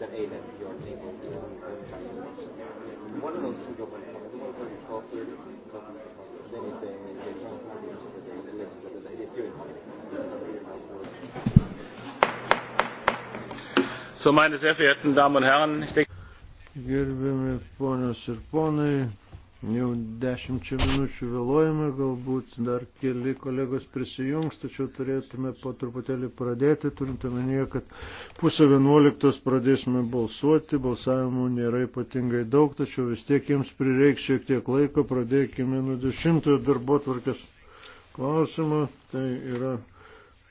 that A that you're able to One of those two go by the one's like 1230, then it's the So, meine sehr verehrten Damen und Herren, ich denke. Gerbiami ponios ir ponai, Jau dešimčia minučių vėluojame, galbūt dar keli kolegos prisijungs, tačiau turėtume po truputėlį pradėti, turint omenyje, kad pusę vienuoliktos pradėsime balsuoti, balsavimų nėra ypatingai daug, tačiau vis tiek jiems prireiks šiek tiek laiko, pradėkime nuo dešimtojo darbo tvarkės klausimo, tai yra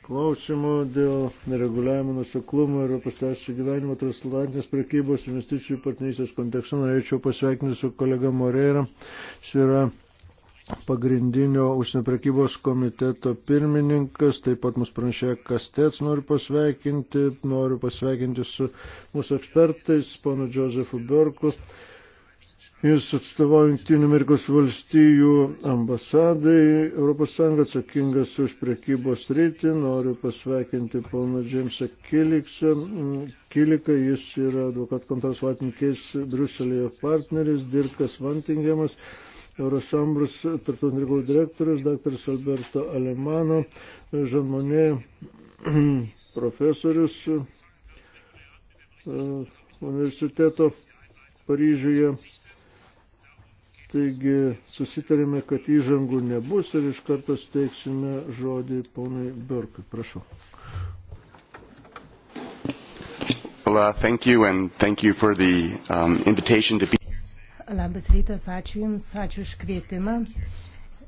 klausimų dėl reguliavimo nusaklumo ir pasirašyčio gyvenimo transatlantinės prekybos investicijų partnerystės kontekste norėčiau pasveikinti su kolega Moreira. Jis yra pagrindinio užsienio prekybos komiteto pirmininkas, taip pat mūsų pranešė Kastec noriu pasveikinti, noriu pasveikinti su mūsų ekspertais, ponu Josefu Berku. Jis atstovauja Junktinių Amerikos valstijų ambasadai, ES atsakingas už prekybos rytį, noriu pasveikinti poną Džemsą mm, Kiliką, jis yra advokat kontras Vatinkės Bruselėje partneris, Dirkas Vantingiamas, Eurosambras tarptautinių reikalų direktorius, dr. Alberto Alemano, Žanmonė profesorius e, universiteto Paryžiuje Taigi susitarėme, kad įžangų nebus ir iš karto steiksime žodį ponui Burkui. Prašau. Well, uh, thank you and thank you for the um, invitation to be Labas rytas, ačiū Jums, ačiū už kvietimą.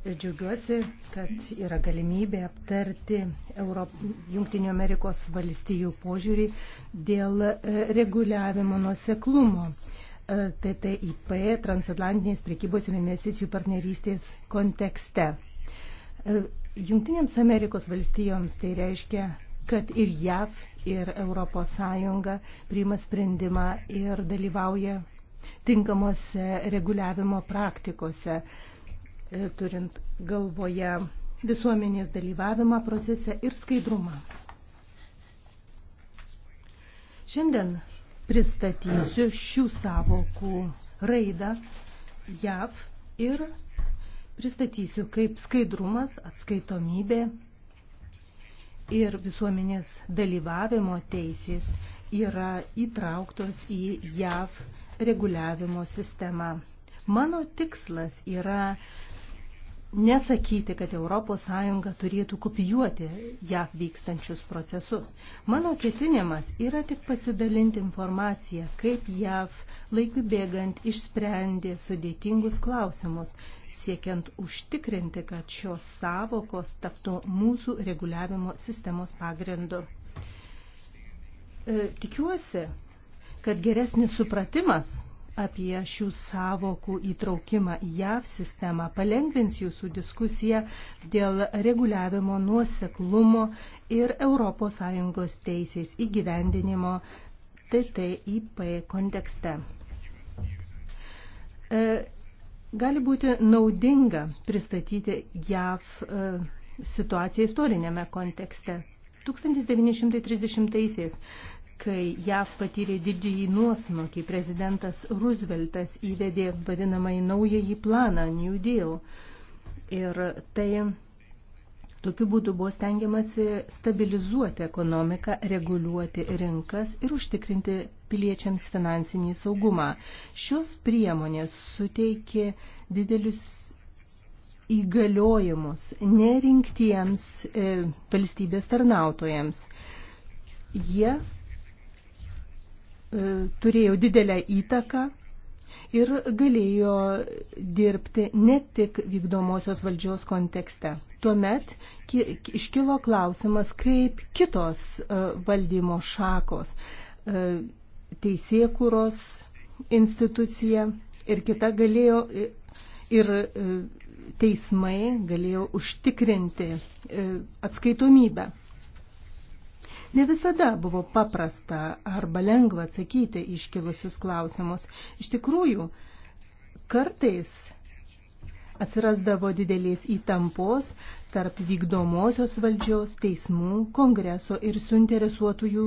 Džiaugiuosi, kad yra galimybė aptarti Europ... Junktinių Amerikos valstijų požiūrį dėl e, reguliavimo nuoseklumo. seklumo TTIP transatlantinės prekybos ir investicijų partnerystės kontekste. E, Junktinėms Amerikos valstijoms tai reiškia, kad ir JAV, ir ES priima sprendimą ir dalyvauja tinkamose reguliavimo praktikose, e, turint galvoje visuomenės dalyvavimą procese ir skaidrumą. Šiandien pristatysiu šių savokų raidą JAV ir pristatysiu, kaip skaidrumas, atskaitomybė ir visuomenės dalyvavimo teisės yra įtrauktos į JAV reguliavimo sistemą. Mano tikslas yra nesakyti, kad ES turėtų kopijuoti JAV vykstančius procesus. Mano ketinimas yra tik pasidalinti informaciją, kaip JAV laikui bėgant išsprendė sudėtingus klausimus, siekiant užtikrinti, kad šios savokos taptų mūsų reguliavimo sistemos pagrindu. E, tikiuosi, kad geresnis supratimas apie šių savokų įtraukimą į JAV sistemą palengvins jūsų diskusiją dėl reguliavimo nuoseklumo ir ES teisės įgyvendinimo TTIP kontekste. E, gali būti naudinga pristatyti JAV e, situaciją istorinėme kontekste. 1930-aisiais kai JAV patyrė didžiąjį nuosmokį, prezidentas Rooseveltas įvedė vadinamąjį naująjį planą New Deal. Ir tai tokiu būdu buvo stengiamasi stabilizuoti ekonomiką, reguliuoti rinkas ir užtikrinti piliečiams finansinį saugumą. Šios priemonės suteikė didelius įgaliojimus nerinktiems e, valstybės tarnautojams. Jie E, turėjo didelę įtaką ir galėjo dirbti ne tik vykdomosios valdžios kontekste. Tuomet iškilo klausimas, kaip kitos e, valdymo šakos, e, teisėkūros institucija ir kita galėjo ir teismai galėjo užtikrinti atskaitomybę. Ne visada buvo paprasta arba lengva atsakyti iškilusius klausimus. Iš tikrųjų, kartais atsirasdavo didelės įtampos tarp vykdomosios valdžios, teismų, kongreso ir suinteresuotųjų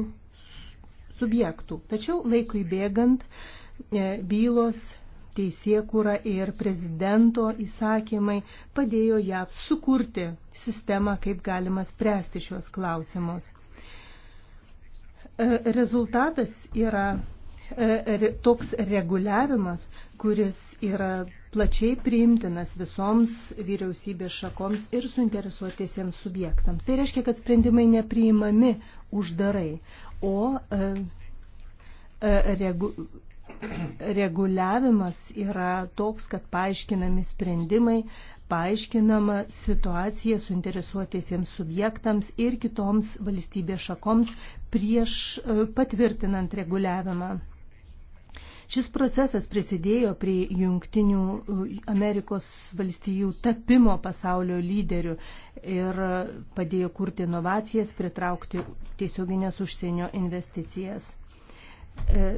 subjektų. Tačiau laikui bėgant e, bylos teisėkūra ir prezidento įsakymai padėjo JAV sukurti sistemą, kaip galima spręsti šios klausimus. E, rezultatas yra e, toks reguliavimas, kuris yra plačiai priimtinas visoms vyriausybės šakoms ir suinteresuotiesiems subjektams. Tai reiškia, kad sprendimai nepriimami uždarai, o e, e regu, reguliavimas yra toks, kad paaiškinami sprendimai, paaiškinama situacija suinteresuotiesiems subjektams ir kitoms valstybės šakoms prieš e, patvirtinant reguliavimą. Šis procesas prisidėjo prie Junktinių e, Amerikos valstijų tapimo pasaulio lyderių ir padėjo kurti inovacijas, pritraukti tiesioginės užsienio investicijas. E,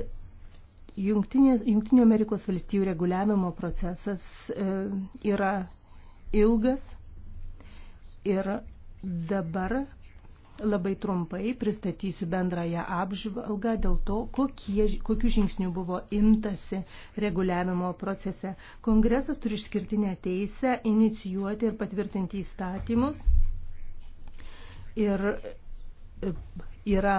Jungtinės, Jungtinių Amerikos valstijų reguliavimo procesas yra ilgas ir dabar labai trumpai pristatysiu bendrąją apžvalgą dėl to, kokie, kokių žingsnių buvo imtasi reguliavimo procese. Kongresas turi išskirtinę teisę inicijuoti ir patvirtinti įstatymus ir e, yra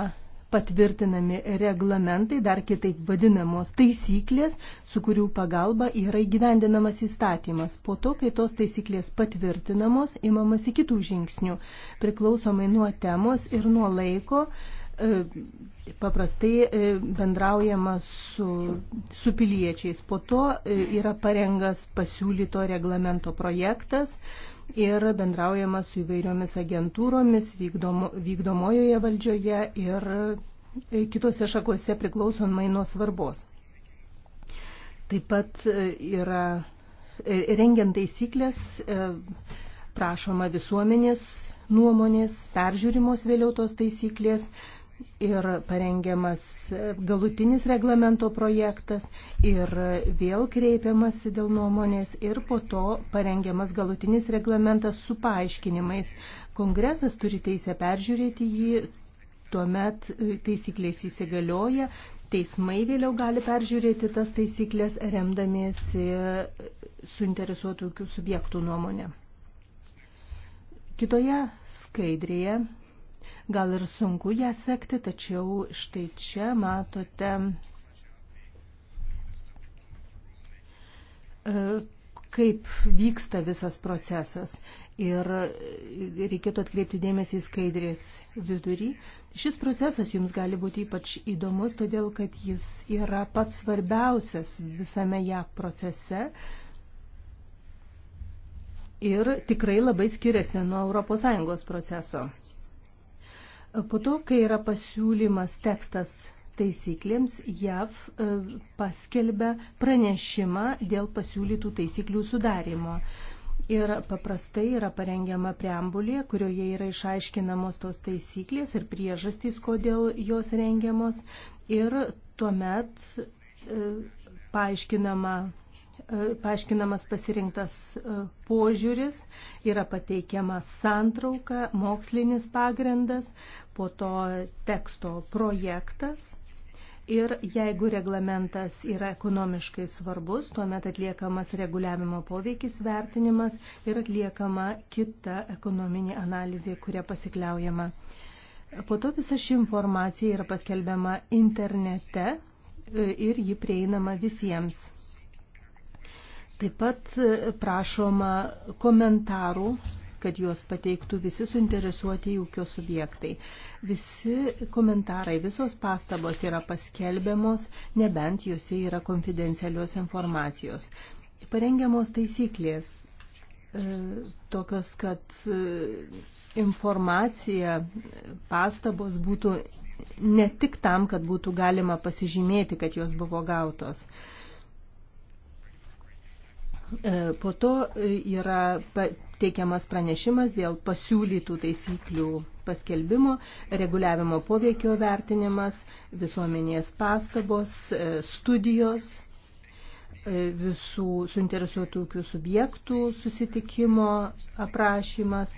patvirtinami reglamentai, dar kitaip vadinamos taisyklės, su kurių pagalba yra įgyvendinamas įstatymas. Po to, kai tos taisyklės patvirtinamos, imamasi kitų žingsnių, priklausomai nuo temos ir nuo laiko, E, paprastai e, bendraujama su, su piliečiais. Po to e, yra parengas pasiūlyto reglamento projektas ir bendraujama su įvairiomis agentūromis vykdomo, vykdomojoje valdžioje ir kitose šakose priklausomai nuo svarbos. Taip pat yra rengiant taisyklės prašoma visuomenės nuomonės, peržiūrimos vėliau tos taisyklės, ir parengiamas galutinis reglamento projektas ir vėl kreipiamasi dėl nuomonės ir po to parengiamas galutinis reglamentas su paaiškinimais. Kongresas turi teisę peržiūrėti jį, tuomet taisyklės įsigalioja, teismai vėliau gali peržiūrėti tas taisyklės remdamiesi suinteresuotų subjektų nuomonę. Kitoje skaidrėje Gal ir sunku ją sekti, tačiau štai čia matote e, kaip vyksta visas procesas. Ir reikėtų atkreipti dėmesį į skaidrės vidurį. Šis procesas jums gali būti ypač įdomus, todėl kad jis yra pats svarbiausias visame ją procese. Ir tikrai labai skiriasi nuo ES proceso. Po to, kai yra pasiūlymas tekstas taisyklėms, JAV e, paskelbia pranešimą dėl pasiūlytų taisyklių sudarimo. Ir paprastai yra parengiama preambulė, kurioje yra išaiškinamos tos taisyklės ir priežastys, kodėl jos rengiamos. Ir tuomet e, paaiškinama paaiškinamas pasirinktas e, požiūris, yra pateikiama santrauka, mokslinis pagrindas, po to teksto projektas. Ir jeigu reglamentas yra ekonomiškai svarbus, tuomet atliekamas reguliavimo poveikis vertinimas ir atliekama kita ekonominė analizė, kuria pasikliaujama. Po to visa ši informacija yra paskelbiama internete e, ir ji prieinama visiems. Taip pat e, prašoma komentarų kad juos pateiktų visi suinteresuoti ūkio subjektai. Visi komentarai, visos pastabos yra paskelbiamos, nebent juose yra konfidencialios informacijos. Parengiamos taisyklės e, tokios, kad e, informacija, pastabos būtų ne tik tam, kad būtų galima pasižymėti, kad jos buvo gautos. E, po to e, yra teikiamas pranešimas dėl pasiūlytų taisyklių paskelbimo, reguliavimo poveikio vertinimas, visuomenės pastabos, e, studijos visų suinteresuotų subjektų susitikimo aprašymas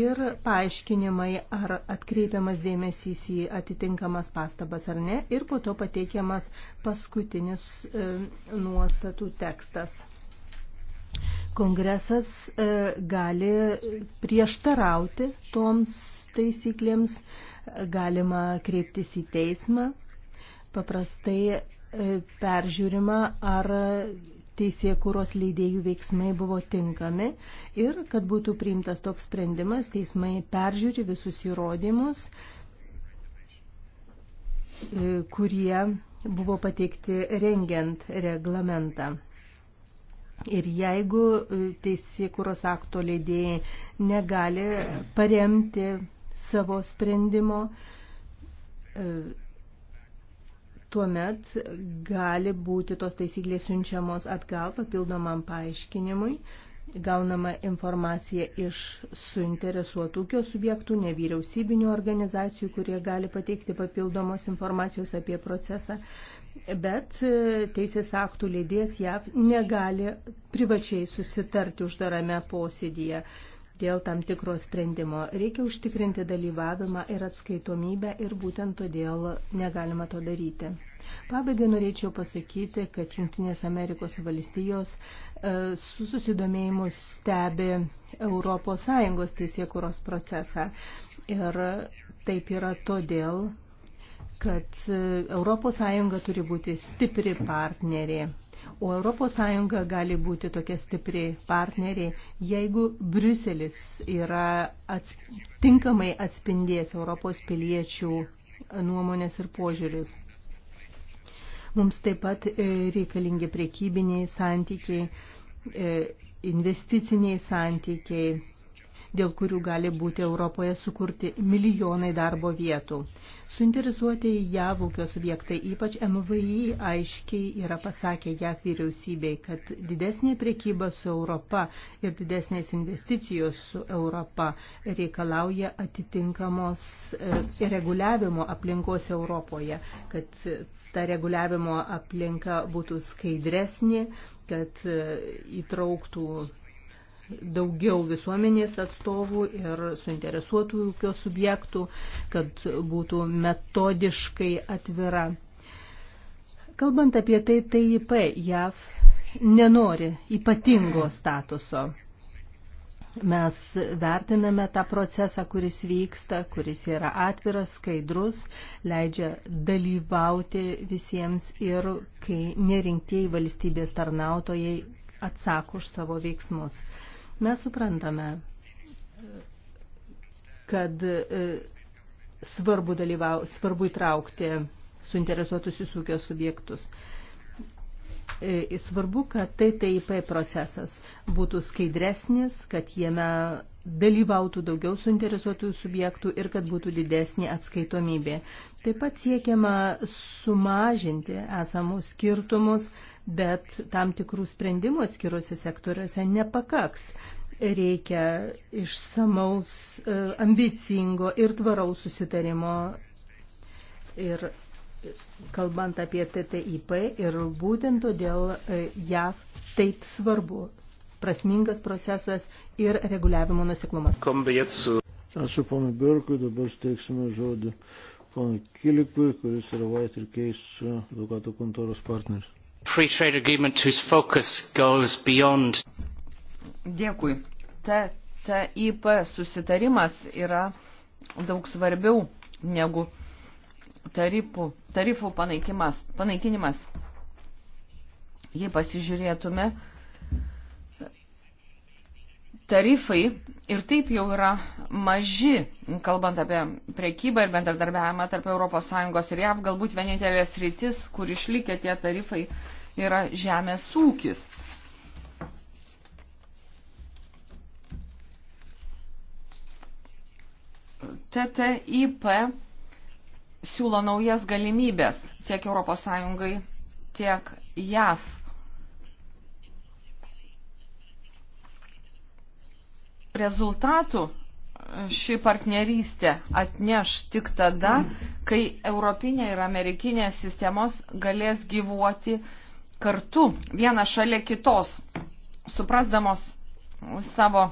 ir paaiškinimai, ar atkreipiamas dėmesys į atitinkamas pastabas ar ne, ir po to pateikiamas paskutinis nuostatų tekstas. Kongresas e, gali prieštarauti toms taisyklėms, galima kreiptis į teismą. Paprastai e, peržiūrima, ar teisėkūros leidėjų veiksmai buvo tinkami ir kad būtų priimtas toks sprendimas, teismai peržiūri visus įrodymus, e, kurie buvo pateikti rengiant reglamentą. Ir jeigu e, teisėkuros akto leidėjai negali paremti savo sprendimo, e, tuomet gali būti tos taisyklės siunčiamos atgal papildomam paaiškinimui, gaunama informacija iš suinteresuotų ūkio subjektų, nevyriausybinių organizacijų, kurie gali pateikti papildomos informacijos apie procesą bet e, teisės aktų leidėjas JAV negali privačiai susitarti uždarame posėdyje dėl tam tikro sprendimo. Reikia užtikrinti dalyvavimą ir atskaitomybę ir būtent todėl negalima to daryti. Pabaigai norėčiau pasakyti, kad Junktinės Amerikos valstijos e, su susidomėjimu stebi ES teisėkuros procesą. Ir taip yra todėl, kad ES turi būti stipri partnerė. O ES gali būti tokia stipri partnerė, jeigu Briuselis yra ats tinkamai atspindės Europos piliečių nuomonės ir požiūrius. Mums taip pat e, reikalingi priekybiniai santykiai, e, investiciniai santykiai, dėl kurių gali būti Europoje sukurti milijonai darbo vietų. Suinteresuoti JAV ūkio subjektai, ypač MVI, aiškiai yra pasakę JAV vyriausybei, kad didesnė priekyba su Europa ir didesnės investicijos su Europa reikalauja atitinkamos e, reguliavimo aplinkos Europoje, kad ta reguliavimo aplinka būtų skaidresnė, kad e, įtrauktų daugiau visuomenės atstovų ir suinteresuotų ūkio subjektų, kad būtų metodiškai atvira. Kalbant apie tai, TIP JAV nenori ypatingo statuso. Mes vertiname tą procesą, kuris vyksta, kuris yra atviras, skaidrus, leidžia dalyvauti visiems ir kai nerinktieji valstybės tarnautojai atsako už savo veiksmus. Mes suprantame, kad e, svarbu, dalyvau, svarbu įtraukti suinteresuotus įsūkio subjektus. E, svarbu, kad TTIP procesas būtų skaidresnis, kad jame dalyvautų daugiau suinteresuotų subjektų ir kad būtų didesnė atskaitomybė. Taip pat siekiama sumažinti esamus skirtumus bet tam tikrų sprendimų atskiruose sektoriuose nepakaks. Reikia išsamaus, e, ambicingo ir tvaraus susitarimo. Ir kalbant apie TTIP ir būtent todėl e, JAV taip svarbu prasmingas procesas ir reguliavimo nusiklumas. Ačiū ponui Birkui, dabar steiksime žodį ponui Kilikui, kuris yra White ir Keis advokato kontoros partneris. Free trade agreement whose focus goes beyond. Dėkui. Ta, ta IP susitarimas yra daug svarbiau negu tarifų, tarifų panaikinimas. Jei pasižiūrėtume, tarifai ir taip jau yra maži, kalbant apie prekybą ir bendradarbiavimą tarp ES ir JAV, galbūt vienintelė sritis, kur išlikė tie tarifai, yra žemės ūkis. TTIP siūlo naujas galimybės tiek ES, tiek JAV rezultatų e, ši partnerystė atneš tik tada, kai europinė ir amerikinė sistemos galės gyvuoti kartu, viena šalia kitos, suprasdamos savo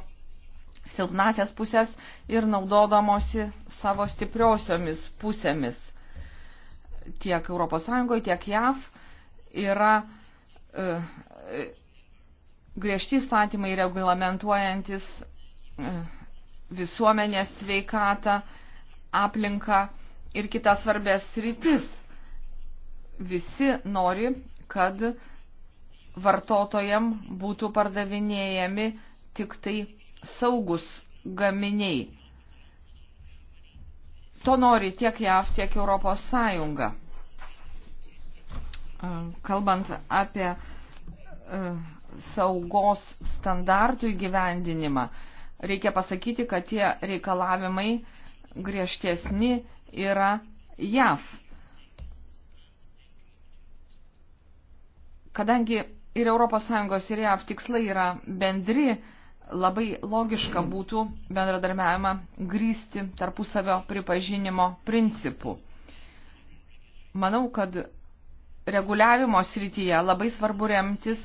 silpnasias pusės ir naudodamosi savo stipriosiomis pusėmis. Tiek ES, tiek JAV yra e, e, griežti įstatymai reglamentuojantis visuomenės sveikatą, aplinką ir kitas svarbės rytis. Visi nori, kad vartotojam būtų pardavinėjami tik tai saugus gaminiai. To nori tiek JAV, tiek Europos Sąjunga. E, kalbant apie e, saugos standartų įgyvendinimą, reikia pasakyti, kad tie reikalavimai griežtesni yra JAV. Kadangi ir ES ir JAV tikslai yra bendri, labai logiška būtų bendradarbiavimą grįsti tarpusavio pripažinimo principų. Manau, kad reguliavimo srityje labai svarbu remtis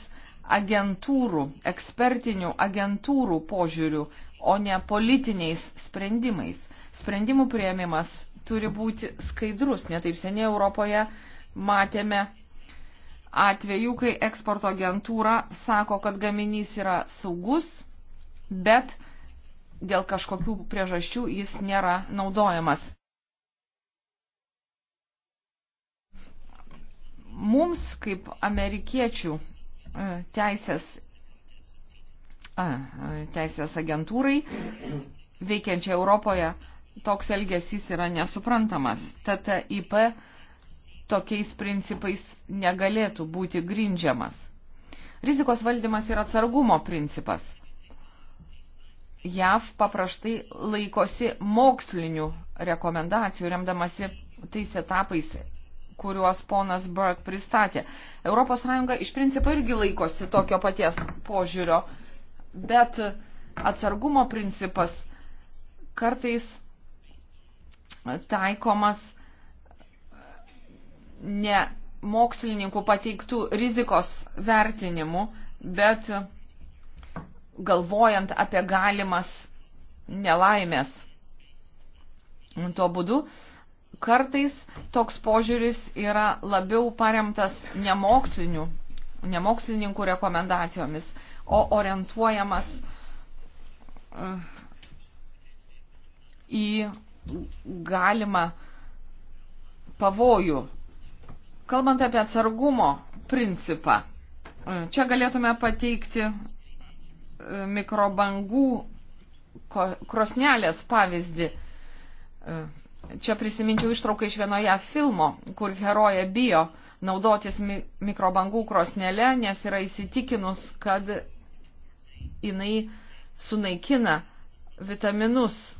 agentūrų, ekspertinių agentūrų požiūrių, o ne politiniais sprendimais. Sprendimų prieimimas turi būti skaidrus. Netaip seniai Europoje matėme atvejų, kai eksporto agentūra sako, kad gaminys yra saugus, bet dėl kažkokių priežasčių jis nėra naudojamas. Mums, kaip amerikiečių e, teisės teisės agentūrai veikiančiai Europoje toks elgesys yra nesuprantamas. TTIP tokiais principais negalėtų būti grindžiamas. Rizikos valdymas yra atsargumo principas. JAV paprastai laikosi mokslinių rekomendacijų, remdamasi tais etapais, kuriuos ponas Burke pristatė. ES iš principo irgi laikosi tokio paties požiūrio bet atsargumo principas kartais taikomas ne mokslininkų pateiktų rizikos vertinimų, bet galvojant apie galimas nelaimės. Tuo būdu kartais toks požiūris yra labiau paremtas nemokslininkų rekomendacijomis o orientuojamas e, į galimą pavojų. Kalbant apie atsargumo principą, e, čia galėtume pateikti e, mikrobangų krosnelės pavyzdį. Čia prisiminčiau ištrauką iš vienoje filmo, kur heroja bijo naudotis mikrobangų krosnelė, nes yra įsitikinus, kad jinai sunaikina vitaminus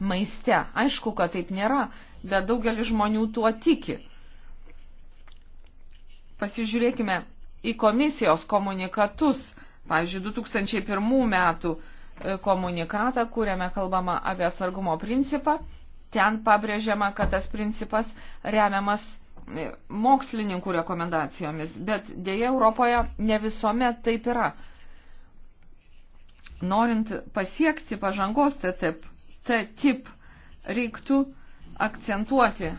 maiste. Aišku, kad taip nėra, bet daugelis žmonių tuo tiki. Pasižiūrėkime į komisijos komunikatus, pavyzdžiui, 2001 metų e, komunikatą, kuriame kalbama apie atsargumo principą. Ten pabrėžiama, kad tas principas remiamas e, mokslininkų rekomendacijomis, bet dėja Europoje ne visuomet taip yra norint pasiekti pažangos TTIP, TTIP reiktų akcentuoti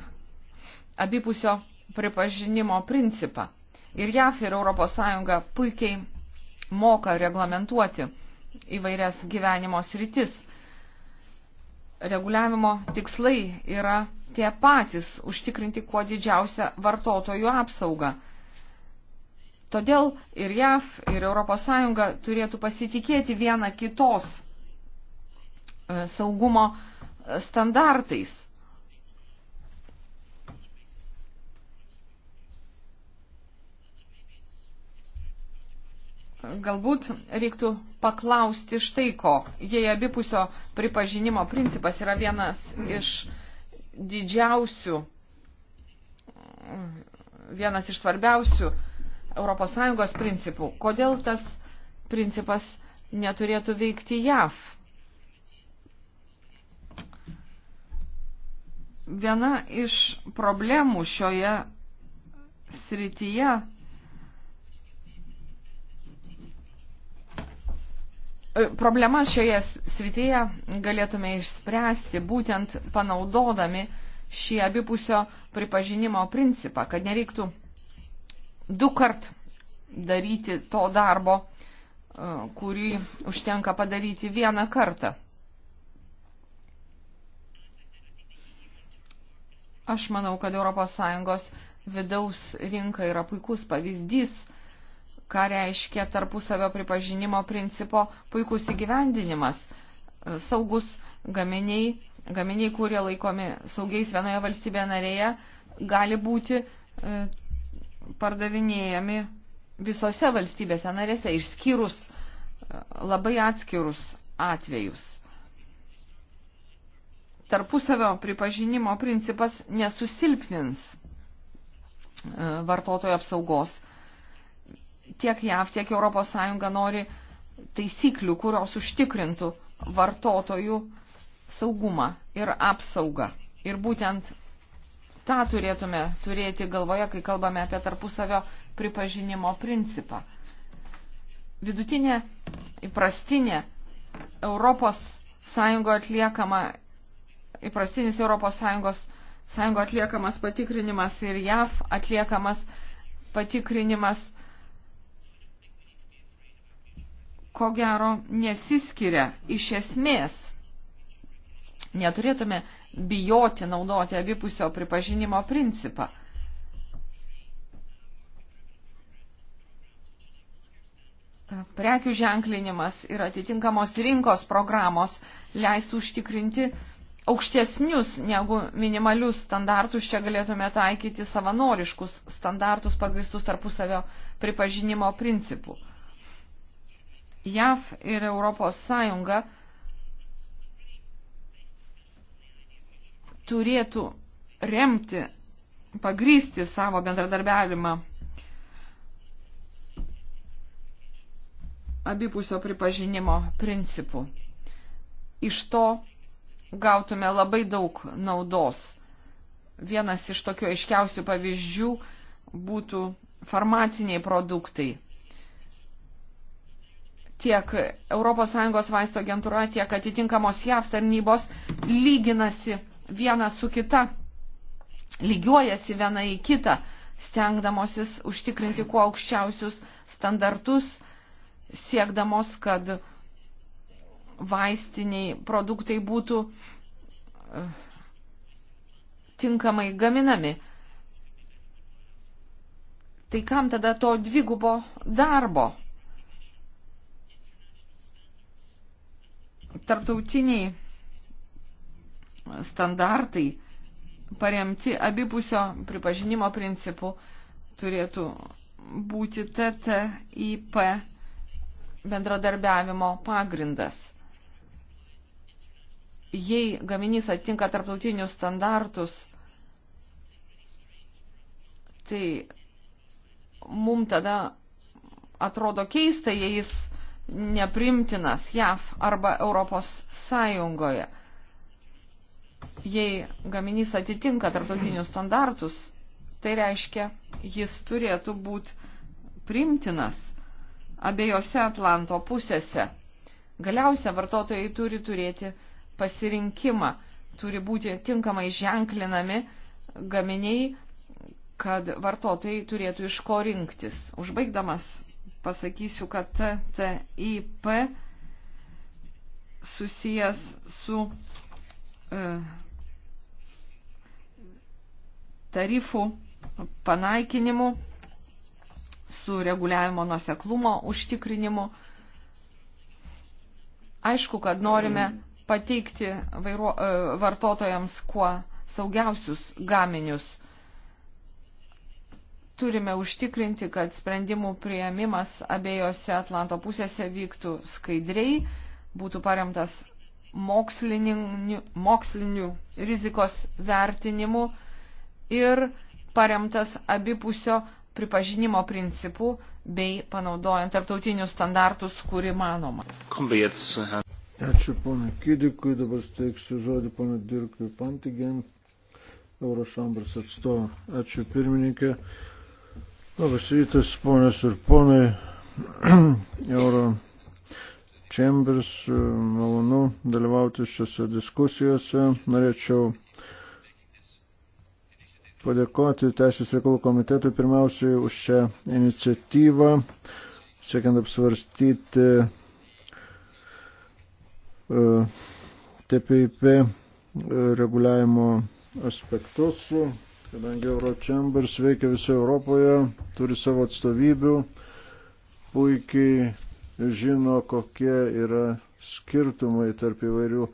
abipusio pripažinimo principą. Ir JAF ir ES puikiai moka reglamentuoti įvairias gyvenimo sritis. Reguliavimo tikslai yra tie patys - užtikrinti kuo didžiausią vartotojų apsaugą. Todėl ir JAV, ir ES turėtų pasitikėti viena kitos e, saugumo e, standartais. Galbūt reiktų paklausti štai ko, jei abipusio pripažinimo principas yra vienas iš didžiausių, vienas iš svarbiausių ES principų. Kodėl tas principas neturėtų veikti JAV? Viena iš problemų šioje srityje e, Problema šioje srityje galėtume išspręsti būtent panaudodami šį abipusio pripažinimo principą, kad nereiktų du kart daryti to darbo, e, kurį užtenka padaryti vieną kartą. Aš manau, kad ES vidaus rinka yra puikus pavyzdys, ką reiškia tarpusavio pripažinimo principo puikus įgyvendinimas. E, saugus gaminiai, gaminiai, kurie laikomi saugiais vienoje valstybėje narėje, gali būti e, pardavinėjami visose valstybėse narėse, išskyrus e, labai atskirus atvejus. Tarpusavio pripažinimo principas nesusilpnins e, vartotojo apsaugos. Tiek JAV, tiek ES nori taisyklių, kurios užtikrintų vartotojų saugumą ir apsaugą. Ir būtent tą turėtume turėti galvoje, kai kalbame apie tarpusavio pripažinimo principą. Vidutinė, įprastinė Europos Sąjungo atliekama, įprastinis Europos Sąjungos Sąjungo atliekamas patikrinimas ir JAV atliekamas patikrinimas, ko gero, nesiskiria iš esmės. Neturėtume bijoti naudoti abipusio pripažinimo principą. Prekių ženklinimas ir atitinkamos rinkos programos leistų užtikrinti aukštesnius negu minimalius standartus. Čia galėtume taikyti savanoriškus standartus pagristus tarpusavio pripažinimo principų. JAV ir ES turėtų remti, pagrysti savo bendradarbiavimą abipusio pripažinimo principų. Iš to gautume labai daug naudos. Vienas iš tokių aiškiausių pavyzdžių būtų farmaciniai produktai. Tiek ES vaisto agentūra, tiek atitinkamos JAV tarnybos lyginasi viena su kita, lygiuojasi viena į kitą, stengdamosis užtikrinti kuo aukščiausius standartus, siekdamos, kad vaistiniai produktai būtų e, tinkamai gaminami. Tai kam tada to dvigubo darbo? Tarptautiniai standartai paremti abipusio pripažinimo principų turėtų būti TTIP bendradarbiavimo pagrindas. Jei gaminys atitinka tarptautinius standartus, tai mum tada atrodo keista, jei jis neprimtinas JAV arba Europos Sąjungoje jei gaminys atitinka tarptautinius standartus, tai reiškia, jis turėtų būti primtinas abiejose Atlanto pusėse. Galiausia, vartotojai turi turėti pasirinkimą, turi būti tinkamai ženklinami gaminiai, kad vartotojai turėtų iš ko rinktis. Užbaigdamas pasakysiu, kad TTIP susijęs su e, tarifų panaikinimu, su reguliavimo nuseklumo užtikrinimu. Aišku, kad norime pateikti vairuo, e, vartotojams kuo saugiausius gaminius. Turime užtikrinti, kad sprendimų prieimimas abiejose Atlanto pusėse vyktų skaidriai, būtų paremtas mokslinių, mokslinių rizikos vertinimu ir paremtas abipusio pripažinimo principų bei panaudojant tarptautinius standartus, kuri manoma. Ačiū ponui Kidikui, dabar steiksiu žodį ponui Dirkui Pantigen, Eurošambras atstovą. Ačiū pirmininkė. Labas rytas, ponės ir ponai. Euro Chambers, malonu dalyvauti šiose diskusijose. Norėčiau padėkoti Teisės reikalų komitetui pirmiausiai už šią iniciatyvą, siekiant apsvarstyti e, TPIP e, reguliavimo aspektus, kadangi Eurochambers veikia visoje Europoje, turi savo atstovybių, puikiai žino, kokie yra skirtumai tarp įvairių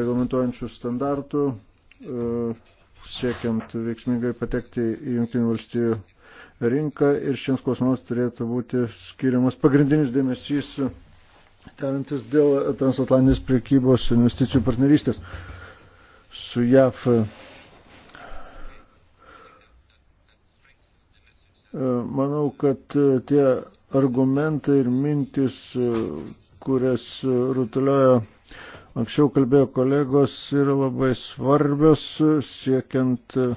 reglamentuojančių standartų, e, siekiant veiksmingai patekti į Junktinių valstybių rinką ir šiems klausimams turėtų būti skiriamas pagrindinis dėmesys, tarantis dėl transatlantinės priekybos investicijų partnerystės su JAF. Manau, kad tie argumentai ir mintis, kurias rutuliojo anksčiau kalbėjo kolegos, yra labai svarbios siekiant e,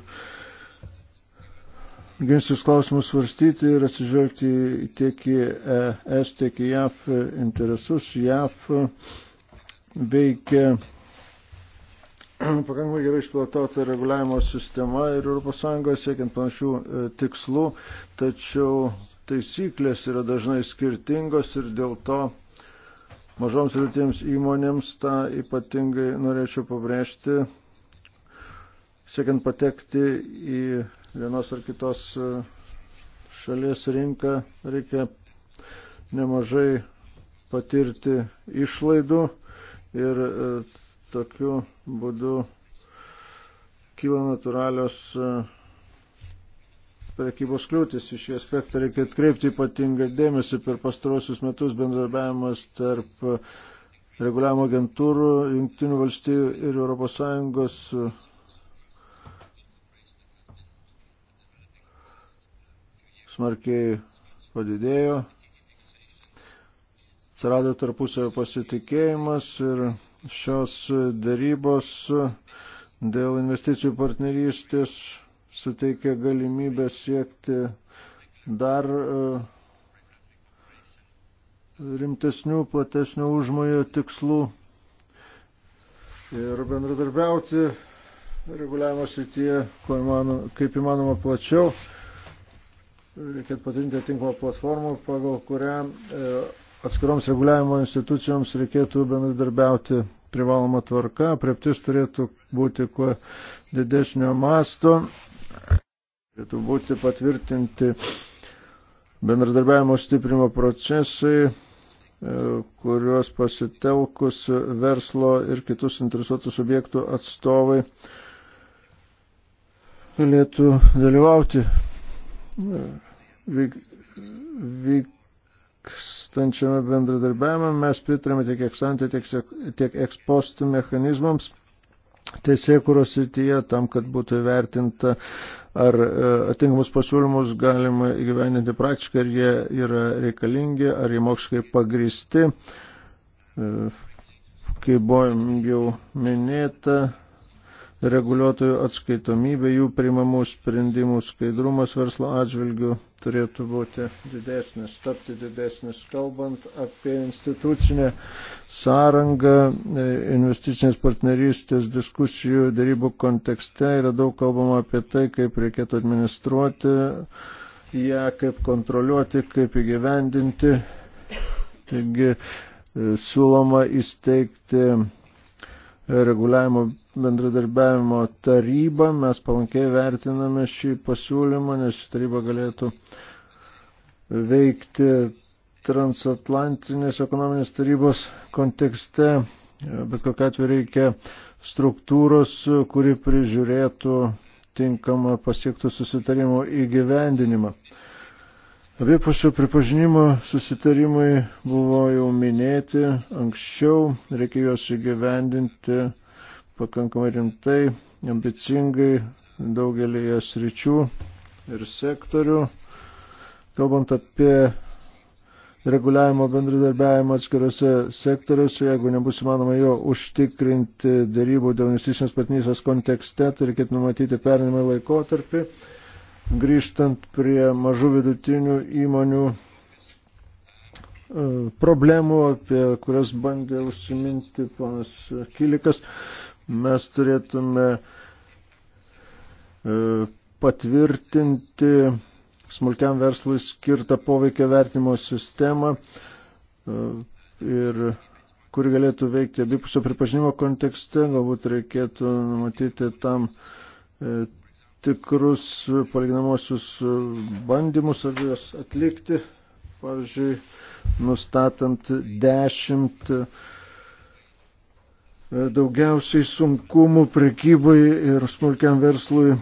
ginčius klausimus svarstyti ir atsižvelgti tiek į e, ES, tiek į JAF interesus. JAF veikia pakankamai gerai išplėtota reguliavimo sistema ir ES siekiant panašių e, tikslų, tačiau taisyklės yra dažnai skirtingos ir dėl to mažoms ir tiems įmonėms, tą ypatingai norėčiau pabrėžti, siekiant patekti į vienos ar kitos šalies rinką, reikia nemažai patirti išlaidų ir e, tokiu būdu kyla natūralios e, prekybos kliūtis. Iš šį aspektą reikia atkreipti ypatingą dėmesį per pastarosius metus bendradarbiavimas tarp reguliavimo agentūrų, Junktinių valstybių ir ES smarkiai padidėjo. Atsirado tarpusavio pasitikėjimas ir šios darybos dėl investicijų partnerystės suteikia galimybę siekti dar e, rimtesnių, platesnių užmojo tikslų ir bendradarbiauti reguliavimo srityje, kaip įmanoma plačiau. Reikėtų patrinti tinkamą platformą, pagal kurią e, atskiroms reguliavimo institucijoms reikėtų bendradarbiauti privaloma tvarka, prieptis turėtų būti kuo didesnio masto Turėtų būti patvirtinti bendradarbiavimo stiprimo procesai, e, kuriuos pasitelkus verslo ir kitus interesuotų subjektų atstovai galėtų dalyvauti e, vyk, vykstančiame bendradarbiavime. Mes pritarėme tiek eksantį, tiek, tiek ekspostų mechanizmams teisėkuros srityje tam, kad būtų įvertinta, ar e, atinkamus pasiūlymus galima įgyveninti praktiškai, ar jie yra reikalingi, ar jie moksliškai pagristi. E, kaip buvo jau minėta, reguliuotojų atskaitomybė, jų primamų sprendimų skaidrumas verslo atžvilgių turėtų būti didesnis, tapti didesnis. Kalbant apie institucinę sąrangą, e, investicinės partnerystės diskusijų darybų kontekste yra daug kalbama apie tai, kaip reikėtų administruoti ją, kaip kontroliuoti, kaip įgyvendinti. Taigi e, siūloma įsteigti reguliavimo bendradarbiavimo taryba. Mes palankiai vertiname šį pasiūlymą, nes ši taryba galėtų veikti transatlantinės ekonominės tarybos kontekste, bet kokia atveju reikia struktūros, kuri prižiūrėtų tinkamą pasiektų susitarimų įgyvendinimą. Abipusio pripažinimo susitarimai buvo jau minėti anksčiau, reikia juos įgyvendinti pakankamai rimtai, ambicingai daugelį sričių ir sektorių. Kalbant apie reguliavimo bendradarbiavimą atskirose sektoriuose, jeigu nebus įmanoma jo užtikrinti dėrybų dėl investicinės patnysės kontekste, tai reikėtų numatyti perinimą laikotarpį grįžtant prie mažų vidutinių įmonių e, problemų, apie kurias bandė užsiminti panas Kilikas, mes turėtume e, patvirtinti smulkiam verslui skirtą poveikio vertimo sistemą e, ir kuri galėtų veikti abipusio pripažinimo kontekste, galbūt reikėtų numatyti tam tikrus palyginamosius bandymus ar juos atlikti, pavyzdžiui, nustatant dešimt e, daugiausiai sunkumų prekybai ir smulkiam verslui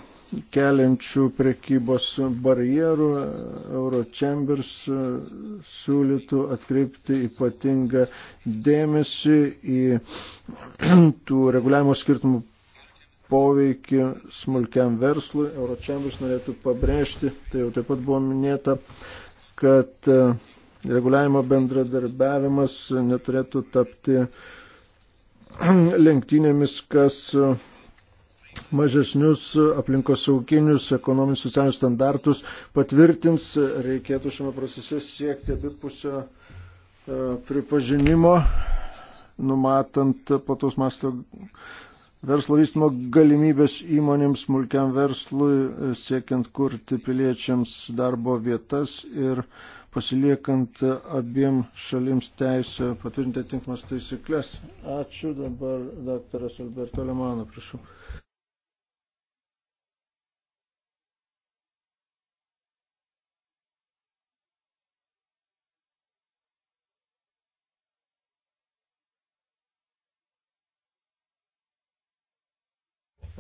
keliančių prekybos barjerų. E, Eurochambers e, siūlytų atkreipti ypatingą dėmesį į tų reguliavimo skirtumų poveikį smulkiam verslui. Euročiambris norėtų pabrėžti, tai jau taip pat buvo minėta, kad e, reguliavimo bendradarbiavimas neturėtų tapti lenktynėmis, kas e, mažesnius aplinkosauginius, ekonominius, socialinius standartus patvirtins, reikėtų šiame procese siekti abipusio e, pripažinimo, numatant plataus masto verslo vystymo galimybės įmonėms, smulkiam verslui, e, siekiant kurti piliečiams darbo vietas ir pasiliekant abiem šalims teisę patvirtinti tinkamas taisyklės. Ačiū dabar daktaras Alberto Lemano, prašau.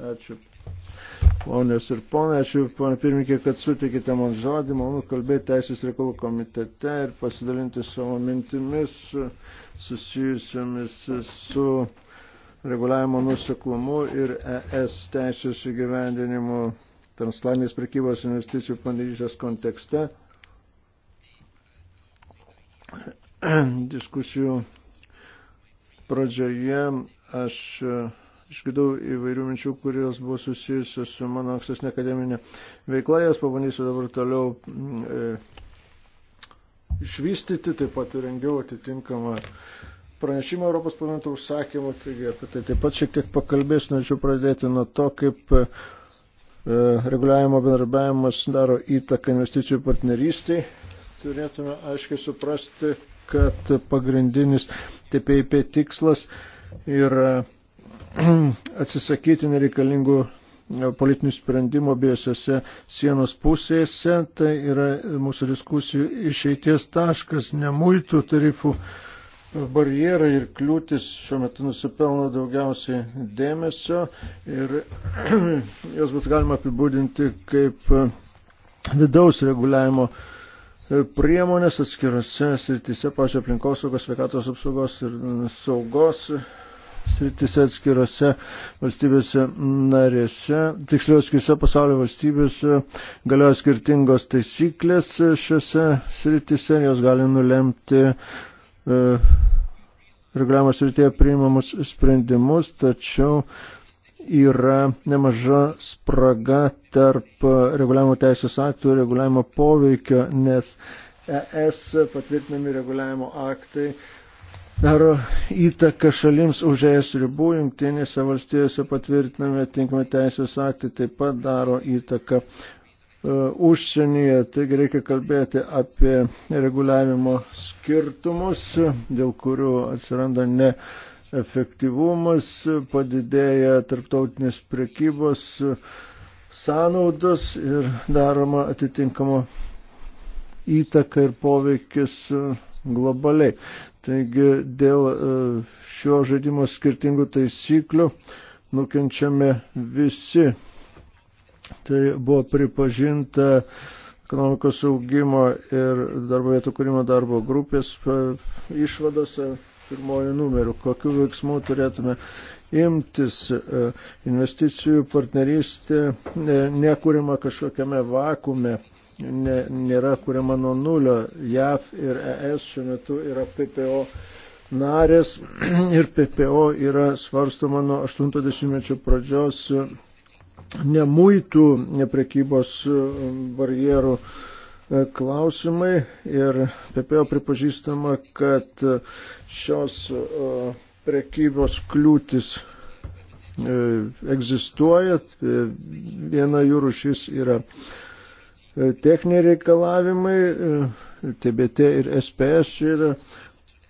Ačiū. Ponės ir ponai, ačiū, ponė pirmininkė, kad sutikite man žodį, man kalbėti Teisės reikalų komitete ir pasidalinti savo mintimis susijusiamis su reguliavimo nuseklumu ir ES teisės įgyvendinimu translanės prekybos investicijų pandėžės kontekste. Diskusijų pradžioje aš išgirdau įvairių minčių, kurios buvo susijusios su mano ankstesnė akademinė veikla, jas pabandysiu dabar toliau mm, e, išvystyti, taip pat rengiau atitinkamą pranešimą Europos parlamento užsakymu, taigi apie tai taip pat šiek tiek pakalbėsiu, norėčiau pradėti nuo to, kaip e, e reguliavimo bendarbiavimas daro įtaką investicijų partnerystiai. Turėtume aiškiai suprasti, kad pagrindinis TPIP tikslas yra atsisakyti nereikalingų e, politinių sprendimų abiejose sienos pusėse. Tai yra mūsų diskusijų išeities taškas, nemultų tarifų barjerai ir kliūtis šiuo metu nusipelno daugiausiai dėmesio ir jos būtų galima apibūdinti kaip e, vidaus reguliavimo e, priemonės atskirose srityse, pačio aplinkosaugos, sveikatos apsaugos ir saugos sritise atskirose valstybėse narėse, tiksliau atskirose pasaulio valstybėse galioja skirtingos taisyklės šiose sritise, jos gali nulemti e, reguliavimo srityje priimamus sprendimus, tačiau yra nemaža spraga tarp reguliavimo teisės aktų ir reguliavimo poveikio, nes ES patvirtinami reguliavimo aktai daro įtaką šalims už ES ribų, jungtinėse valstijose patvirtiname tinkamą teisės aktį, taip pat daro įtaką e, užsienyje, taigi reikia kalbėti apie reguliavimo skirtumus, dėl kurių atsiranda neefektyvumas, padidėja tarptautinės prekybos sąnaudos ir daroma atitinkama įtaka ir poveikis globaliai. Taigi dėl e, šio žaidimo skirtingų taisyklių nukenčiame visi. Tai buvo pripažinta ekonomikos augimo ir darbo vietų kūrimo darbo grupės e, išvadose pirmojų numerių. Kokiu veiksmu turėtume imtis e, investicijų partnerystė nekūrima kažkokiame vakume ne, nėra kuriama nuo nulio. JAV ir ES šiuo metu yra PPO narės ir PPO yra svarstama nuo 80-mečio pradžios nemuitų neprekybos e, barjerų e, klausimai ir PPO pripažįstama, kad e, šios prekybos kliūtis egzistuoja. Viena jų rušis yra E, techniniai reikalavimai, TBT e, ir SPS yra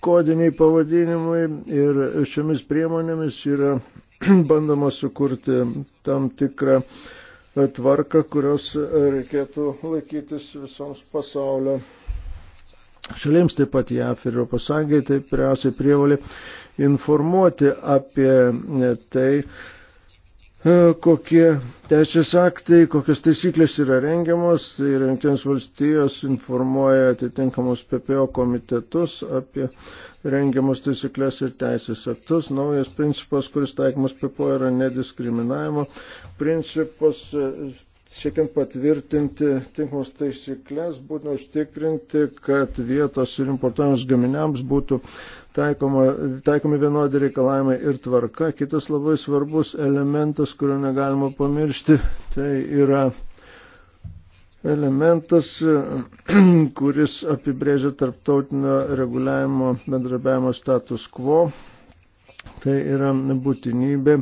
kodiniai pavadinimai ir šiomis priemonėmis yra bandoma sukurti tam tikrą e, tvarką, kurios reikėtų laikytis visoms pasaulio šalims, taip pat JAF ir Europos Sąjungai, tai pirmiausiai prievalė informuoti apie tai, E, kokie teisės aktai, kokios taisyklės yra rengiamos ir Junktinės valstijos informuoja atitinkamos PPO komitetus apie rengiamus taisyklės ir teisės aktus. Naujas principas, kuris taikymas PPO yra nediskriminavimo principas, siekiant patvirtinti tinkamus taisyklės, būtina užtikrinti, kad vietos ir importuojams gaminiams būtų taikoma, taikomi vienodi reikalavimai ir tvarka. Kitas labai svarbus elementas, kurio negalima pamiršti, tai yra elementas, kuris apibrėžia tarptautinio reguliavimo bendrabiavimo status quo. Tai yra būtinybė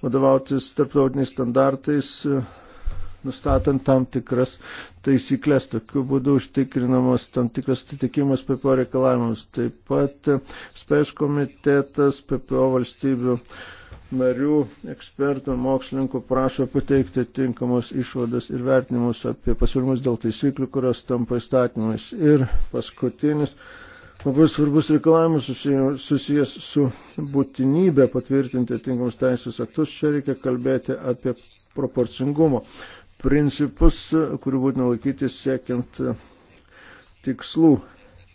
vadovautis tarptautiniais standartais nustatant tam tikras taisyklės, tokiu būdu užtikrinamas tam tikras atitikimas PPO reikalavimus. Taip pat e, spės komitetas PPO valstybių narių, ekspertų, mokslininkų prašo pateikti tinkamos išvadas ir vertinimus apie pasiūlymus dėl taisyklių, kurios tampa įstatymais. Ir paskutinis labai svarbus reikalavimas susijęs su būtinybė patvirtinti tinkamus teisės aktus. Čia reikia kalbėti apie proporcingumo principus, kurių būtina laikytis siekiant e, tikslų.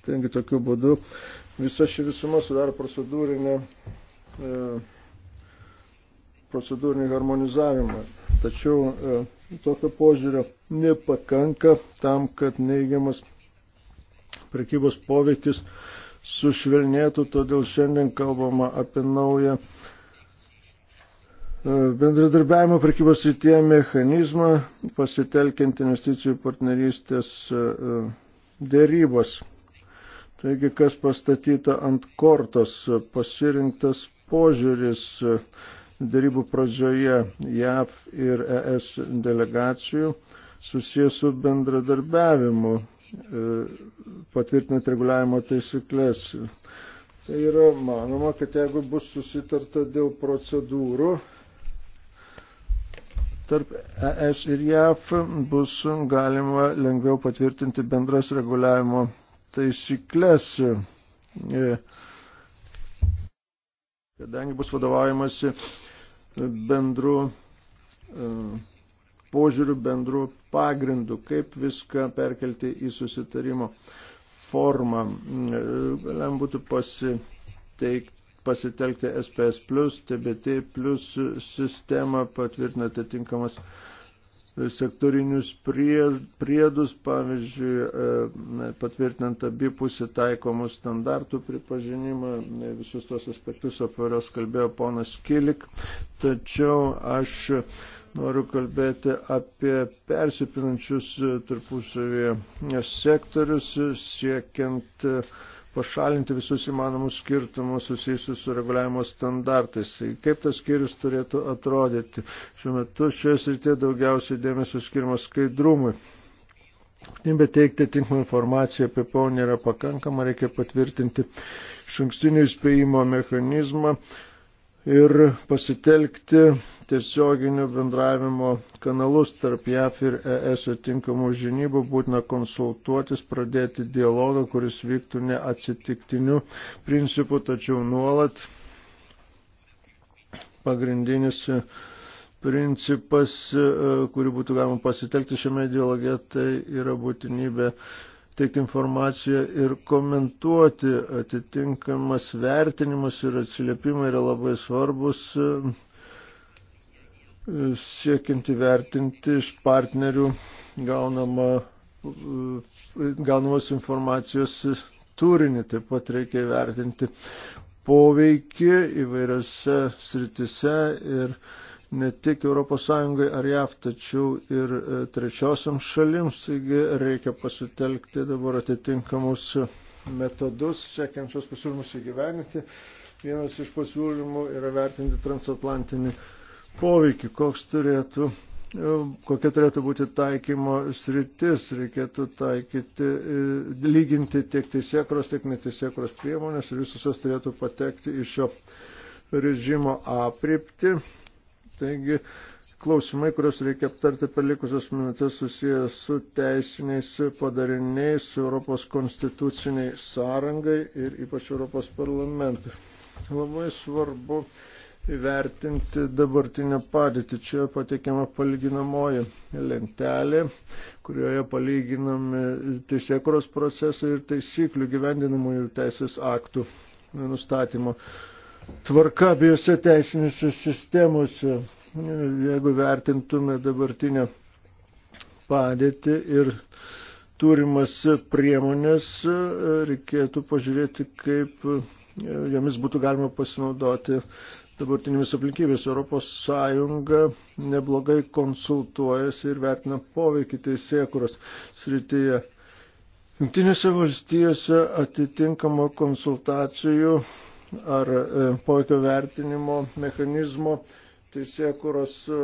Taigi tokiu būdu visa ši visuma sudaro procedūrinę, e, procedūrinį harmonizavimą. Tačiau e, tokio požiūrio nepakanka tam, kad neigiamas prekybos poveikis sušvelnėtų, todėl šiandien kalbama apie naują bendradarbiavimo prekybos rytie mechanizmą pasitelkiant investicijų partnerystės e, e, dėrybos. Taigi, kas pastatyta ant kortos, pasirinktas požiūris e, dėrybų pradžioje JAV ir ES delegacijų susijęs su bendradarbiavimu, patvirtinant reguliavimo taisyklės. Tai yra manoma, kad jeigu bus susitarta dėl procedūrų, tarp ES ir JAF bus galima lengviau patvirtinti bendras reguliavimo taisyklės, e, kadangi bus vadovaujamasi bendru e, požiūriu, bendru pagrindu, kaip viską perkelti į susitarimo formą. E, Galim būtų pasiteikti pasitelkti SPS, TBT sistemą, patvirtinate tinkamas sektorinius priedus, pavyzdžiui, e, patvirtinant abipusį taikomų standartų pripažinimą, e, visus tos aspektus, apie kurios kalbėjo ponas Kilik, tačiau aš noriu kalbėti apie persipinančius tarpusavėje sektorius, siekiant pašalinti visus įmanomus skirtumus susijusius su reguliavimo standartais. Tai kaip tas skyrius turėtų atrodyti? Šiuo metu šioje srityje daugiausiai dėmesio skirimo skaidrumui. Būtinybė teikti tinkamą informaciją apie PAU nėra pakankama, reikia patvirtinti šankstinį įspėjimo mechanizmą, ir pasitelkti tiesioginio bendravimo kanalus tarp JAF ir ES atinkamų žinybų, būtina konsultuotis, pradėti dialogą, kuris vyktų ne atsitiktiniu principu, tačiau nuolat. Pagrindinis principas, e, kurį būtų galima pasitelkti šiame dialoge, tai yra būtinybė teikti informaciją ir komentuoti atitinkamas vertinimas ir atsiliepimai yra labai svarbus siekiant įvertinti iš partnerių gaunamą, gaunamos informacijos turinį. Taip pat reikia įvertinti poveikį įvairiose sritise ir ne tik ES ar JAV, tačiau ir e, trečiosiam šalims, taigi reikia pasitelkti dabar atitinkamus metodus, siekiančios pasiūlymus įgyveninti. Vienas iš pasiūlymų yra vertinti transatlantinį poveikį, koks turėtų e, kokia turėtų būti taikymo sritis, reikėtų taikyti, e, lyginti tiek teisėkros, tiek neteisėkros priemonės ir visos jos turėtų patekti iš šio režimo apripti. Taigi, klausimai, kuriuos reikia aptarti per likusias minutės susijęs su teisiniais padariniais, su Europos konstituciniai sąrangai ir ypač Europos parlamentui. Labai svarbu įvertinti dabartinę padėtį. Čia pateikiama palyginamoji lentelė, kurioje palyginami teisėkuros procesai ir taisyklių gyvendinamųjų teisės aktų nustatymo tvarka abiejose teisinėse sistemose, jeigu vertintume dabartinę padėtį ir turimas priemonės, reikėtų pažiūrėti, kaip jomis būtų galima pasinaudoti dabartinėmis aplinkybės. Europos Sąjunga neblogai konsultuojasi ir vertina poveikį teisėkuros srityje. Junktinėse valstijose atitinkamo konsultacijų ar e, poveikio vertinimo mechanizmo teisėkuros e,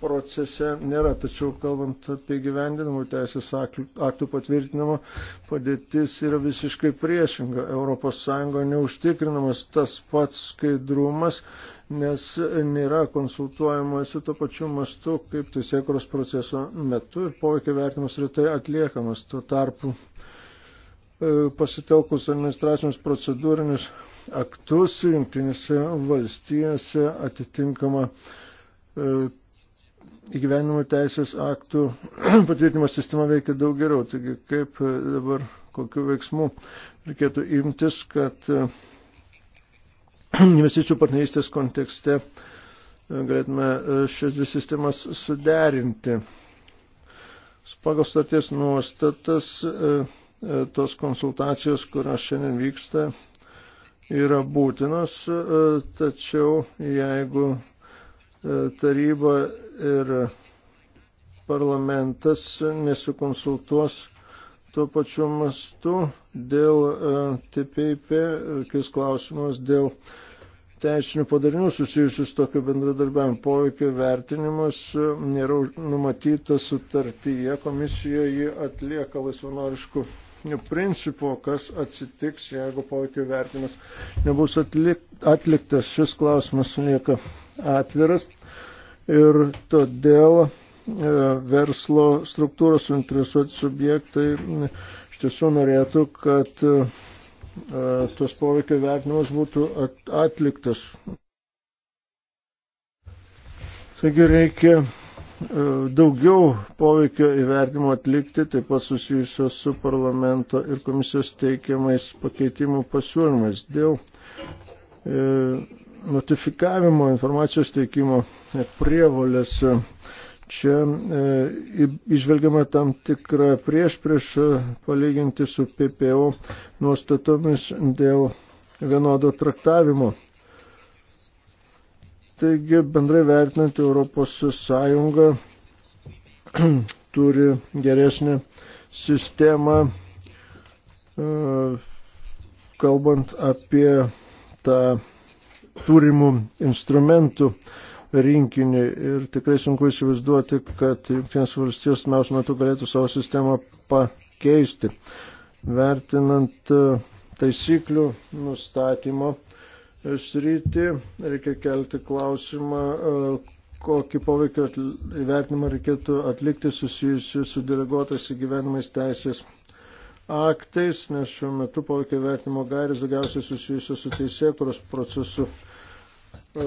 procese nėra. Tačiau kalbant apie gyvendinamų teisės aktų patvirtinimo, padėtis yra visiškai priešinga. ES neužtikrinamas tas pats skaidrumas, nes nėra konsultuojamasi to pačiu mastu, kaip teisėkuros proceso metu ir poveikio vertinimas retai atliekamas. Tuo tarpu E, pasitelkus administracinius procedūrinius aktus jungtinėse valstijose atitinkama e, įgyvenimo teisės aktų patvirtinimo sistema veikia daug geriau. Taigi kaip e, dabar, kokiu veiksmu reikėtų imtis, kad investicijų partnerystės kontekste galėtume šias dvi sistemas suderinti. Pagal starties nuostatas E, tos konsultacijos, kurios šiandien vyksta, yra būtinos, e, tačiau jeigu e, taryba ir parlamentas nesikonsultuos tuo pačiu mastu dėl TPIP, kis klausimas dėl teisinių padarinių susijusius tokio bendradarbiavimo poveikio vertinimas nėra numatytas sutartyje, komisija jį atlieka laisvanoriškų principo, kas atsitiks, jeigu poveikio vertinimas nebus atliktas. Šis klausimas lieka atviras ir todėl e, verslo struktūros suinteresuoti subjektai iš tiesų norėtų, kad e, tas poveikio vertinimas būtų atliktas. Taigi reikia E, daugiau poveikio įvertimo atlikti, taip pat susijusios su parlamento ir komisijos teikiamais pakeitimų pasiūlymais. Dėl e, notifikavimo informacijos teikimo prievolės čia e, išvelgiama tam tikra prieš prieš palyginti su PPO nuostatomis dėl vienodo traktavimo. Taigi, bendrai vertinant, Europos Sąjunga turi geresnį sistemą, e, kalbant apie tą turimų instrumentų rinkinį ir tikrai sunku įsivaizduoti, kad Junktinės valstijos nausų metu galėtų savo sistemą pakeisti. Vertinant e, taisyklių nustatymo sritį. Reikia kelti klausimą, e, kokį poveikio įvertinimą reikėtų atlikti susijusiu su deleguotais įgyvenimais teisės aktais, nes šiuo metu poveikio įvertinimo gairės daugiausiai susijusiu su teisėkuros procesu. E,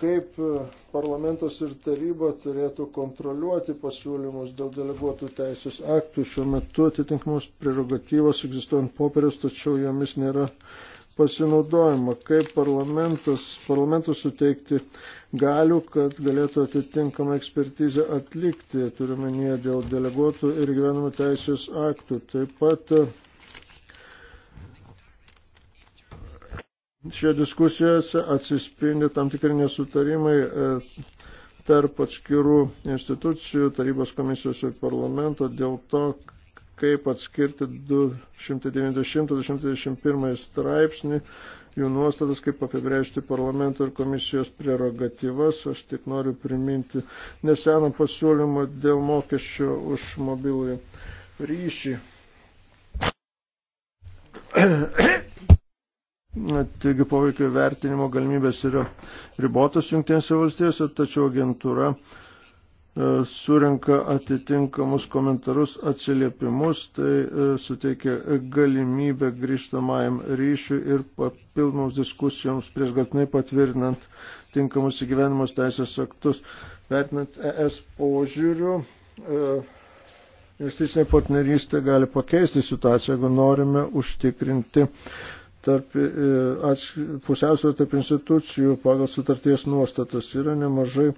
kaip e, parlamentas ir taryba turėtų kontroliuoti pasiūlymus dėl deleguotų teisės aktų, šiuo metu atitinkamos prerogatyvos egzistuojant popierius, tačiau jomis nėra pasinaudojimą, kaip parlamentus suteikti galių, kad galėtų atitinkamą ekspertizę atlikti, turiuomenyje dėl deleguotų ir gyvenimo teisės aktų. Taip pat šioje diskusijose atsispindi tam tikri nesutarimai e, tarp atskirų institucijų, tarybos komisijos ir parlamento dėl to, kaip atskirti 290-291 straipsnį, jų nuostatas, kaip apibrėžti parlamento ir komisijos prerogatyvas. Aš tik noriu priminti neseną pasiūlymą dėl mokesčio už mobilųjį ryšį. Taigi poveikio vertinimo galimybės yra ribotos jungtinėse valstijose, tačiau agentūra uh, E, surenka atitinkamus komentarus, atsiliepimus, tai e, suteikia galimybę grįžtamajam ryšiui ir papildomus diskusijoms prieš gatinai patvirtinant tinkamus įgyvenimus teisės aktus. Vertinant ES požiūrių, e, investicinė partnerystė gali pakeisti situaciją, jeigu norime užtikrinti tarp, pusiausvės tarp institucijų pagal sutarties nuostatas. Yra nemažai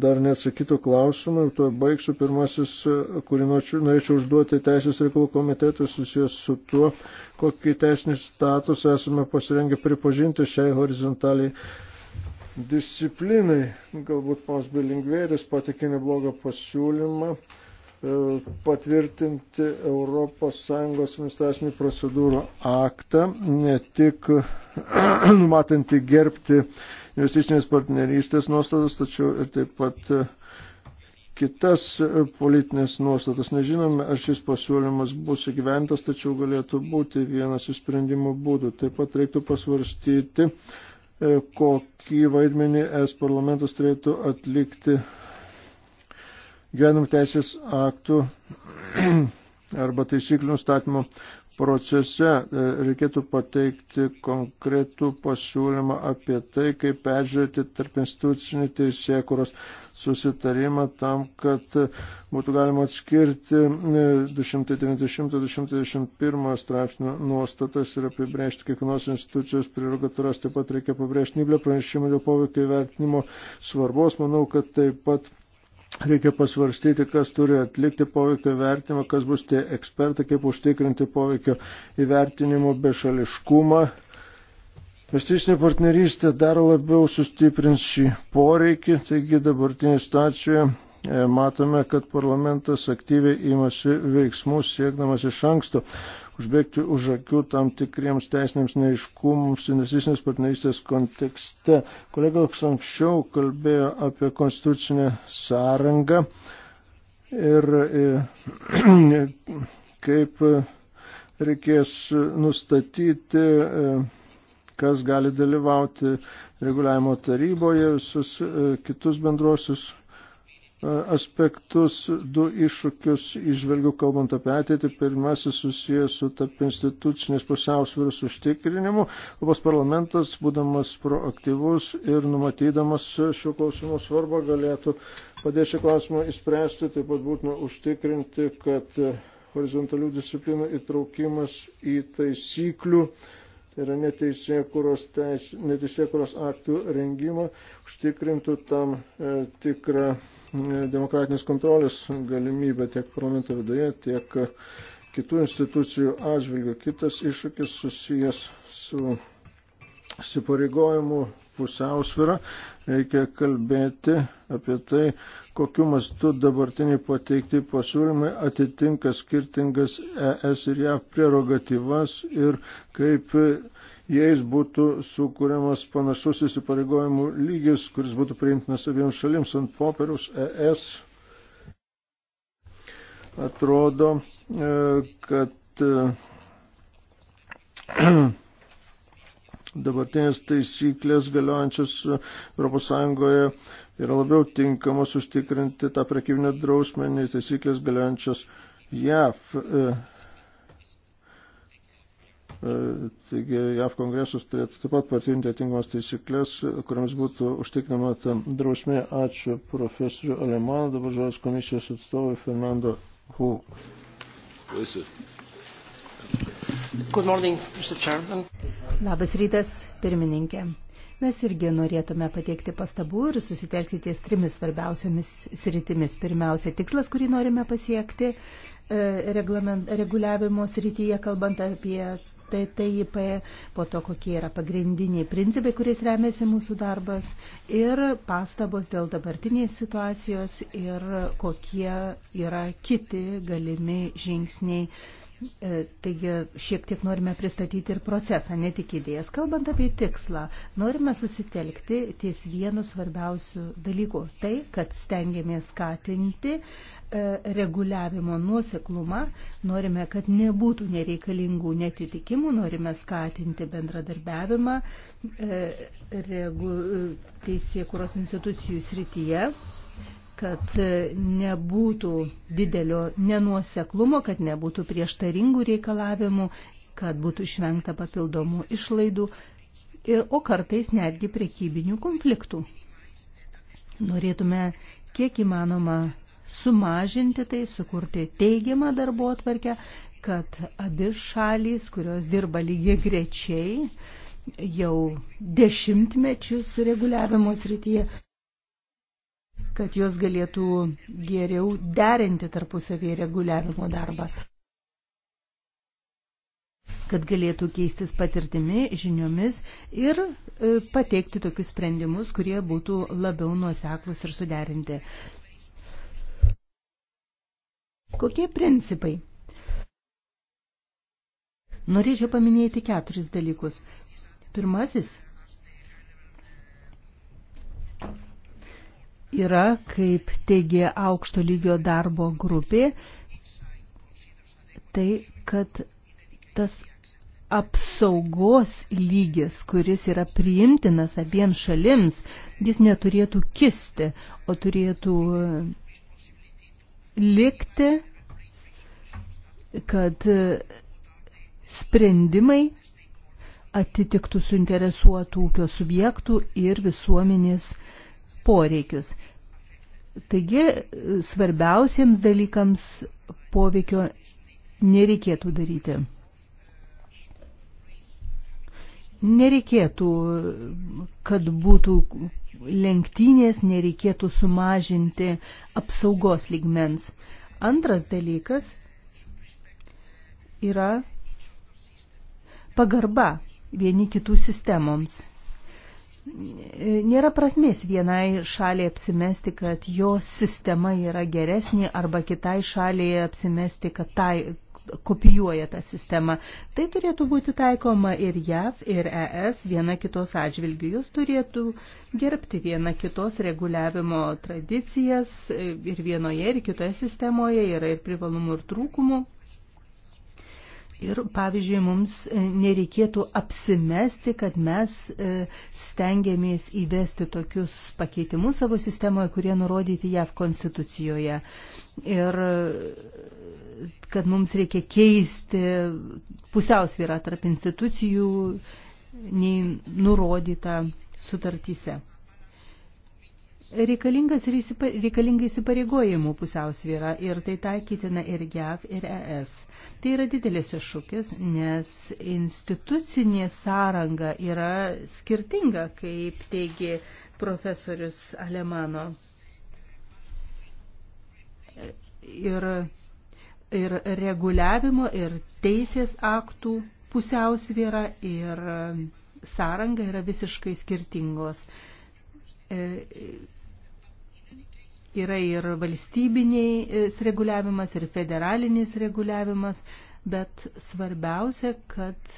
dar neatsakytų klausimų ir tuo baigsiu. Pirmasis, e, kurį norėčiau užduoti Teisės reikalų komitetui susijęs su tuo, kokį teisinį statusą esame pasirengę pripažinti šiai horizontaliai disciplinai. Galbūt pas Belingvėris patikė neblogą pasiūlymą E, patvirtinti ES administracinių procedūrų aktą, ne tik numatantį gerbti investicinės partnerystės nuostatas, tačiau ir taip pat e, kitas politinės nuostatas. Nežinome, ar šis pasiūlymas bus įgyventas, tačiau galėtų būti vienas iš sprendimo būdų. Taip pat reiktų pasvarstyti, e, kokį vaidmenį es parlamentas turėtų atlikti gyvenam teisės aktų arba taisyklių nustatymo procese e, reikėtų pateikti konkretų pasiūlymą apie tai, kaip peržiūrėti tarp institucinį teisėkuros susitarimą tam, kad būtų galima atskirti 290-291 e, straipsnių nuostatas ir apibrėžti kiekvienos institucijos prerogatūras. Taip pat reikia pabrėžti niblę pranešimą dėl poveikio įvertinimo svarbos. Manau, kad taip pat reikia pasvarstyti, kas turi atlikti poveikio įvertinimą, kas bus tie ekspertai, kaip užtikrinti poveikio įvertinimo bešališkumą. Investicinė partnerystė dar labiau sustiprins šį poreikį, taigi dabartinė situacija E, matome, kad parlamentas aktyviai imasi veiksmus siekdamas iš anksto užbėgti už akių tam tikriems teisiniams neiškumams investicinės partnerystės kontekste. Kolegos anksčiau kalbėjo apie konstitucinę sąrangą ir e, kaip reikės nustatyti, e, kas gali dalyvauti reguliavimo taryboje, visus kitus bendruosius aspektus, du iššūkius išvelgiu kalbant apie ateitį. Pirmasis susijęs su tarp institucinės pusiausvėros užtikrinimu. Europos parlamentas, būdamas proaktyvus ir numatydamas šių klausimų svarbą, galėtų padėti šį klausimą įspręsti. Taip pat būtina užtikrinti, kad horizontalių disciplinų įtraukimas į taisyklių tai yra neteisėkuros, teis, neteisėkuros aktų rengimą, užtikrintų tam e, tikrą demokratinės kontrolės galimybę tiek parlamento viduje, tiek kitų institucijų atžvilgių. Kitas iššūkis susijęs su įsipareigojimu pusiausvyrą. Reikia kalbėti apie tai, kokiu mastu dabartiniai pateikti pasiūlymai atitinka skirtingas ES ir JAV prerogatyvas ir kaip jais būtų sukūriamas panašus įsipareigojimų lygis, kuris būtų priimtinas abiems šalims ant popieriaus ES. Atrodo, e, kad e, dabartinės taisyklės galiojančios ES yra labiau tinkamos užtikrinti tą prekybinę drausmę nei taisyklės galiojančios JAV. E, E, taigi JAV kongresas turėtų taip pat patvirtinti atinkamas taisyklės, kuriams būtų užtikrinama ta drausmė. Ačiū profesoriu Aleman, dabar žodis komisijos atstovui Fernando Hu. Good morning, Mr. Chairman. Labas rytas, pirmininkė. Mes irgi norėtume pateikti pastabų ir susitelkti ties trimis svarbiausiamis sritimis. Pirmiausia, tikslas, kurį norime pasiekti e, reguliavimo srityje, kalbant apie TTIP, po to kokie yra pagrindiniai principai, kuriais remiasi mūsų darbas ir pastabos dėl dabartinės situacijos ir kokie yra kiti galimi žingsniai E, taigi šiek tiek norime pristatyti ir procesą, ne tik idėjas. Kalbant apie tikslą, norime susitelkti ties vienu svarbiausiu dalyku. Tai, kad stengiamės skatinti e, reguliavimo nuoseklumą, norime, kad nebūtų nereikalingų netitikimų, norime skatinti bendradarbiavimą e, teisėkuros institucijų srityje kad e, nebūtų didelio nenuoseklumo, kad nebūtų prieštaringų reikalavimų, kad būtų išvengta papildomų išlaidų, e, o kartais netgi prekybinių konfliktų. Norėtume kiek įmanoma sumažinti tai, sukurti teigiamą darbo atvarkę, kad abi šalys, kurios dirba lygiai grečiai, jau dešimtmečius reguliavimo srityje kad jos galėtų geriau derinti tarpusavėje reguliavimo darbą kad galėtų keistis patirtimi, žiniomis ir e, pateikti tokius sprendimus, kurie būtų labiau nuoseklus ir suderinti. Kokie principai? Norėčiau paminėti keturis dalykus. Pirmasis – yra, kaip teigia aukšto lygio darbo grupė, tai, kad tas apsaugos lygis, kuris yra priimtinas abiems šalims, jis neturėtų kisti, o turėtų likti, kad sprendimai atitiktų suinteresuotų ūkio subjektų ir visuomenės uh, poreikius. Taigi svarbiausiems dalykams poveikio nereikėtų daryti. Nereikėtų, kad būtų lenktynės, nereikėtų sumažinti apsaugos ligmens. Antras dalykas yra pagarba vieni kitų sistemoms. Nėra prasmės vienai šaliai apsimesti, kad jos sistema yra geresnė arba kitai šaliai apsimesti, kad tai kopijuoja tą sistemą. Tai turėtų būti taikoma ir JAV, ir ES viena kitos atžvilgių. Jūs turėtų gerbti viena kitos reguliavimo tradicijas ir vienoje, ir kitoje sistemoje yra ir privalumų, ir trūkumų. Ir, pavyzdžiui, mums e, nereikėtų apsimesti, kad mes e, stengiamės įvesti tokius pakeitimus savo sistemoje, kurie nurodyti JAV konstitucijoje. Ir kad mums reikia keisti pusiausvyrą tarp institucijų nei nurodyta sutartyse. Reikalingas ir įsipa, reikalinga įsipareigojimų pusiausvyra ir tai taikytina ir JAV, ir ES. Tai yra didelis iššūkis, nes institucinė sąranga yra skirtinga, kaip teigi profesorius Alemano. Ir, ir reguliavimo, ir teisės aktų pusiausvyra, ir sąranga yra visiškai skirtingos e, Yra ir valstybiniai reguliavimas, ir federalinis reguliavimas, bet svarbiausia, kad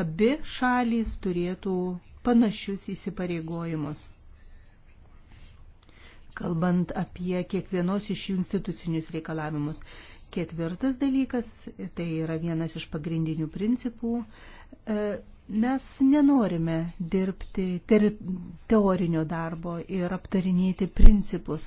abi šalys turėtų panašius įsipareigojimus. Kalbant apie kiekvienos iš jų institucinius reikalavimus. Ketvirtas dalykas, tai yra vienas iš pagrindinių principų, e, Mes nenorime dirbti ter, teorinio darbo ir aptarinėti principus.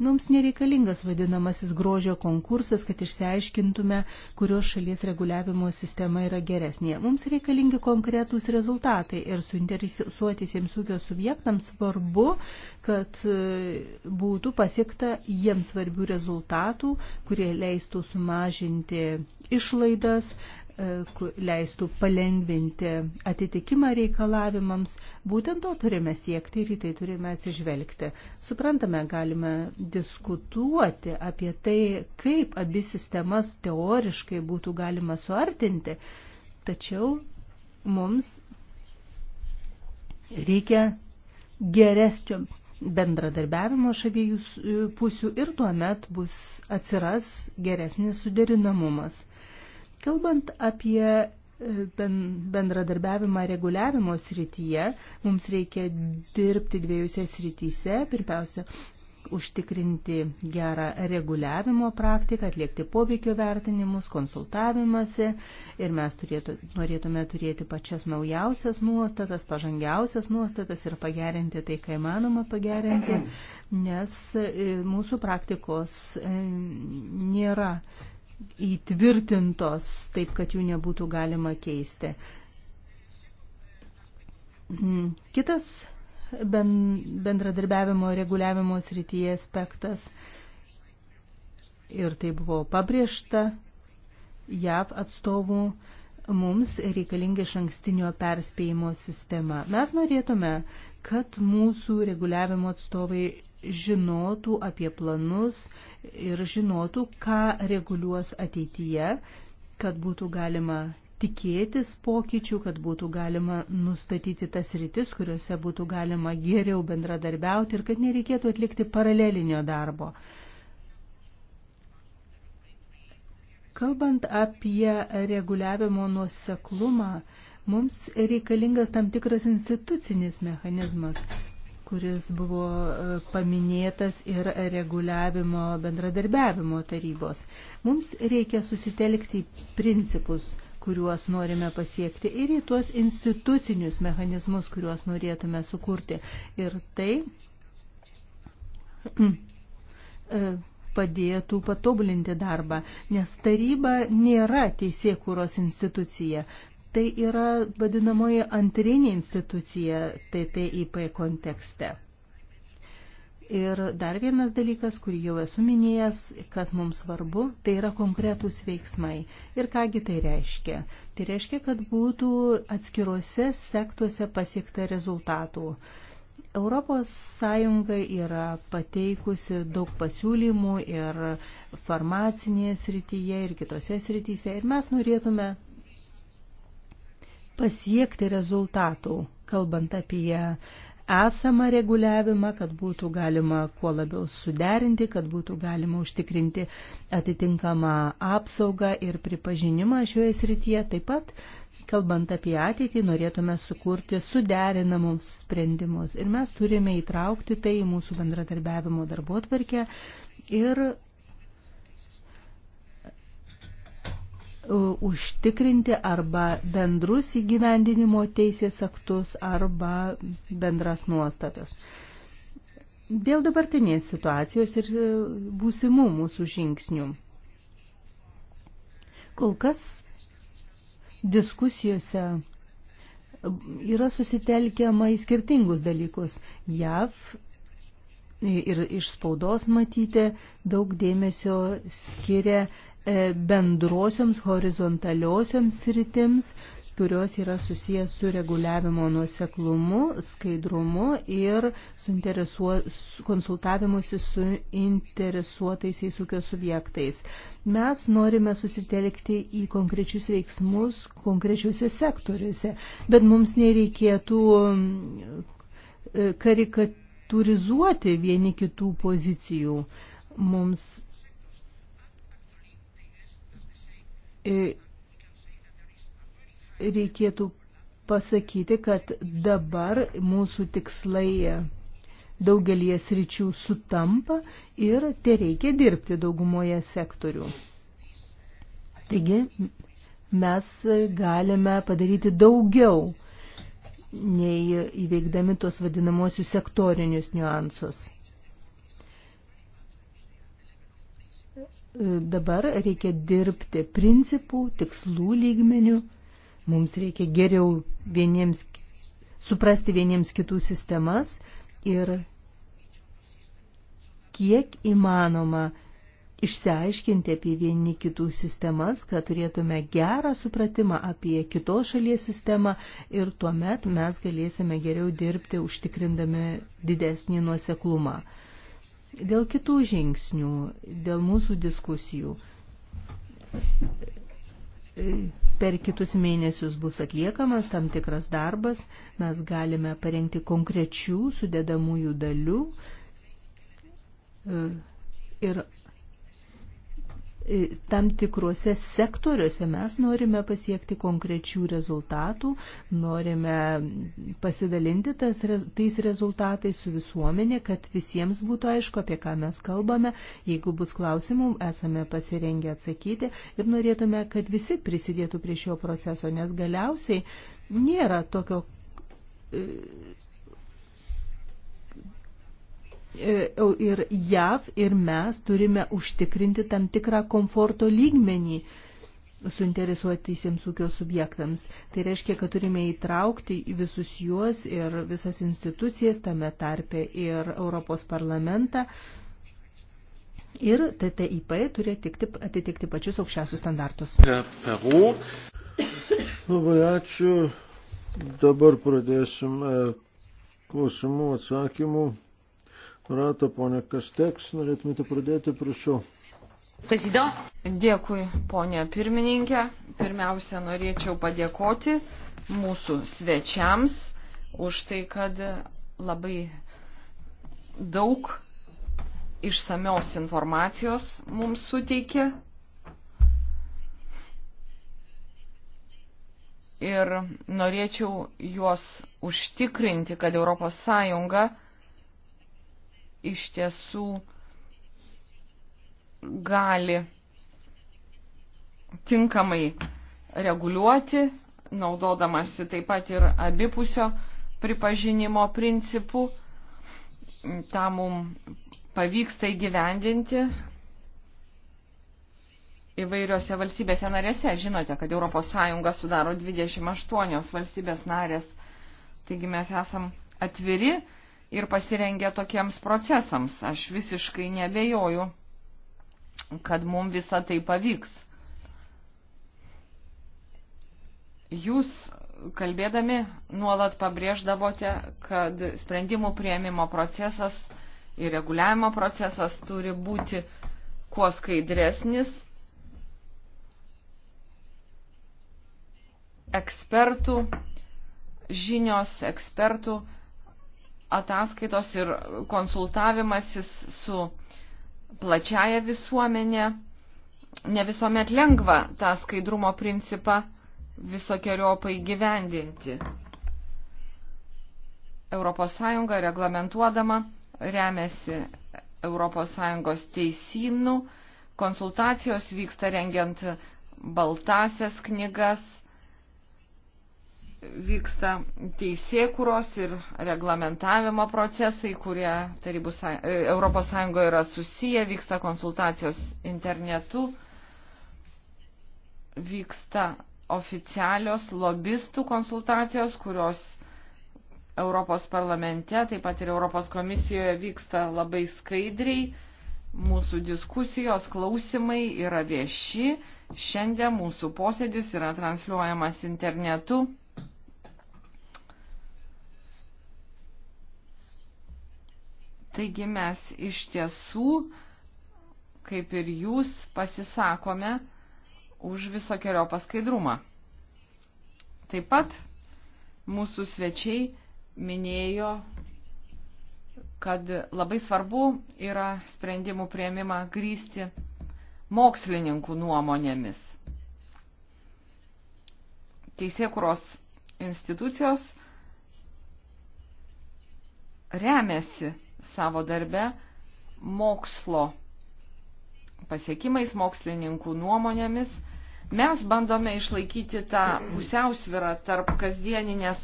Mums nereikalingas vadinamasis grožio konkursas, kad išsiaiškintume, kurios šalies reguliavimo sistema yra geresnė. Mums reikalingi konkretūs rezultatai ir suinteresuotisiems ūkio subjektams svarbu, kad e, būtų pasiekta jiems svarbių rezultatų, kurie leistų sumažinti išlaidas, E, leistų palengvinti atitikimą reikalavimams. Būtent to turime siekti ir į tai turime atsižvelgti. Suprantame, galime diskutuoti apie tai, kaip abi sistemas teoriškai būtų galima suartinti, tačiau mums reikia geresnio bendradarbiavimo iš abiejų pusių ir tuomet bus atsiras geresnis suderinamumas. Kalbant apie e, bendradarbiavimą reguliavimo srityje, mums reikia dirbti dviejose srityse. Pirmiausia, užtikrinti gerą reguliavimo praktiką, atliekti poveikio vertinimus, konsultavimąsi ir mes turėtų, norėtume turėti pačias naujausias nuostatas, pažangiausias nuostatas ir pagerinti tai, kai manoma pagerinti, nes e, mūsų praktikos e, nėra įtvirtintos taip, kad jų nebūtų galima keisti. Hmm. Kitas bendradarbiavimo reguliavimo srityje aspektas ir tai buvo pabrėžta JAV atstovų mums reikalingi iš ankstinio perspėjimo sistema. Mes norėtume, kad mūsų reguliavimo atstovai žinotų apie planus ir žinotų, ką reguliuos ateityje, kad būtų galima tikėtis pokyčių, kad būtų galima nustatyti tas rytis, kuriuose būtų galima geriau bendradarbiauti ir kad nereikėtų atlikti paralelinio darbo. Kalbant apie reguliavimo nuoseklumą, mums reikalingas tam tikras institucinis mechanizmas kuris buvo e, paminėtas ir reguliavimo bendradarbiavimo tarybos. Mums reikia susitelkti principus, kuriuos norime pasiekti ir į tuos institucinius mechanizmus, kuriuos norėtume sukurti. Ir tai e, padėtų patobulinti darbą, nes taryba nėra teisėkūros institucija. Tai yra vadinamoji antrinė institucija TTIP kontekste. Ir dar vienas dalykas, kurį jau esu minėjęs, kas mums svarbu, tai yra konkretūs veiksmai. Ir kągi tai reiškia? Tai reiškia, kad būtų atskiruose sektuose pasiekta rezultatų. Europos Sąjunga yra pateikusi daug pasiūlymų ir farmacinėje srityje ir kitose srityse ir mes norėtume pasiekti rezultatų, kalbant apie esamą reguliavimą, kad būtų galima kuo labiau suderinti, kad būtų galima užtikrinti atitinkamą apsaugą ir pripažinimą šioje srityje. Taip pat, kalbant apie ateitį, norėtume sukurti suderinamus sprendimus ir mes turime įtraukti tai į mūsų bendradarbiavimo darbo tvarkę ir užtikrinti arba bendrus įgyvendinimo teisės aktus arba bendras nuostatas. Dėl dabartinės situacijos ir būsimų mūsų žingsnių. Kol kas diskusijose yra susitelkiama į skirtingus dalykus. JAV ir iš spaudos matyti daug dėmesio skiria E, bendrosioms horizontaliosioms sritims, kurios yra susijęs su reguliavimo nuoseklumu, skaidrumu ir su konsultavimusi su interesuotaisiais ūkio subjektais. Mes norime susitelkti į konkrečius veiksmus konkrečiuose sektoriuose, bet mums nereikėtų e, karikatūrizuoti vieni kitų pozicijų. Mums E, reikėtų pasakyti, kad dabar mūsų tikslai daugelie sričių sutampa ir te reikia dirbti daugumoje sektorių. Taigi mes galime padaryti daugiau nei įveikdami tuos vadinamosius sektorinius niuansus. dabar reikia dirbti principų, tikslų lygmenių, mums reikia geriau vieniems, suprasti vieniems kitų sistemas ir kiek įmanoma išsiaiškinti apie vieni kitų sistemas, kad turėtume gerą supratimą apie kitos šalies sistemą ir tuomet mes galėsime geriau dirbti užtikrindami didesnį nuoseklumą. Dėl kitų žingsnių, dėl mūsų diskusijų per kitus mėnesius bus atliekamas tam tikras darbas, mes galime parengti konkrečių sudedamųjų dalių ir tam tikruose sektoriuose mes norime pasiekti konkrečių rezultatų, norime pasidalinti tas, tais rezultatais su visuomenė, kad visiems būtų aišku, apie ką mes kalbame. Jeigu bus klausimų, esame pasirengę atsakyti ir norėtume, kad visi prisidėtų prie šio proceso, nes galiausiai nėra tokio E, ir JAV ir mes turime užtikrinti tam tikrą komforto lygmenį suinteresuotisiems ūkio subjektams. Tai reiškia, kad turime įtraukti visus juos ir visas institucijas, tame tarpe ir Europos parlamentą. Ir TTIP turi atitikti, atitikti pačius aukščiausius standartus. Peru. Labai ačiū. Dabar pradėsim e, klausimų atsakymų rato, ponė Kasteks, norėtumėte pradėti, prašau. Prezident. Dėkui, ponė pirmininkė. Pirmiausia, norėčiau padėkoti mūsų svečiams už tai, kad labai daug išsamios informacijos mums suteikė. Ir norėčiau juos užtikrinti, kad ES iš tiesų gali tinkamai reguliuoti, naudodamasi taip pat ir abipusio pripažinimo principų. Ta mums pavyksta įgyvendinti įvairiose valstybėse narėse. Žinote, kad ES sudaro 28 valstybės narės, taigi mes esam atviri ir pasirengę tokiems procesams. Aš visiškai nebejoju, kad mums visą tai pavyks. Jūs kalbėdami nuolat pabrėždavote, kad sprendimų prieimimo procesas ir reguliavimo procesas turi būti kuo skaidresnis. Ekspertų žinios, ekspertų uh, ataskaitos ir konsultavimasis su plačiaja visuomenė. Ne visuomet lengva tą skaidrumo principą visokiojopai gyvendinti. ES reglamentuodama remiasi ES teisynų, konsultacijos vyksta rengiant baltasias knygas, vyksta teisėkuros ir reglamentavimo procesai, kurie tarybų, e, Europos Sąjungoje yra susiję, vyksta konsultacijos internetu, vyksta oficialios lobistų konsultacijos, kurios Europos parlamente, taip pat ir Europos komisijoje vyksta labai skaidriai. Mūsų diskusijos klausimai yra vieši. Šiandien mūsų posėdis yra transliuojamas internetu. Taigi mes iš tiesų, kaip ir jūs, pasisakome už visokiojo paskaidrumą. Taip pat mūsų svečiai minėjo, kad labai svarbu yra sprendimų prieimimą grįsti mokslininkų nuomonėmis. Teisėkuros institucijos remiasi savo darbe mokslo pasiekimais, mokslininkų nuomonėmis. Mes bandome išlaikyti tą pusiausvirą tarp kasdieninės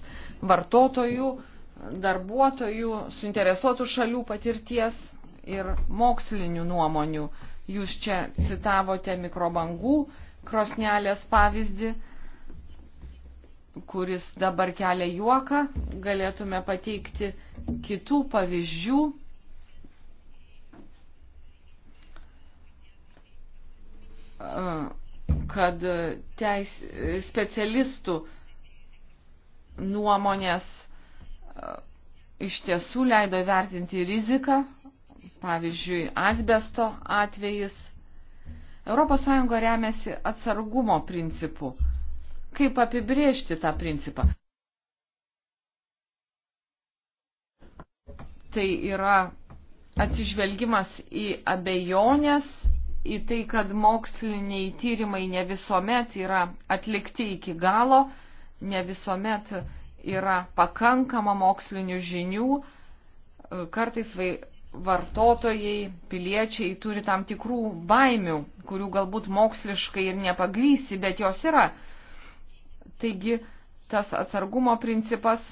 vartotojų, darbuotojų, suinteresuotų šalių patirties ir mokslinių nuomonių. Jūs čia citavote mikrobangų krosnelės pavyzdį kuris dabar kelia juoką, galėtume pateikti kitų pavyzdžių. kad teis, specialistų nuomonės iš tiesų leido vertinti riziką, pavyzdžiui, asbesto atvejis. ES remiasi atsargumo principu kaip apibriežti tą principą. Tai yra atsižvelgimas į abejonės, į tai, kad moksliniai tyrimai ne visuomet yra atlikti iki galo, ne visuomet yra pakankama mokslinių žinių, kartais vai, vartotojai, piliečiai turi tam tikrų baimių, kurių galbūt moksliškai ir nepagrysi, bet jos yra. Taigi tas atsargumo principas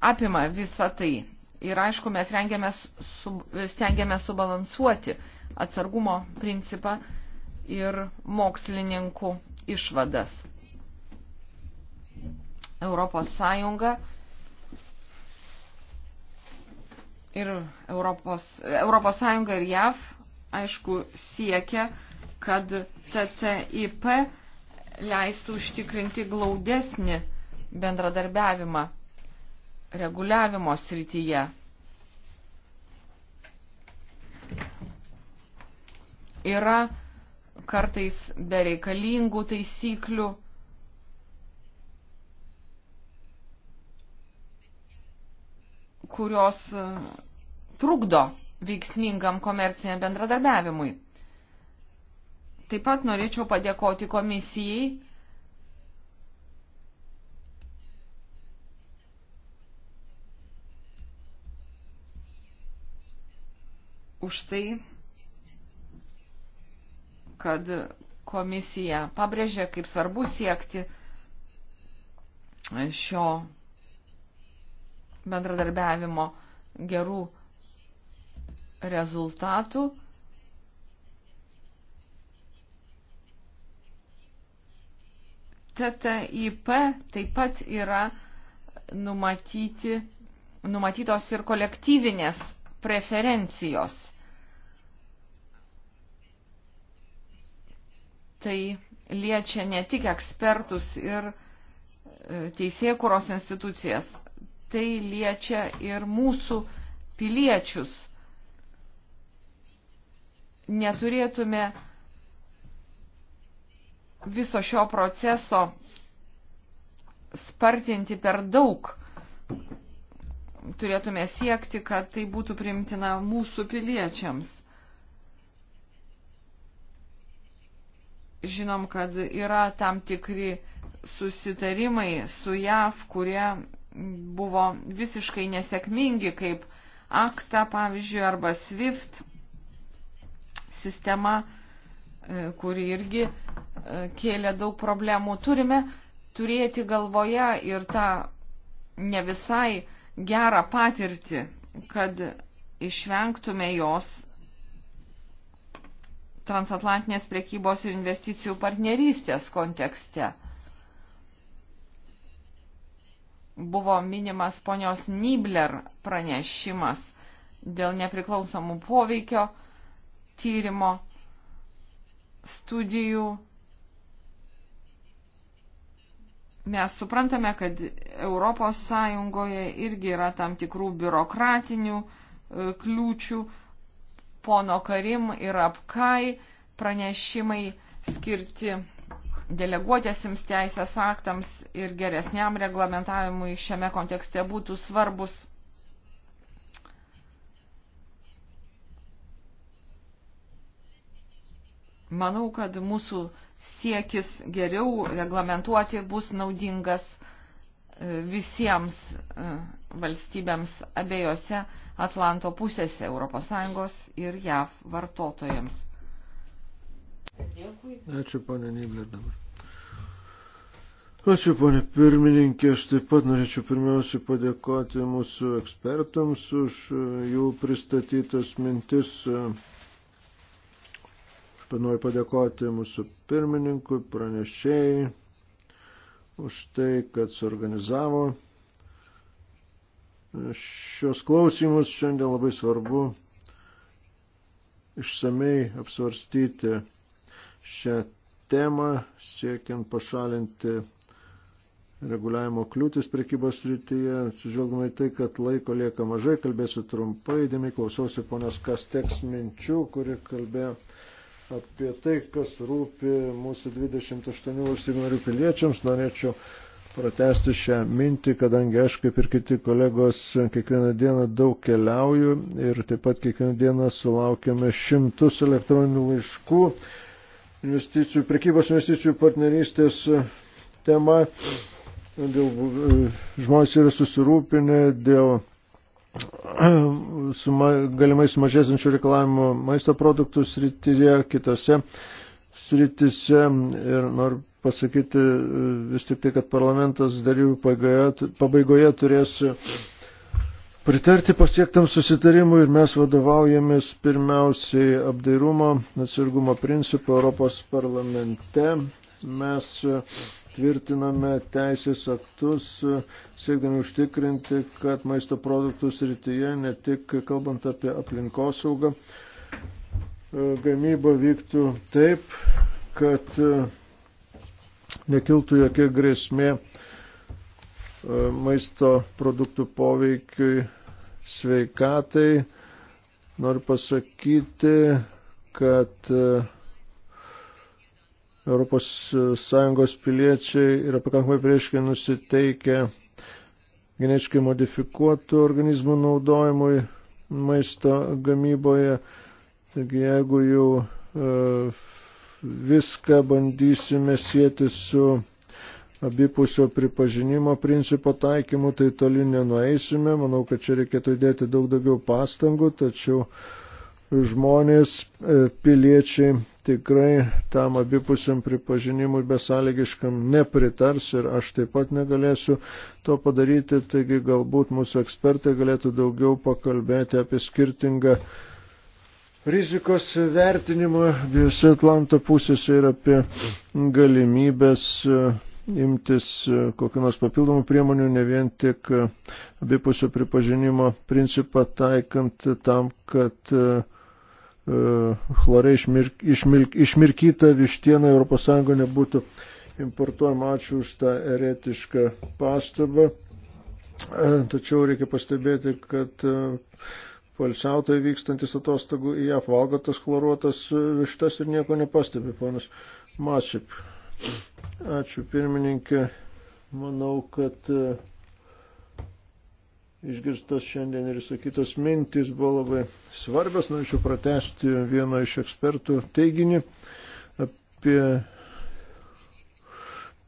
apima visą tai. Ir aišku, mes su, stengiamės subalansuoti atsargumo principą ir mokslininkų išvadas. Europos Sąjunga ir Europos, Europos Sąjunga ir JAV, aišku, siekia, kad TTIP leistų užtikrinti glaudesnį bendradarbiavimą reguliavimo srityje. Yra kartais bereikalingų taisyklių. kurios uh, trukdo veiksmingam komerciniam bendradarbiavimui. Taip pat norėčiau padėkoti komisijai. Už tai, kad komisija pabrėžė, kaip svarbu siekti šio bendradarbiavimo gerų rezultatų. TTIP taip pat yra numatyti, numatytos ir kolektyvinės preferencijos. Tai liečia ne tik ekspertus ir e, teisėkuros institucijas, tai liečia ir mūsų piliečius. Neturėtume uh, viso šio proceso spartinti per daug. Turėtume siekti, kad tai būtų primtina mūsų piliečiams. Žinom, kad yra tam tikri susitarimai su JAV, kurie buvo visiškai nesėkmingi, kaip akta, pavyzdžiui, arba SWIFT sistema E, kuri irgi e, kėlė daug problemų. Turime turėti galvoje ir tą ne visai gerą patirtį, kad išvengtume jos transatlantinės priekybos ir investicijų partnerystės kontekste. Buvo minimas ponios Nibler pranešimas dėl nepriklausomų poveikio tyrimo studijų mes suprantame, kad Europos Sąjungoje irgi yra tam tikrų biurokratinių e, kliūčių. Pono Karim ir apkai pranešimai skirti deleguotėsims teisės aktams ir geresniam reglamentavimui šiame kontekste būtų svarbus Manau, kad mūsų siekis geriau reglamentuoti bus naudingas e, visiems e, valstybėms abiejose Atlanto pusėse ES ir JAV vartotojams. Dėkui. Ačiū, ponė Nibler, dabar. Ačiū, ponė pirmininkė. Aš taip pat norėčiau pirmiausiai padėkoti mūsų ekspertams už e, jų pristatytas mintis. Uh, Noriu padėkoti mūsų pirmininkui, pranešėjai už tai, kad suorganizavo šios klausimus. Šiandien labai svarbu išsamei apsvarstyti šią temą, siekiant pašalinti reguliavimo kliūtis prekybos rytyje. Atsižvelgime į tai, kad laiko lieka mažai, kalbėsiu trumpai, dėmiai klausiausi ponios Kasteks minčių, kuri kalbėjo apie tai, kas rūpi mūsų 28 valstybių narių piliečiams. Norėčiau pratesti šią mintį, kadangi aš kaip ir kiti kolegos kiekvieną dieną daug keliauju ir taip pat kiekvieną dieną sulaukiame šimtus elektroninių laiškų investicijų, prekybos investicijų partnerystės tema. Dėl, e, žmonės yra susirūpinę dėl suma, galimai sumažėsinčių reikalavimų maisto produktų srityje, kitose srityse. Ir noriu pasakyti e, vis tik tai, kad parlamentas dalyvių pabaigoje turės pritarti pasiektam susitarimui ir mes vadovaujamės pirmiausiai apdairumo, atsargumo principų Europos parlamente. Mes uh, tvirtiname teisės aktus, siekdami užtikrinti, kad maisto produktų srityje, ne tik kalbant apie aplinkosaugą, gamyba vyktų taip, kad nekiltų jokia grėsmė maisto produktų poveikiui sveikatai. Noriu pasakyti, kad uh, ES e, piliečiai yra pakankamai prieškai nusiteikę genetiškai modifikuotų organizmų naudojimui maisto gamyboje. Taigi jeigu jau e, viską bandysime sieti su abipusio pripažinimo principo taikymu, tai toli nenueisime. Manau, kad čia reikėtų įdėti daug daugiau pastangų, tačiau žmonės, e, piliečiai tikrai tam abipusiam pripažinimui besąlygiškam nepritars ir aš taip pat negalėsiu to padaryti, taigi galbūt mūsų ekspertai galėtų daugiau pakalbėti apie skirtingą rizikos vertinimą visose Atlanto pusėse ir apie galimybės e, imtis e, kokių nors papildomų priemonių, ne vien tik e, abipusio pripažinimo principą taikant tam, kad uh, E, chlore išmirk, išmirk, išmirkyta vištiena ES nebūtų importuojama. Ačiū už tą eretišką pastabą. E, tačiau reikia pastebėti, kad e, polsiautojai vykstantis atostogų į JAF valgo tas chloruotas vištas ir nieko nepastebi, ponas Masip. Ačiū pirmininkė. Manau, kad išgirstas šiandien ir sakytos mintys buvo labai svarbios. Norėčiau pratesti vieno iš ekspertų teiginį apie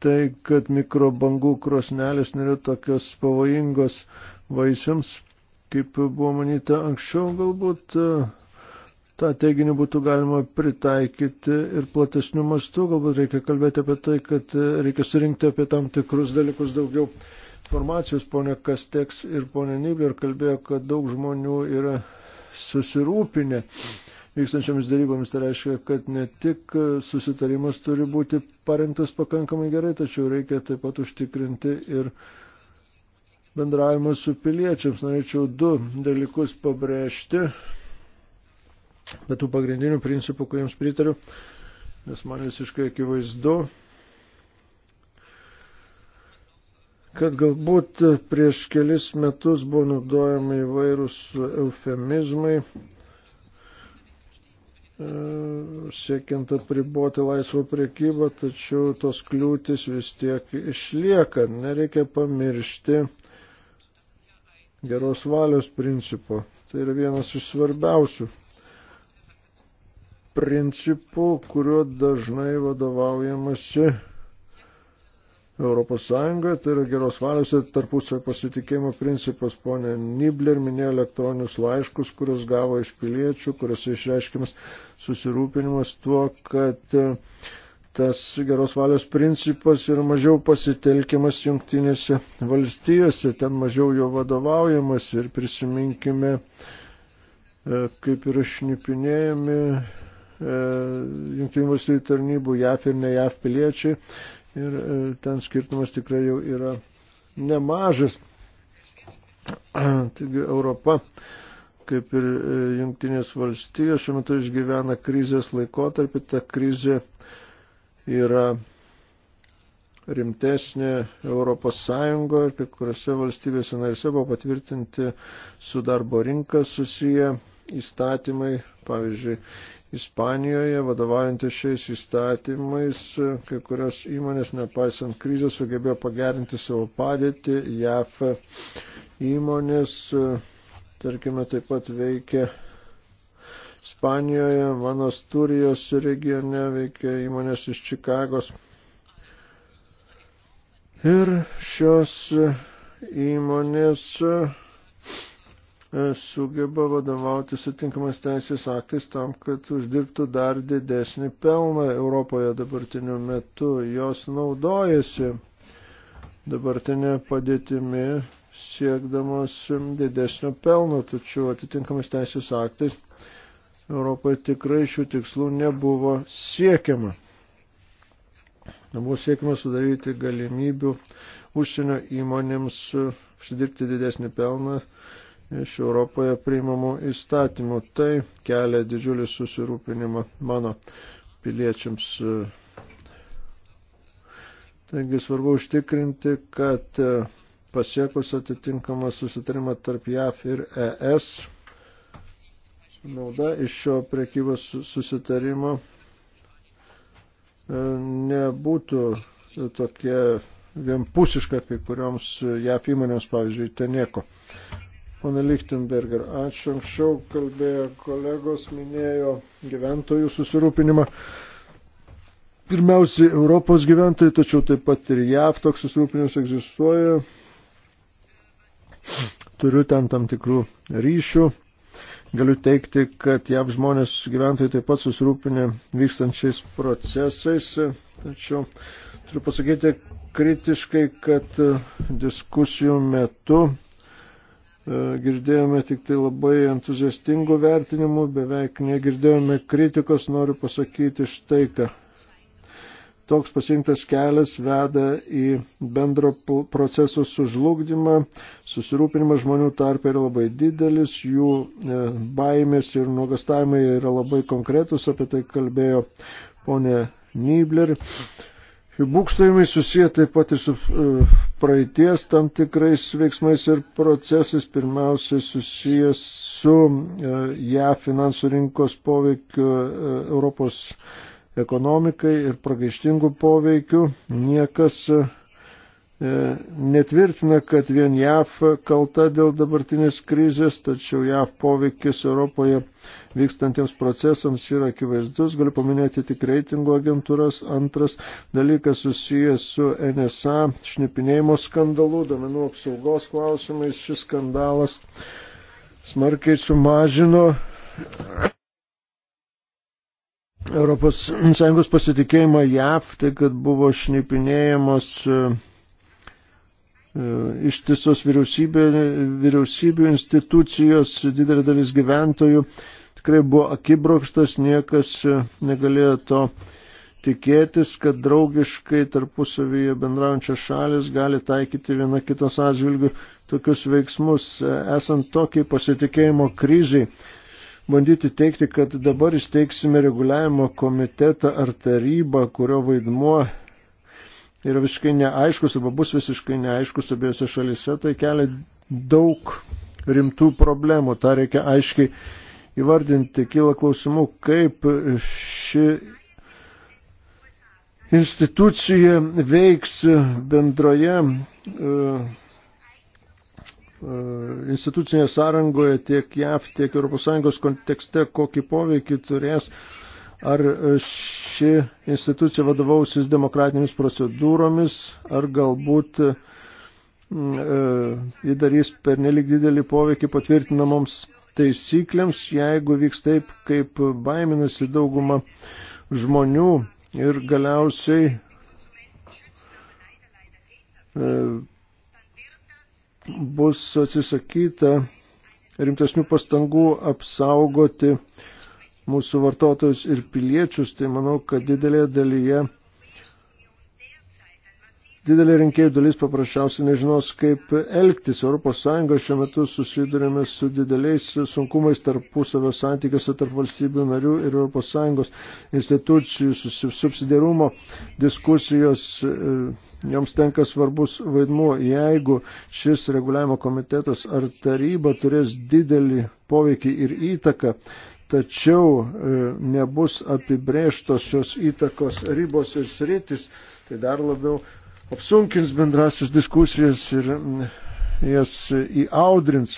tai, kad mikrobangų krosnelės nėra tokios pavojingos vaisiams, kaip buvo manyta anksčiau galbūt. E, Ta teiginį būtų galima pritaikyti ir platesnių mastų, galbūt reikia kalbėti apie tai, kad e, reikia surinkti apie tam tikrus dalykus daugiau informacijos ponė Kasteks ir ponė Nibler kalbėjo, kad daug žmonių yra susirūpinę vykstančiomis darybomis. Tai reiškia, kad ne tik susitarimas turi būti parengtas pakankamai gerai, tačiau reikia taip pat užtikrinti ir bendravimą su piliečiams. Norėčiau du dalykus pabrėžti, bet tų pagrindinių principų, kuriems pritariu, nes man visiškai akivaizdu, kad galbūt prieš kelis metus buvo naudojami įvairūs eufemizmai, e, siekiant apriboti laisvą priekybą, tačiau tos kliūtis vis tiek išlieka. Nereikia pamiršti geros valios principo. Tai yra vienas iš svarbiausių principų, kuriuo dažnai vadovaujamasi Europos Sąjungoje, tai yra geros valios ir tarpusavio pasitikėjimo principas. Pone Nibler minėjo elektroninius laiškus, kuriuos gavo iš piliečių, kuriuose išreiškimas susirūpinimas tuo, kad e, tas geros valios principas yra mažiau pasitelkiamas jungtinėse valstijose, ten mažiau jo vadovaujamas ir prisiminkime, e, kaip yra šnipinėjami e, jungtinių valstybių tarnybų JAF ir ne JAF piliečiai ir e, ten skirtumas tikrai jau yra nemažas. Taigi Europa, kaip ir e, jungtinės valstijos, šiuo metu išgyvena krizės laikotarpį, ta krizė yra rimtesnė Europos Sąjungoje, kai kuriuose valstybėse narise buvo patvirtinti su darbo rinka susiję įstatymai, pavyzdžiui, Ispanijoje, vadovaujantis šiais įstatymais, kai kurios įmonės, nepaisant krizės, sugebėjo pagerinti savo padėtį. JAF įmonės, tarkime, taip pat veikia Ispanijoje, mano Sturijos regione veikia įmonės iš Čikagos. Ir šios įmonės E, sugeba vadovauti sutinkamas teisės aktais tam, kad uždirbtų dar didesnį pelną Europoje dabartiniu metu. Jos naudojasi dabartinė padėtimi siekdamas didesnio pelno, tačiau atitinkamas teisės aktais Europoje tikrai šių tikslų nebuvo siekiama. Nebuvo siekiama sudaryti galimybių užsienio įmonėms užsidirbti didesnį pelną iš Europoje priimamų įstatymų. Tai kelia didžiulį susirūpinimą mano piliečiams. Taigi svarbu užtikrinti, kad pasiekus atitinkamą susitarimą tarp JAF ir ES, nauda iš šio prekybos susitarimo e, nebūtų tokia vienpusiška kai kurioms JAF įmonėms, pavyzdžiui, ten nieko. Pone Lichtenberger, ačiū anksčiau kalbėjo kolegos, minėjo gyventojų susirūpinimą. Pirmiausiai Europos gyventojai, tačiau taip pat ir JAV toks susirūpinimas egzistuoja. Turiu ten tam tikrų ryšių. Galiu teikti, kad JAV žmonės gyventojai taip pat susirūpinę vykstančiais procesais. Tačiau turiu pasakyti kritiškai, kad diskusijų metu E, girdėjome tik tai labai entuziastingų vertinimų, beveik negirdėjome kritikos, noriu pasakyti štai ką. Toks pasirinktas kelias veda į bendro proceso sužlugdymą, susirūpinimas žmonių tarp yra labai didelis, jų e, baimės ir nuogastavimai yra labai konkretus, apie tai kalbėjo ponė Nibler. Jų būkštojimai susiję taip pat ir su e, praeities tam tikrais veiksmais ir procesais, pirmiausiai susijęs su e, JAV finansų rinkos poveikiu e, Europos ekonomikai ir pragaištingų poveikių. Niekas E, netvirtina, kad vien JAF kalta dėl dabartinės krizės, tačiau JAF poveikis Europoje vykstantiems procesams yra akivaizdus. Galiu paminėti tik reitingo agentūras. Antras dalykas susijęs su NSA šnipinėjimo skandalu, domenų apsaugos klausimais. Šis skandalas smarkiai sumažino. Europos Sąjungos pasitikėjimą JAV, tai kad buvo šnipinėjamos uh, E, ištisos vyriausybių institucijos, didelė dalis gyventojų tikrai buvo akibrokštas, niekas e, negalėjo to tikėtis, kad draugiškai tarpusavyje bendraujančios šalis gali taikyti viena kitos atžvilgių tokius veiksmus, e, esant tokiai pasitikėjimo kryžiai. Bandyti teikti, kad dabar įsteigsime reguliavimo komitetą ar tarybą, kurio vaidmuo yra visiškai neaiškus arba bus visiškai neaiškus abiejose šalise, tai kelia daug rimtų problemų. Ta reikia aiškiai įvardinti. Kyla klausimų, kaip ši institucija veiks bendroje uh, institucinėje sąrangoje tiek JAV, tiek ES kontekste, kokį poveikį turės uh, ar e, ši institucija vadovausis demokratinėmis procedūromis, ar galbūt įdarys e, e, per nelik didelį poveikį patvirtinamoms taisyklėms, jeigu vyks taip, kaip baiminasi dauguma žmonių ir galiausiai bus atsisakyta rimtesnių pastangų apsaugoti uh, mūsų vartotojus ir piliečius, tai manau, kad didelė dalyje, didelė rinkėjų dalis paprasčiausiai nežinos, kaip elgtis. ES šiuo metu susidurėme su dideliais sunkumais tarpusavio santykiuose tarp valstybių narių ir ES institucijų subsidiarumo diskusijos. E, joms tenka svarbus vaidmuo, jeigu šis reguliavimo komitetas ar taryba turės didelį poveikį ir įtaką tačiau e, nebus apibrėžtos šios įtakos ribos ir sritis, tai dar labiau apsunkins bendrasis diskusijas ir mm, jas įaudrins.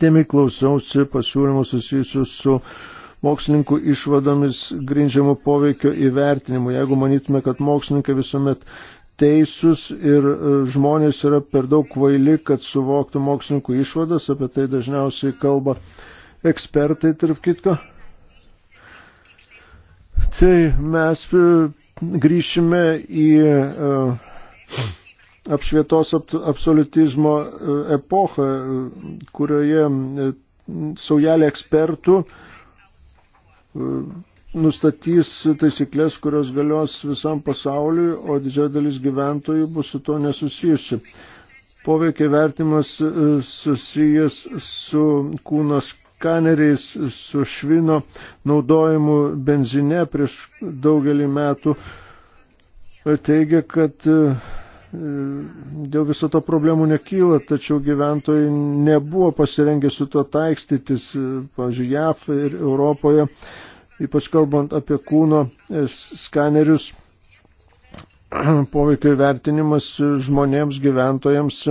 Temi klausiausi pasiūlymų susijusių su mokslininkų išvadomis grindžiamo poveikio įvertinimu. Jeigu manytume, kad mokslininkai visuomet teisūs ir e, žmonės yra per daug kvaili, kad suvoktų mokslininkų išvadas, apie tai dažniausiai kalba uh, ekspertai, tarp kitko. Tai mes e, grįšime į e, apšvietos absolutizmo e, epochą, kurioje saujelė ekspertų nustatys taisyklės, kurios galios visam pasauliu, o didžioji dalis gyventojų bus su to nesusijusi. Poveikiai vertimas susijęs su kūnos skaneriais su švino naudojimu benzine prieš daugelį metų e, teigia, kad e, dėl viso to problemų nekyla, tačiau gyventojai nebuvo pasirengę su to taikstytis, e, pavyzdžiui, JAF ir Europoje, ypač kalbant apie kūno skanerius, poveikio vertinimas žmonėms, gyventojams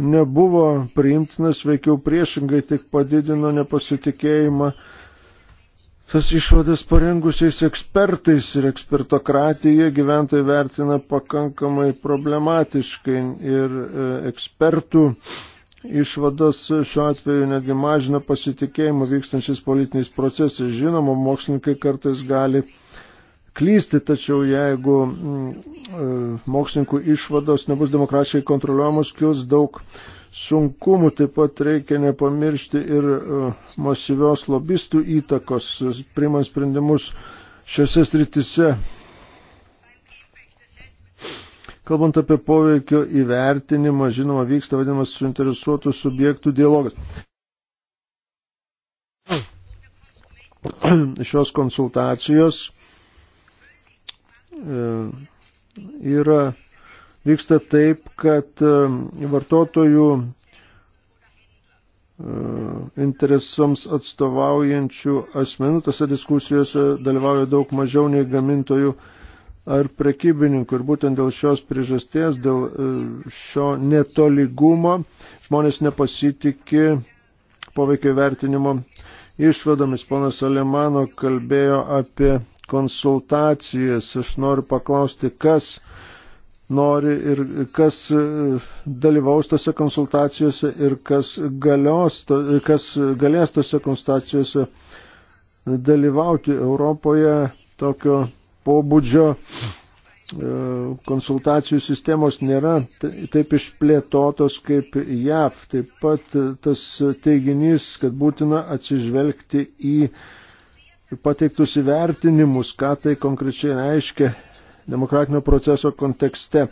nebuvo priimtinas, veikiau priešingai tik padidino nepasitikėjimą tas išvadas parengusiais ekspertais ir ekspertokratiją gyventojai vertina pakankamai problematiškai ir e, ekspertų išvados šiuo atveju netgi mažina pasitikėjimą vykstančiais politiniais procesais. Žinoma, mokslininkai kartais gali klysti, tačiau jeigu mm, e, mokslininkų išvados nebus demokratiškai kontroliuojamos, kils daug sunkumų. Taip pat reikia nepamiršti ir e, masyvios lobistų įtakos, primant sprendimus šiose sritise. Kalbant apie poveikio įvertinimą, žinoma, vyksta vadinamas suinteresuotų subjektų dialogas. Šios konsultacijos E, yra, vyksta taip, kad e, vartotojų e, interesams atstovaujančių asmenų tose diskusijose dalyvauja daug mažiau nei gamintojų ar prekybininkų. Ir būtent dėl šios priežasties, dėl šio netolygumo žmonės nepasitikė poveikio vertinimo išvadomis. Ponas Alemano kalbėjo apie konsultacijas. Aš noriu paklausti, kas nori ir kas e, dalyvaus tose konsultacijose ir kas, galios, kas galės tose konsultacijose dalyvauti Europoje tokio pobūdžio e, konsultacijų sistemos nėra taip išplėtotos kaip JAV. Taip pat tas teiginys, kad būtina atsižvelgti į uh, ir pateiktus įvertinimus, ką tai konkrečiai reiškia demokratinio proceso kontekste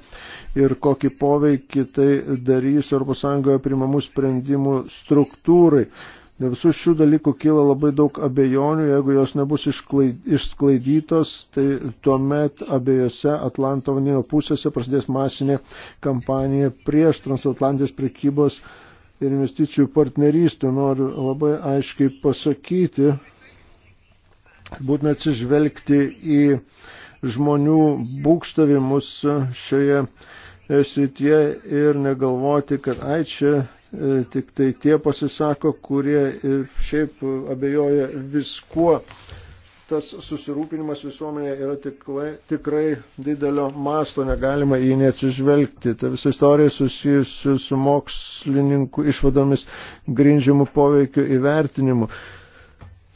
ir kokį poveikį tai darys ES primamų sprendimų struktūrai. Dėl visų šių dalykų kyla labai daug abejonių, jeigu jos nebus išsklaidytos, tai tuomet abiejose Atlanto vandenino pusėse prasidės masinė kampanija prieš transatlantijos prekybos ir investicijų partnerystę. Noriu labai aiškiai pasakyti, būtina atsižvelgti į žmonių būkštavimus šioje e, srityje ir negalvoti, kad ai čia e, tik tai tie pasisako, kurie e, šiaip abejoja viskuo. Tas susirūpinimas visuomenėje yra tikrai, tikrai didelio masto, negalima jį neatsižvelgti. Ta visa istorija susijusi su mokslininkų išvadomis grindžiamų poveikio įvertinimu.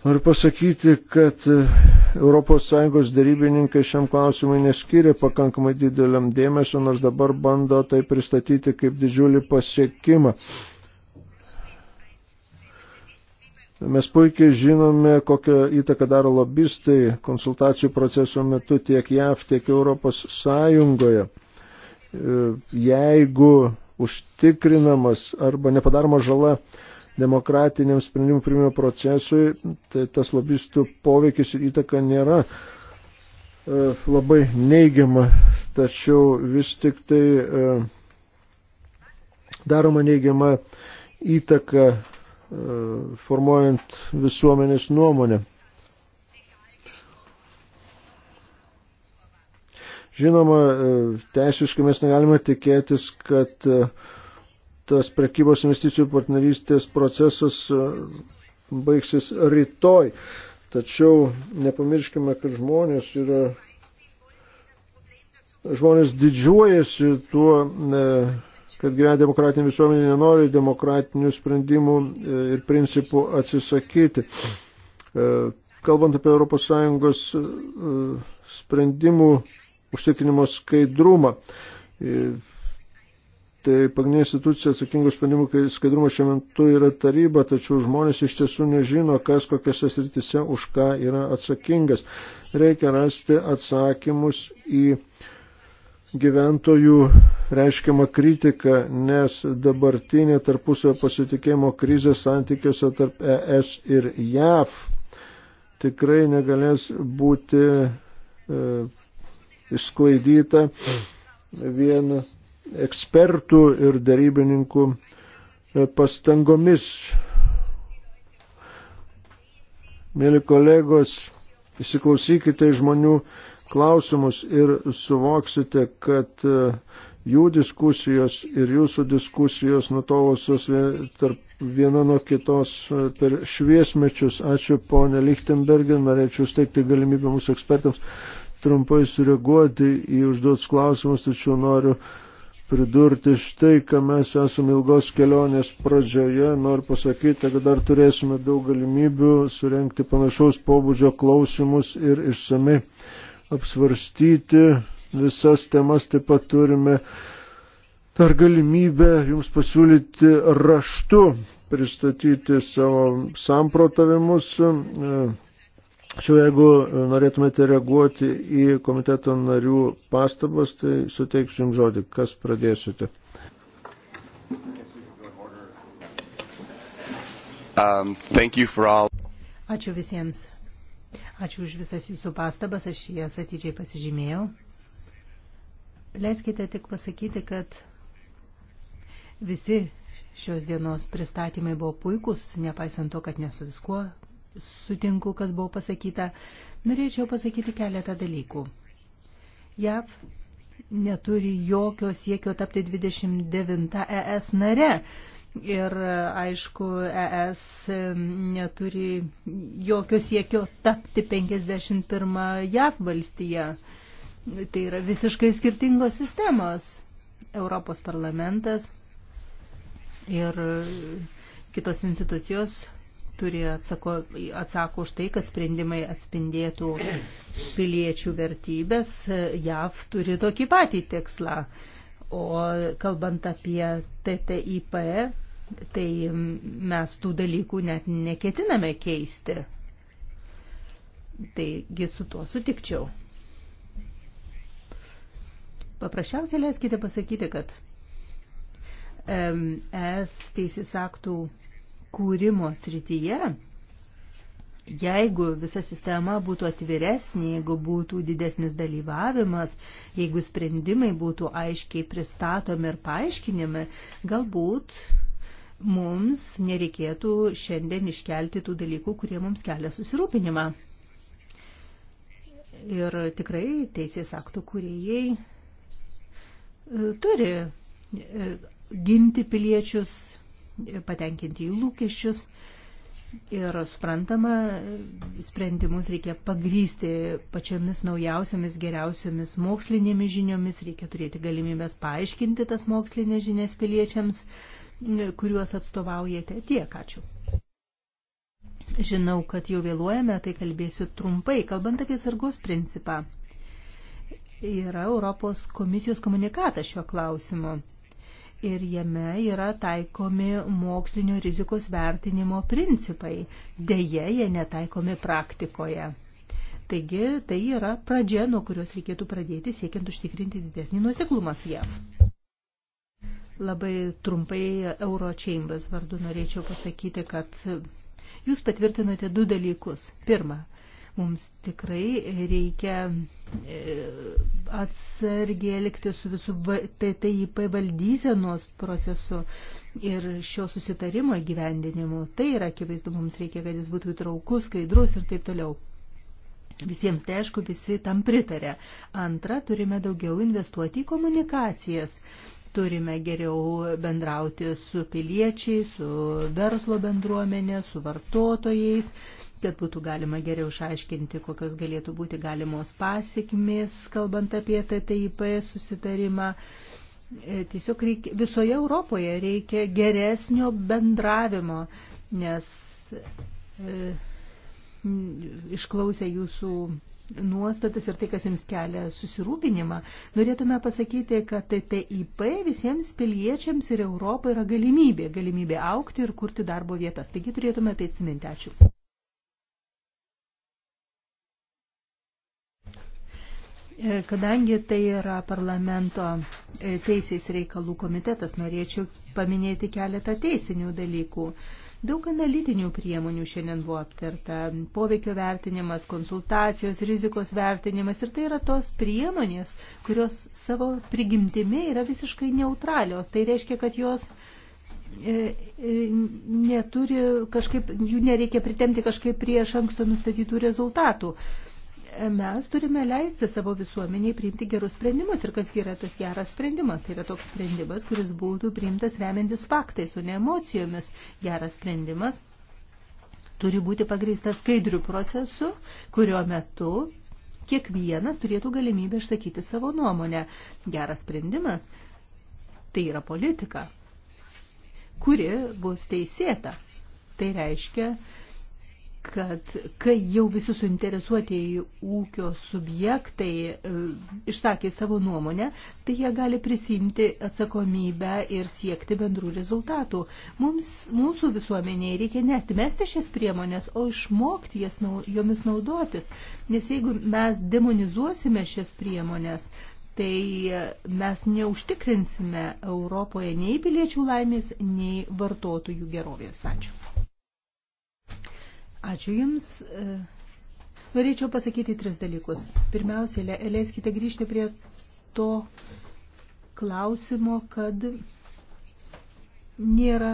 Noriu pasakyti, kad ES darybininkai šiam klausimui neskiria pakankamai dideliam dėmesio, nors dabar bando tai pristatyti kaip didžiulį pasiekimą. Mes puikiai žinome, kokią įtaką daro lobistai konsultacijų proceso metu tiek JAV, tiek ES. E, jeigu užtikrinamas arba nepadaroma žala demokratiniam sprendimų primimo procesui, tai tas lobistų poveikis ir įtaka nėra e, labai neigiama, tačiau vis tik tai e, daroma neigiama įtaka e, formuojant visuomenės nuomonę. Žinoma, e, teisiškai mes negalime tikėtis, kad e, tas prekybos investicijų partnerystės procesas e, baigsis rytoj. Tačiau nepamirškime, kad žmonės yra. Žmonės didžiuojasi tuo, e, kad gyvena demokratinė visuomenė nenori demokratinių sprendimų e, ir principų atsisakyti. Kalbant apie ES sprendimų užtikrinimo skaidrumą, Tai pagrindinė institucija atsakingų sprendimų skaidrumo šiuo metu yra taryba, tačiau žmonės iš tiesų nežino, kas kokiose sritise už ką yra atsakingas. Reikia rasti atsakymus į gyventojų reiškiamą kritiką, nes dabartinė tarpusio pasitikėjimo krizė santykiuose tarp ES ir JAV tikrai negalės būti e, išsklaidyta vien ekspertų ir darybininkų e, pastangomis. Mėly kolegos, įsiklausykite į žmonių klausimus ir suvoksite, kad e, jų diskusijos ir jūsų diskusijos nutolusios tarp viena nuo kitos e, per šviesmečius. Ačiū ponė Lichtenbergen, norėčiau steigti galimybę mūsų ekspertams trumpai sureaguoti į užduotus klausimus, tačiau noriu uh, pridurti štai, ką mes esame ilgos kelionės pradžioje. Noriu pasakyti, kad dar turėsime daug galimybių surenkti panašaus pobūdžio klausimus ir išsamei apsvarstyti visas temas. Taip pat turime dar galimybę jums pasiūlyti raštu pristatyti savo samprotavimus. E, Šiuo jeigu norėtumėte reaguoti į komiteto narių pastabas, tai suteiksiu jums žodį, kas pradėsite. Um, all... Ačiū visiems. Ačiū už visas jūsų pastabas, aš jas atidžiai pasižymėjau. Leiskite tik pasakyti, kad visi šios dienos pristatymai buvo puikus, nepaisant to, kad nesu viskuo sutinku, kas buvo pasakyta. Norėčiau pasakyti keletą dalykų. JAV neturi jokio siekio tapti 29 ES nare. Ir aišku, ES neturi jokio siekio tapti 51 JAV valstija. Tai yra visiškai skirtingos sistemos. Europos parlamentas ir kitos institucijos turi atsako, atsako už tai, kad sprendimai atspindėtų piliečių vertybės. JAV turi tokį patį tikslą. O kalbant apie TTIP, tai mes tų dalykų net neketiname keisti. Taigi su tuo sutikčiau. Paprasčiausiai leiskite pasakyti, kad ES teisės aktų kūrimo srityje, jeigu visa sistema būtų atviresnė, jeigu būtų didesnis dalyvavimas, jeigu sprendimai būtų aiškiai pristatomi ir paaiškinimi, galbūt mums nereikėtų šiandien iškelti tų dalykų, kurie mums kelia susirūpinimą. Ir tikrai teisės aktų kuriejai e, turi e, ginti piliečius patenkinti jų lūkesčius. Ir suprantama, sprendimus reikia pagrysti pačiomis naujausiamis, geriausiamis mokslinėmis žiniomis, reikia turėti galimybės paaiškinti tas mokslinės žinias piliečiams, kuriuos atstovaujate tiek. Ačiū. Žinau, kad jau vėluojame, tai kalbėsiu trumpai, kalbant apie sargos principą. Yra Europos komisijos komunikatas šiuo klausimu ir jame yra taikomi mokslinio rizikos vertinimo principai. Deja, jie netaikomi praktikoje. Taigi, tai yra pradžia, nuo kurios reikėtų pradėti, siekiant užtikrinti didesnį nuoseklumą su JAV. Labai trumpai Euro Chambers vardu norėčiau pasakyti, kad jūs patvirtinote du dalykus. Pirma, Mums tikrai reikia e, atsargiai elgti su visų TTIP tai, valdysenos procesu ir šio susitarimo įgyvendinimu. Tai yra akivaizdu, mums reikia, kad jis būtų įtraukus, skaidrus ir taip toliau. Visiems tai aišku, visi tam pritarė. Antra, turime daugiau investuoti į komunikacijas. Turime geriau bendrauti su piliečiais, su verslo bendruomenė, su vartotojais kad būtų galima geriau išaiškinti, kokios galėtų būti galimos pasiekmės, kalbant apie TTIP susitarimą. E, tiesiog reikia, visoje Europoje reikia geresnio bendravimo, nes e, išklausę jūsų nuostatas ir tai, kas jums kelia susirūpinimą. Norėtume pasakyti, kad TTIP visiems piliečiams ir Europai yra galimybė, galimybė aukti ir kurti darbo vietas. Taigi turėtume tai atsiminti. Ačiū. E, kadangi tai yra parlamento e, teisės reikalų komitetas, norėčiau paminėti keletą teisinių dalykų. Daug analitinių priemonių šiandien buvo aptarta. Poveikio vertinimas, konsultacijos, rizikos vertinimas ir tai yra tos priemonės, kurios savo prigimtimi yra visiškai neutralios. Tai reiškia, kad jos e, neturi kažkaip, jų nereikia pritemti kažkaip prieš anksto nustatytų rezultatų mes turime leisti savo visuomeniai priimti gerus sprendimus. Ir kas yra tas geras sprendimas? Tai yra toks sprendimas, kuris būtų priimtas remiantis faktais, o ne emocijomis. Geras sprendimas turi būti pagrįstas skaidrių procesu, kurio metu kiekvienas turėtų galimybę išsakyti savo nuomonę. Geras sprendimas tai yra politika, kuri bus teisėta. Tai reiškia, kad kai jau visi suinteresuotieji ūkio subjektai e, išsakė savo nuomonę, tai jie gali prisimti atsakomybę ir siekti bendrų rezultatų. Mums, mūsų visuomenėje reikia netmesti šias priemonės, o išmokti jas, jomis naudotis. Nes jeigu mes demonizuosime šias priemonės, tai mes neužtikrinsime Europoje nei piliečių laimės, nei vartotojų gerovės. Ačiū. Ačiū Jums. E, norėčiau pasakyti tris dalykus. Pirmiausia, leiskite grįžti prie to klausimo, kad nėra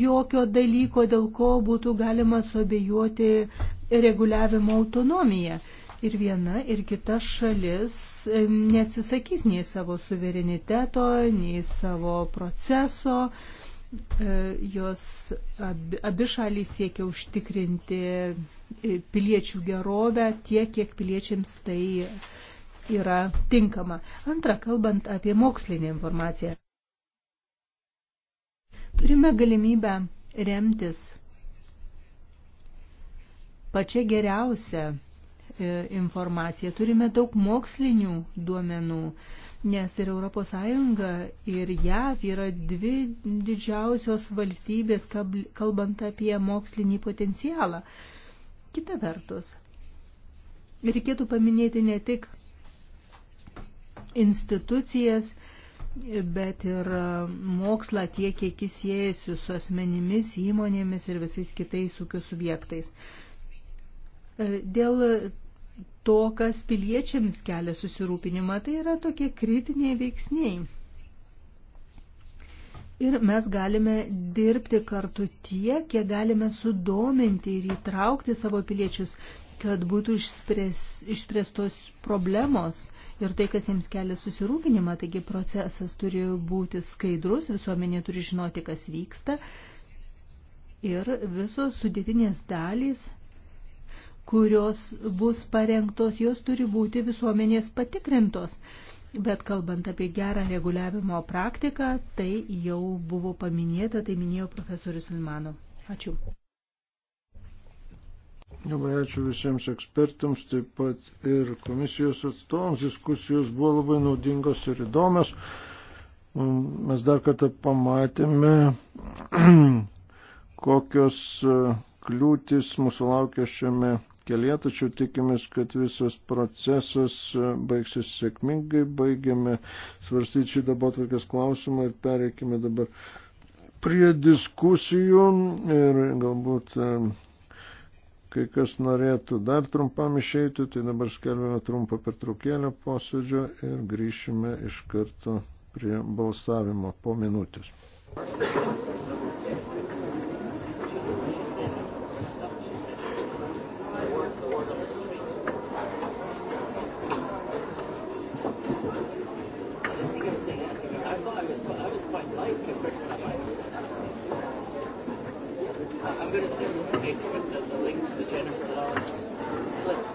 jokio dalyko, dėl ko būtų galima suabejoti reguliavimo autonomiją. Ir viena, ir kita šalis e, neatsisakys nei savo suvereniteto, nei savo proceso, E, jos abi, abi šalys siekia užtikrinti e, piliečių gerovę tiek, kiek piliečiams tai yra tinkama. Antra, kalbant apie mokslinę informaciją. Turime galimybę remtis pačia geriausia e, informacija. Turime daug mokslinių duomenų nes ir ES ir JAV yra dvi didžiausios valstybės, kalbant apie mokslinį potencialą. Kita vertus, reikėtų paminėti ne tik institucijas, bet ir mokslą tiek, kiek jis siejasi su asmenimis, įmonėmis ir visais kitais ūkio subjektais. Dėl to, kas piliečiams kelia susirūpinimą, tai yra tokie kritiniai veiksniai. Ir mes galime dirbti kartu tiek, kiek galime sudominti ir įtraukti savo piliečius, kad būtų išspręs, išspręstos problemos ir tai, kas jiems kelia susirūpinimą. Taigi procesas turi būti skaidrus, visuomenė turi žinoti, kas vyksta. Ir visos sudėtinės dalys kurios bus parengtos, jos turi būti visuomenės patikrintos. Bet kalbant apie gerą reguliavimo praktiką, tai jau buvo paminėta, tai minėjo profesorius Ilmano. Ačiū. Labai ačiū visiems ekspertams, taip pat ir komisijos atstovams. Diskusijos buvo labai naudingos ir įdomios. Mm, mes dar kartą pamatėme, kokios e, kliūtis mūsų laukia šiame kelyje, tačiau tikimės, kad visas procesas e, baigsis sėkmingai. Baigėme svarstyti šį dabar tokias klausimą ir pereikime dabar prie diskusijų ir galbūt e, kai kas norėtų dar trumpam išeiti, tai dabar skelbėme trumpą pertraukėlę posėdžio ir grįšime iš karto prie balsavimo po minutės. Thank you. criticism to make with the, the link to the Jennifer Lawrence clip.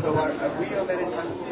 So are, are we already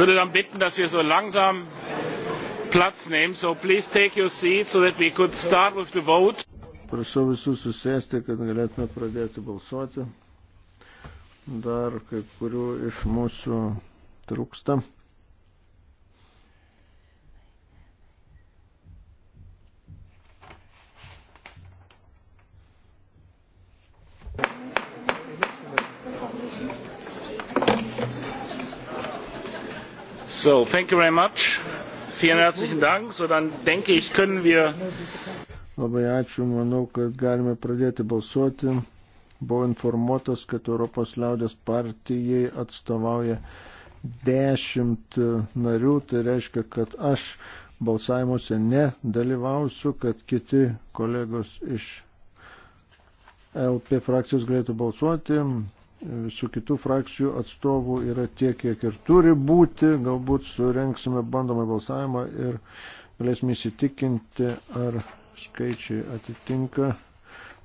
würde dann bitten dass wir so langsam platz nehmen so please take your seat so that we could start with the vote Prašau visus susėsti, kad galėtume pradėti balsuoti. Dar kai kurių iš mūsų trūksta. So, thank you very much. Vielen herzlichen Dank. So, dann denke ich, können wir. Labai ačiū, manau, kad galime pradėti balsuoti. Buvau informuotas, kad Europos liaudės partijai atstovauja dešimt narių, tai reiškia, kad aš balsavimuose nedalyvausiu, kad kiti kolegos iš LP frakcijos galėtų balsuoti su kitų frakcijų atstovų yra tiek, kiek ir turi būti. Galbūt surenksime bandomą balsavimą ir galėsime įsitikinti, ar skaičiai atitinka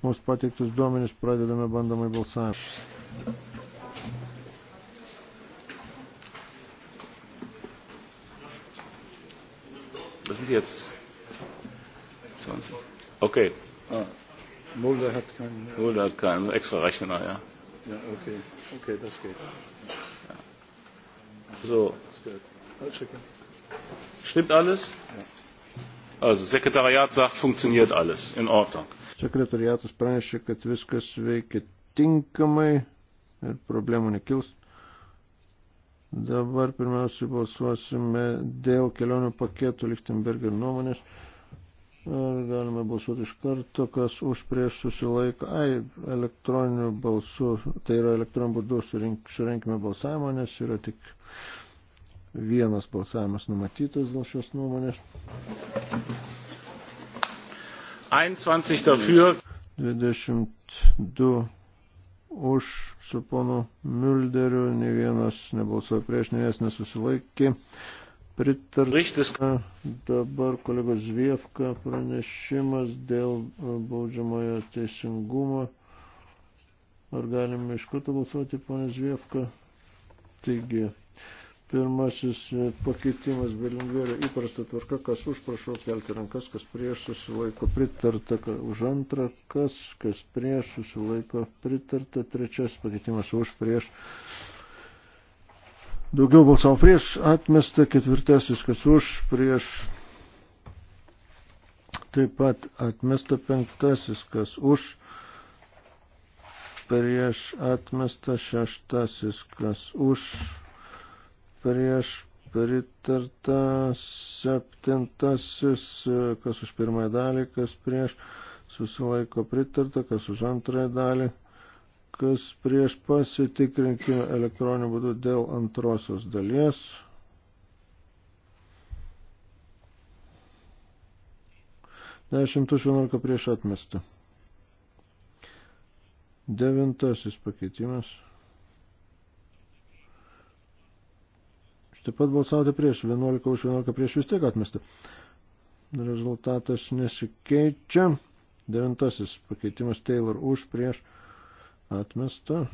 mums pateiktus duomenis. Pradedame bandomą balsavimą. Das sind jetzt 20. Okay. Ah, Mulder hat keinen. Mulder hat keinen extra Rechner, ja. Ja, okay. Okay, das geht. Ja. So. Stimmt alles? Ja. Also, Sekretariat sagt, funktioniert alles. In Ordnung. Sekretariatas pranešė, kad viskas veikia tinkamai ir problemų nekils. Dabar pirmiausia balsuosime dėl kelionių paketų Lichtenberger nuomonės. Ar galime balsuoti iš karto, kas už prieš susilaiką. Ai, elektroniniu balsu, tai yra elektroniniu būdu surink, surinkime balsavimą, nes yra tik vienas balsavimas numatytas dėl šios nuomonės. 21 dafür. 22 už su ponu Mülderiu, ne vienas nebalsuoja prieš, ne vienas nesusilaikė. Pritartas dabar kolegos Zviefka pranešimas dėl e, baudžiamojo teisingumo. Ar galime iš karto balsuoti, ponė Zviefka? Taigi, pirmasis e, pakeitimas Berlingvėrio įprasta tvarka, kas už, prašau kelti rankas, kas prieš susilaiko pritarta, už antrą, kas, kas prieš susilaiko pritarta, trečias pakeitimas už, prieš Daugiau balsavo prieš, atmesta ketvirtasis, kas už, prieš. Taip pat atmesta penktasis, kas už, prieš, atmesta šeštasis, kas už, prieš, pritarta septintasis, kas už pirmąją dalį, kas prieš, susilaiko pritarta, kas už antrąją dalį kas prieš pasitikrinkime elektroniniu būdu dėl antrosios dalies. Ne, 111 prieš atmestą. Devintasis pakeitimas. Taip pat balsavote prieš, 11 už 11 prieš vis tiek atmestą. Rezultatas nesikeičia. Devintasis pakeitimas Taylor už prieš atmesta.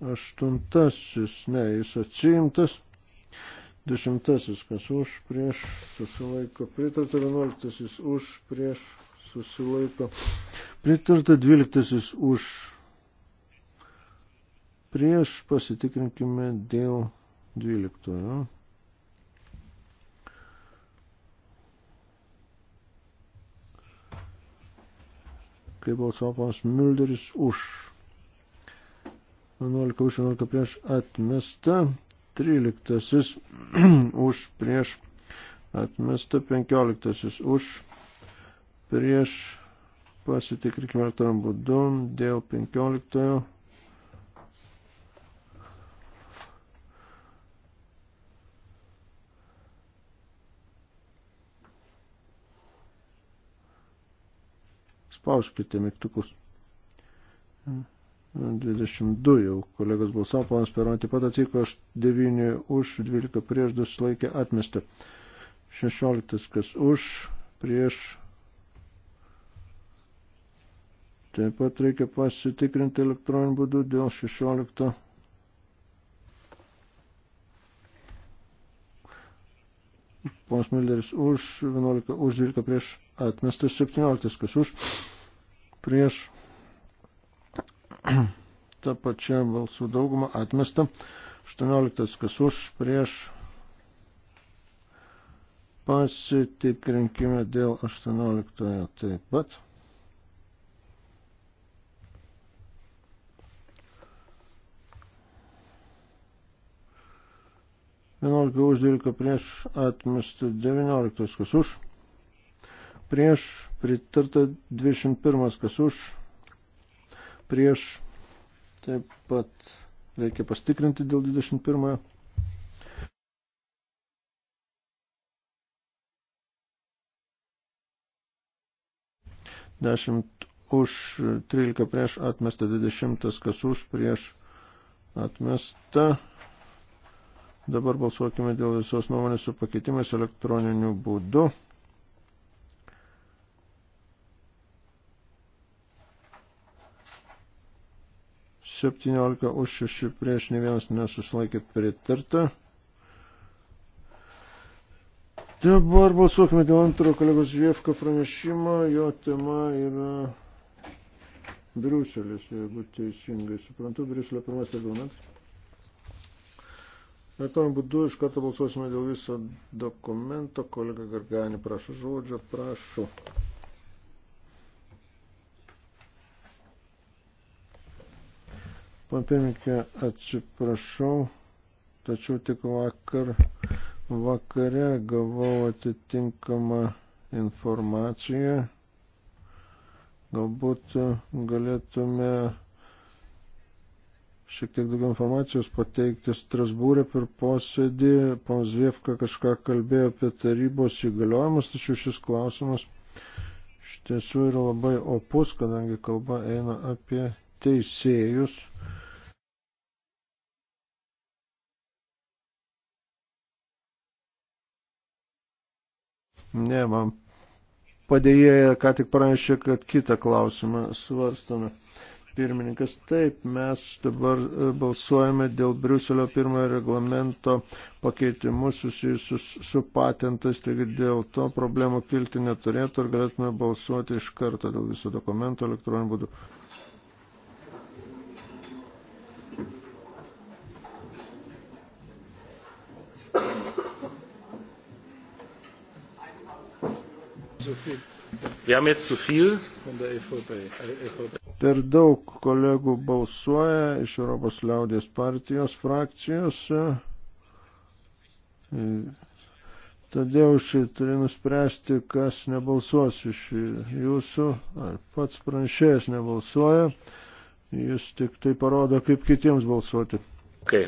Aštuntasis, ne, jis atsiimtas. Dešimtasis, kas už, prieš, susilaiko. Pritarta vienuoliktasis, už, prieš, susilaiko. Pritarta dvyliktasis, už. Prieš pasitikrinkime dėl dvyliktojo. Kaip balsavo panas Mülderis už. 11 už 11 prieš atmesta, 13 už prieš atmesta, 15 už prieš pasitikrinkime tam būdu dėl 15. Spauskite mygtukus. Mm. 22 jau kolegos balsavo, ponas Peron taip pat atsiko 9 už, 12 prieš, 2 sulaikė atmestą. 16 kas už, prieš. Taip pat reikia pasitikrinti elektroniniu būdu dėl 16. Ponas Milderis už, 11 už, 12 prieš, atmestas 17 kas už, prieš ta pačia balsų dauguma atmesta. 18. Kas už prieš pasitikrinkime dėl 18. Taip pat. Vienuolika už, dvylika prieš, atmesta devynioliktas, kas už. Prieš pritarta dvidešimt pirmas, kas už prieš, taip pat reikia pastikrinti dėl 21. Dešimt už 13 prieš atmesta 20, kas už prieš atmesta. Dabar balsuokime dėl visos nuomonės su pakeitimais elektroniniu būdu. 17 už 6 prieš ne vienas nesusilaikė pritarta. Dabar balsuokime dėl antro kolegos Žievko pranešimo, jo tema yra Briuselis, jeigu teisingai suprantu, Briuselio pirmas reglamentas. Lietuojam būdu iš karto balsuosime dėl viso dokumento. Kolega Gargani prašo žodžio, prašau. Pampirinkė, atsiprašau, tačiau tik vakar vakare gavau atitinkamą informaciją. Galbūt galėtume šiek tiek daugiau informacijos pateikti Strasbūrė per posėdį. Panas Vievka kažką kalbėjo apie tarybos įgaliojimus, tačiau šis klausimas iš tiesų yra labai opus, kadangi kalba eina apie teisėjus. Ne, man padėjėja ką tik pranešė, kad kitą klausimą svarstome. Pirmininkas, taip, mes dabar e, balsuojame dėl Briuselio pirmojo reglamento pakeitimus susijusius su patentais, taigi dėl to problemų kilti neturėtų ir galėtume balsuoti iš karto dėl viso dokumento elektroniniu būdu. Per daug kolegų balsuoja iš Europos liaudės partijos frakcijos. Todėl šį turi nuspręsti, kas nebalsuos iš jūsų, ar pats pranšėjas nebalsuoja, jis tik tai parodo, kaip kitiems balsuoti. Okay.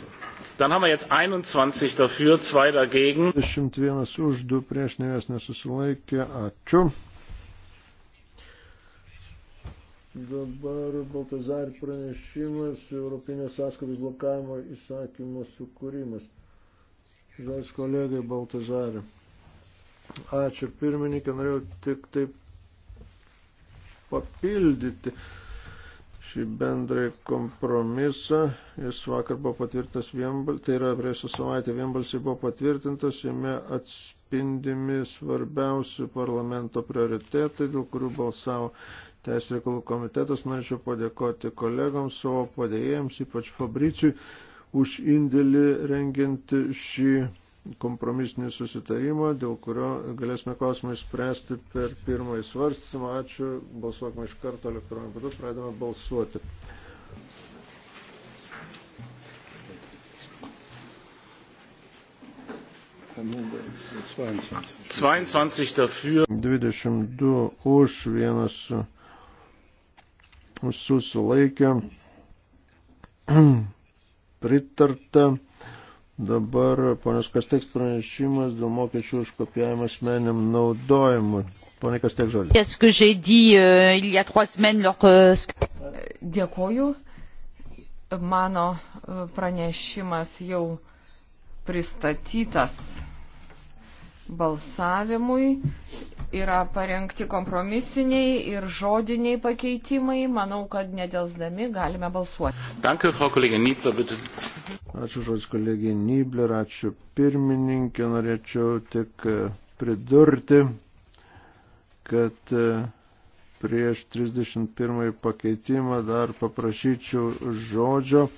Dann haben wir jetzt 21 dafür, 2 dagegen. 21 už, 2 prieš, ne vienas nesusilaikė. Ačiū. Dabar Baltazar pranešimas, Europinės sąskaitos blokavimo įsakymo sukūrimas. Žodis kolegai Baltazarė. Ačiū pirmininkė, norėjau tik taip papildyti. Uh, šį bendrąjį kompromisą. Jis vakar buvo patvirtintas vienbalsiai, tai yra prieš savaitę vienbalsiai buvo patvirtintas, jame atspindimi svarbiausi parlamento prioritetai, dėl kurių balsavo Teisės reikalų komitetas. Norėčiau padėkoti kolegoms, savo padėjėjams, ypač Fabricijui, už indėlį rengiant šį kompromisinį susitarimą, dėl kurio galėsime klausimą išspręsti per pirmąjį svarstymą. Ačiū, balsuokime iš karto elektroniniu būdu, pradedame balsuoti. dafür. 22 už, vienas susilaikė, pritarta. Dabar ponios Kasteks pranešimas dėl mokesčių už kopijavimą asmeniam naudojimui. Pone Kasteks žodis. Euh, Dėkuoju. Mano euh, pranešimas jau pristatytas balsavimui. Yra parengti kompromisiniai ir žodiniai pakeitimai. Manau, kad nedelsdami galime balsuoti. Danke, Frau kolegė Nibler, bitte. Ačiū žodis kolegė Nibler, ačiū pirmininkė. Norėčiau tik e, pridurti, kad e, prieš 31 pakeitimą dar paprašyčiau žodžio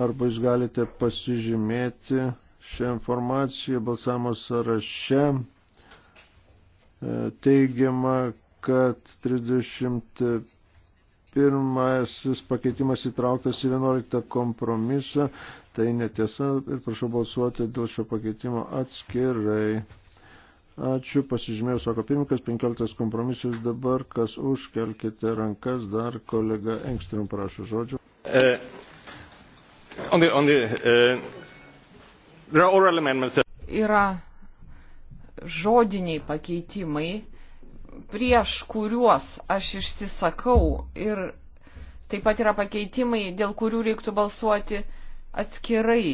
arba jūs galite pasižymėti šią informaciją balsavimo sąraše e, teigiama, kad 31 pakeitimas įtrauktas į 11 kompromisą. Tai netiesa ir prašau balsuoti dėl šio pakeitimo atskirai. Ačiū, pasižymėjau, sako pirmininkas, 15 kompromisas dabar, kas už, kelkite rankas, dar kolega Engstrom prašo žodžių. Uh, e, on the, on the, uh... Yra žodiniai pakeitimai, prieš kuriuos aš išsisakau ir taip pat yra pakeitimai, dėl kurių reiktų balsuoti atskirai.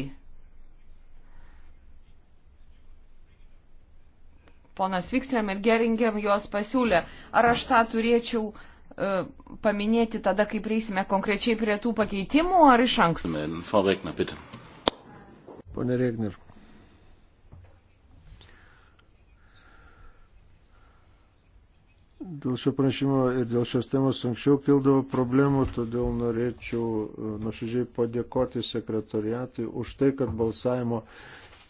Ponas Vikstrėm ir Geringėm juos pasiūlė. Ar aš tą turėčiau e, paminėti tada, kai prieisime konkrečiai prie tų pakeitimų, ar iš anksto? Frau Regner, bitte. Pone Regner. Dėl šio pranešimo ir dėl šios temos anksčiau kildavo problemų, todėl norėčiau e, nuoširdžiai padėkoti sekretoriatui už tai, kad balsavimo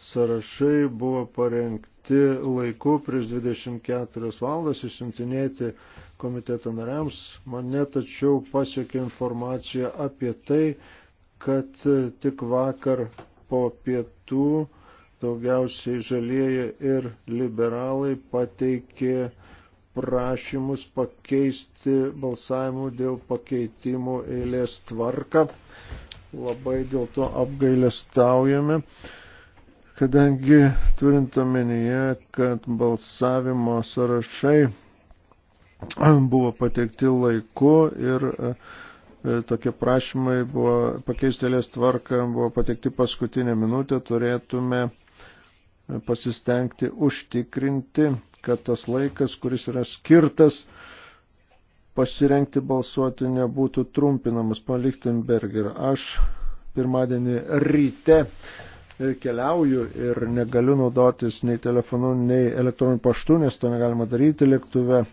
sąrašai buvo parengti laiku prieš 24 valandas išsintinėti komiteto nariams. Mane tačiau pasiekė informacija apie tai, kad tik vakar po pietų daugiausiai žalieji ir liberalai pateikė prašymus pakeisti balsavimų dėl pakeitimų eilės tvarką. Labai dėl to apgailestaujame, kadangi turint omenyje, kad balsavimo sąrašai buvo pateikti laiku ir uh, E, tokie prašymai buvo pakeisti eilės tvarką, buvo patekti paskutinę minutę, turėtume e, pasistengti užtikrinti, kad tas laikas, kuris yra skirtas pasirengti balsuoti, nebūtų trumpinamas. Palichtenberger, aš pirmadienį ryte e, keliauju ir negaliu naudotis nei telefonu, nei elektroniniu paštu, nes to negalima daryti lėktuve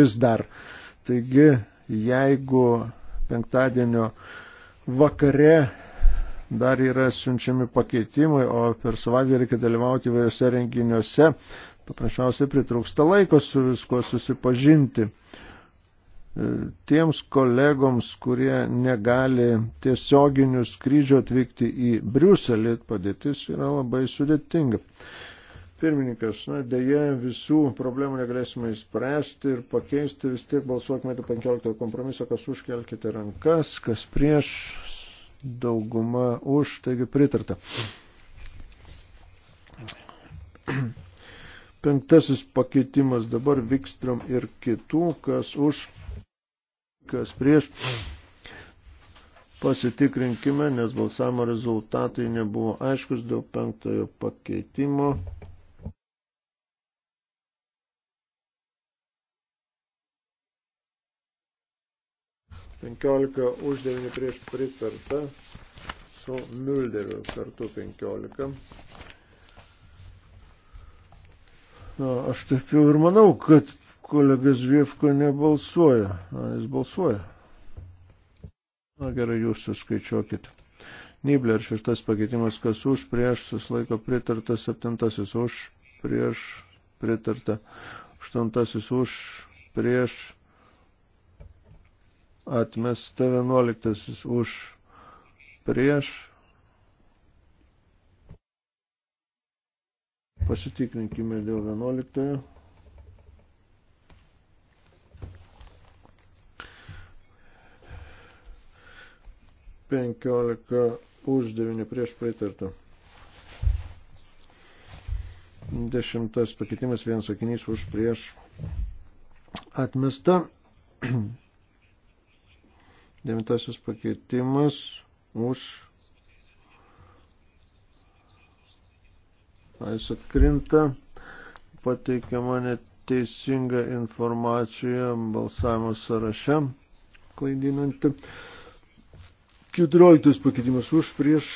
vis dar. Taigi, jeigu penktadienio vakare dar yra siunčiami pakeitimai, o per savaitę reikia dalyvauti įvairiose renginiuose. Paprasčiausiai pritrūksta laiko su viskuo susipažinti. E, tiems kolegoms, kurie negali tiesioginių skrydžių atvykti į Briuselį, padėtis yra labai sudėtinga. Pirmininkas, na dėje visų problemų negalėsime įspręsti ir pakeisti, vis tiek balsuokime dėl 15 kompromiso, kas užkelkite rankas, kas prieš, dauguma už, taigi pritarta. Penktasis pakeitimas dabar Vikstrom ir kitų, kas už, kas prieš. Pasitikrinkime, nes balsavimo rezultatai nebuvo aiškus dėl penktojo pakeitimo. 15 už 9 prieš pritarta su Mülderiu kartu 15. Na, aš taip jau ir manau, kad kolega Zviefko nebalsuoja. Na, jis balsuoja. Na gerai, jūs suskaičiuokit. Nibler šeštas pakeitimas, kas už prieš suslaiko pritarta, septintasis už prieš pritarta, aštuntasis už prieš pritarta atmesta 11 už prieš. Pasitikrinkime dėl 11. Penkiolika už devyni prieš pritartą. Dešimtas pakeitimas, vienas sakinys už prieš atmesta. Devintasis pakeitimas už. Jis atkrinta, pateikiama neteisinga informacija balsavimo sąraše, klaidinanti. Keturioliktas pakeitimas už prieš.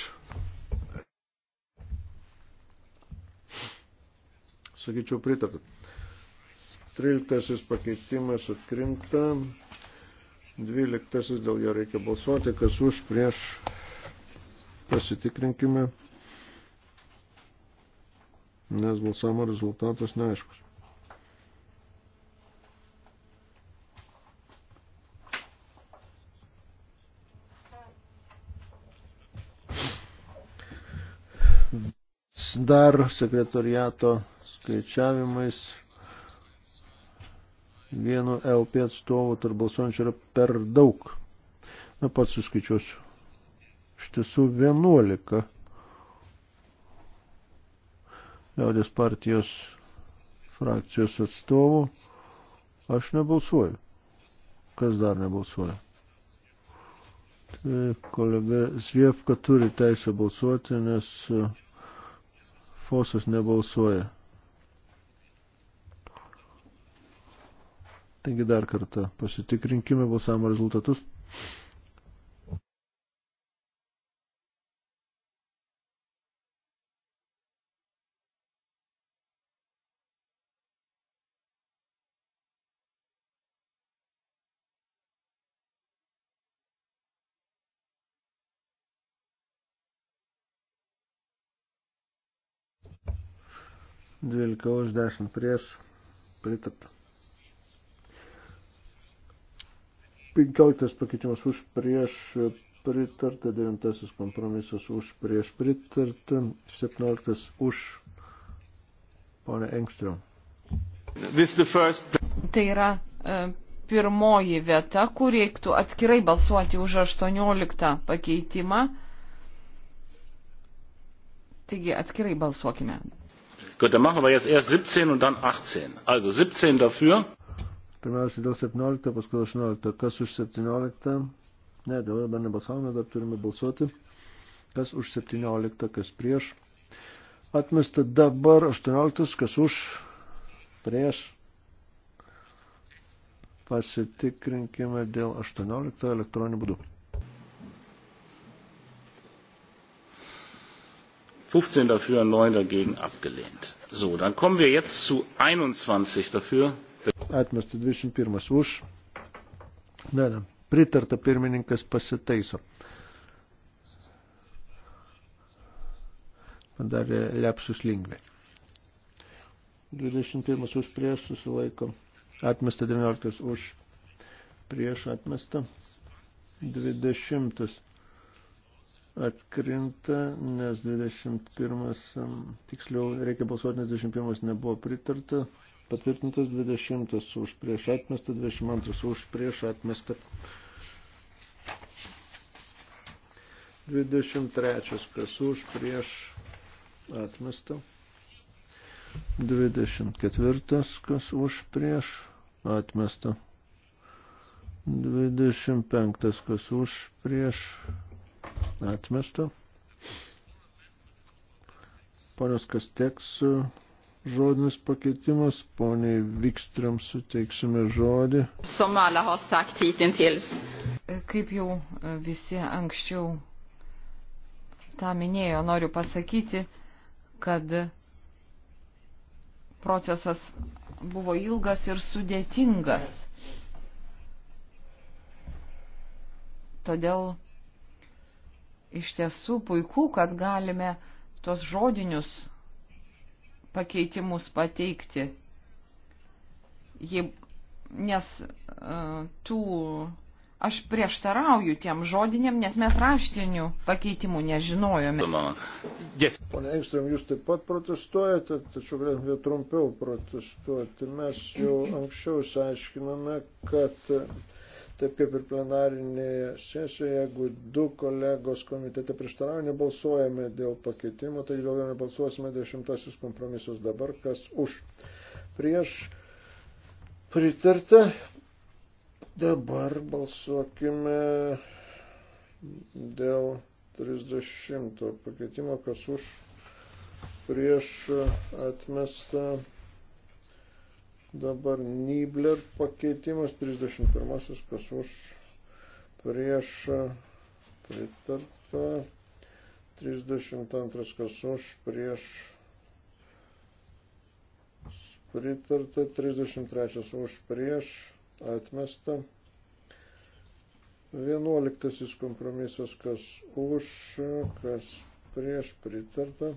Sakyčiau, pritartų. Tryliktasis pakeitimas atkrinta. Dvyliktasis dėl jo reikia balsuoti, kas už prieš pasitikrinkime, nes balsavimo rezultatas neaiškus. Dar sekretoriato skaičiavimais vieno LP atstovo tarp balsuojančių yra per daug. Na, pats suskaičiuosiu. Štiesų 11. Liaudės partijos frakcijos atstovų. Aš nebalsuoju. Kas dar nebalsuoja? Tai kolega Zviefka turi teisę balsuoti, nes Fosas nebalsuoja. Taigi dar kartą pasitikrinkime balsavimo rezultatus. Dvylika už dešimt prieš pritartą. 15 pakeitimas už prieš pritarta, 9 kompromisas už prieš pritarta, 17 už ponę Engstrom. First... Tai yra e, pirmoji vieta, kur reiktų atskirai balsuoti už 18 pakeitimą. Taigi atskirai balsuokime. Gut, dann machen wir jetzt erst 17 und dann 18. Also 17 dafür. Pirmiausia, dėl 17, paskui 18. Kas už 17? Ne, dėl jo dar nebalsavome, dar turime balsuoti. Kas už 17, kas prieš. Atmesta dabar 18, kas už, prieš. Pasitikrinkime dėl 18 elektroninių būdų. 15 dafür, 9 dagegen abgelehnt. So, dann kommen wir jetzt zu 21 dafür, atmesta 21 už. Ne, ne, pritarta pirmininkas pasitaiso. Padarė lepsus lingvė. 21 už prieš susilaiko. Atmesta 19 už prieš atmesta. 20 atkrinta, nes 21, tiksliau reikia balsuoti, nes 21 nebuvo pritarta. Patvirtintas 20 už prieš atmestą, 22 už prieš atmestą. 23 kas už prieš atmestą. 24 kas už prieš atmestą. 25 kas už prieš atmestą. Ponas Kasteks žodinis pakeitimas, poniai Vikstram suteiksime žodį. Somalą har sagt hitintils. Kaip jau visi anksčiau tą minėjo, noriu pasakyti, kad procesas buvo ilgas ir sudėtingas. Todėl iš tiesų puiku, kad galime tuos žodinius pakeitimus pateikti. Jei, nes uh, tų aš prieštarauju tiem žodiniam, nes mes raštinių pakeitimų nežinojome. Yes. Pone Engstrom, jūs taip pat protestuojate, tačiau galėtume trumpiau protestuoti. Mes jau anksčiau išsiaiškinome, kad uh, taip kaip ir plenarinėje sesijoje, jeigu du kolegos komitete prieštarauja, nebalsuojame dėl pakeitimo, tai dėl jo nebalsuosime dešimtasis kompromisas dabar, kas už. Prieš pritarta, dabar balsuokime dėl 30 pakeitimo, kas už prieš atmestą Dabar Nibler pakeitimas 31 kas už prieš pritarta. 32 kas už prieš pritarta. 33 už prieš atmesta. 11 kompromisas kas už kas prieš pritarta.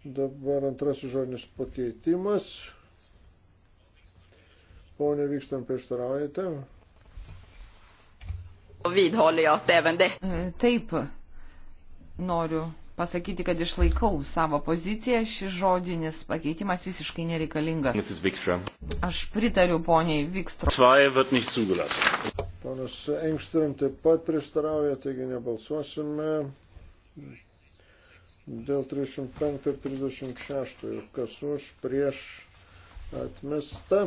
Dabar antrasis žodinis pakeitimas. Pone Vykstam, prieštaraujate? E, taip, noriu pasakyti, kad išlaikau savo poziciją, šis žodinis pakeitimas visiškai nereikalingas. Aš pritariu poniai Vikstrom. Ponas Engstrom taip pat prieštarauja, taigi nebalsuosime. Dėl 35 ir 36, kas už, prieš, atmesta.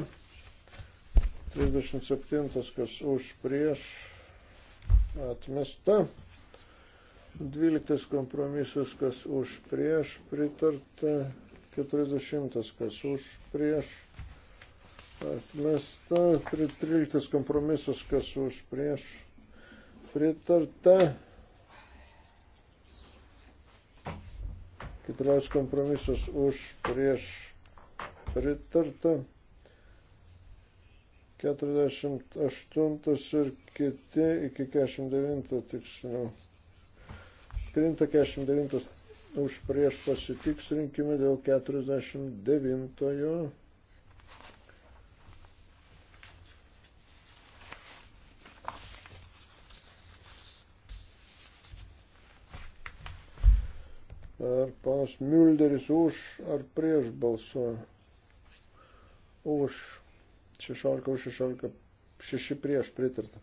37, kas už prieš atmesta. 12 kompromisas, kas už prieš pritarta. 40, kas už prieš atmesta. 13 kompromisas, kas už prieš pritarta. 14 kompromisas už prieš pritarta. 48 ir kiti iki 49 tiksliau. Priimta 49 už prieš pasitiksrinkime dėl 49-ojo. Ar panas Mülderis už ar prieš balsuoja? Už 16 už 16, 6 prieš pritarta.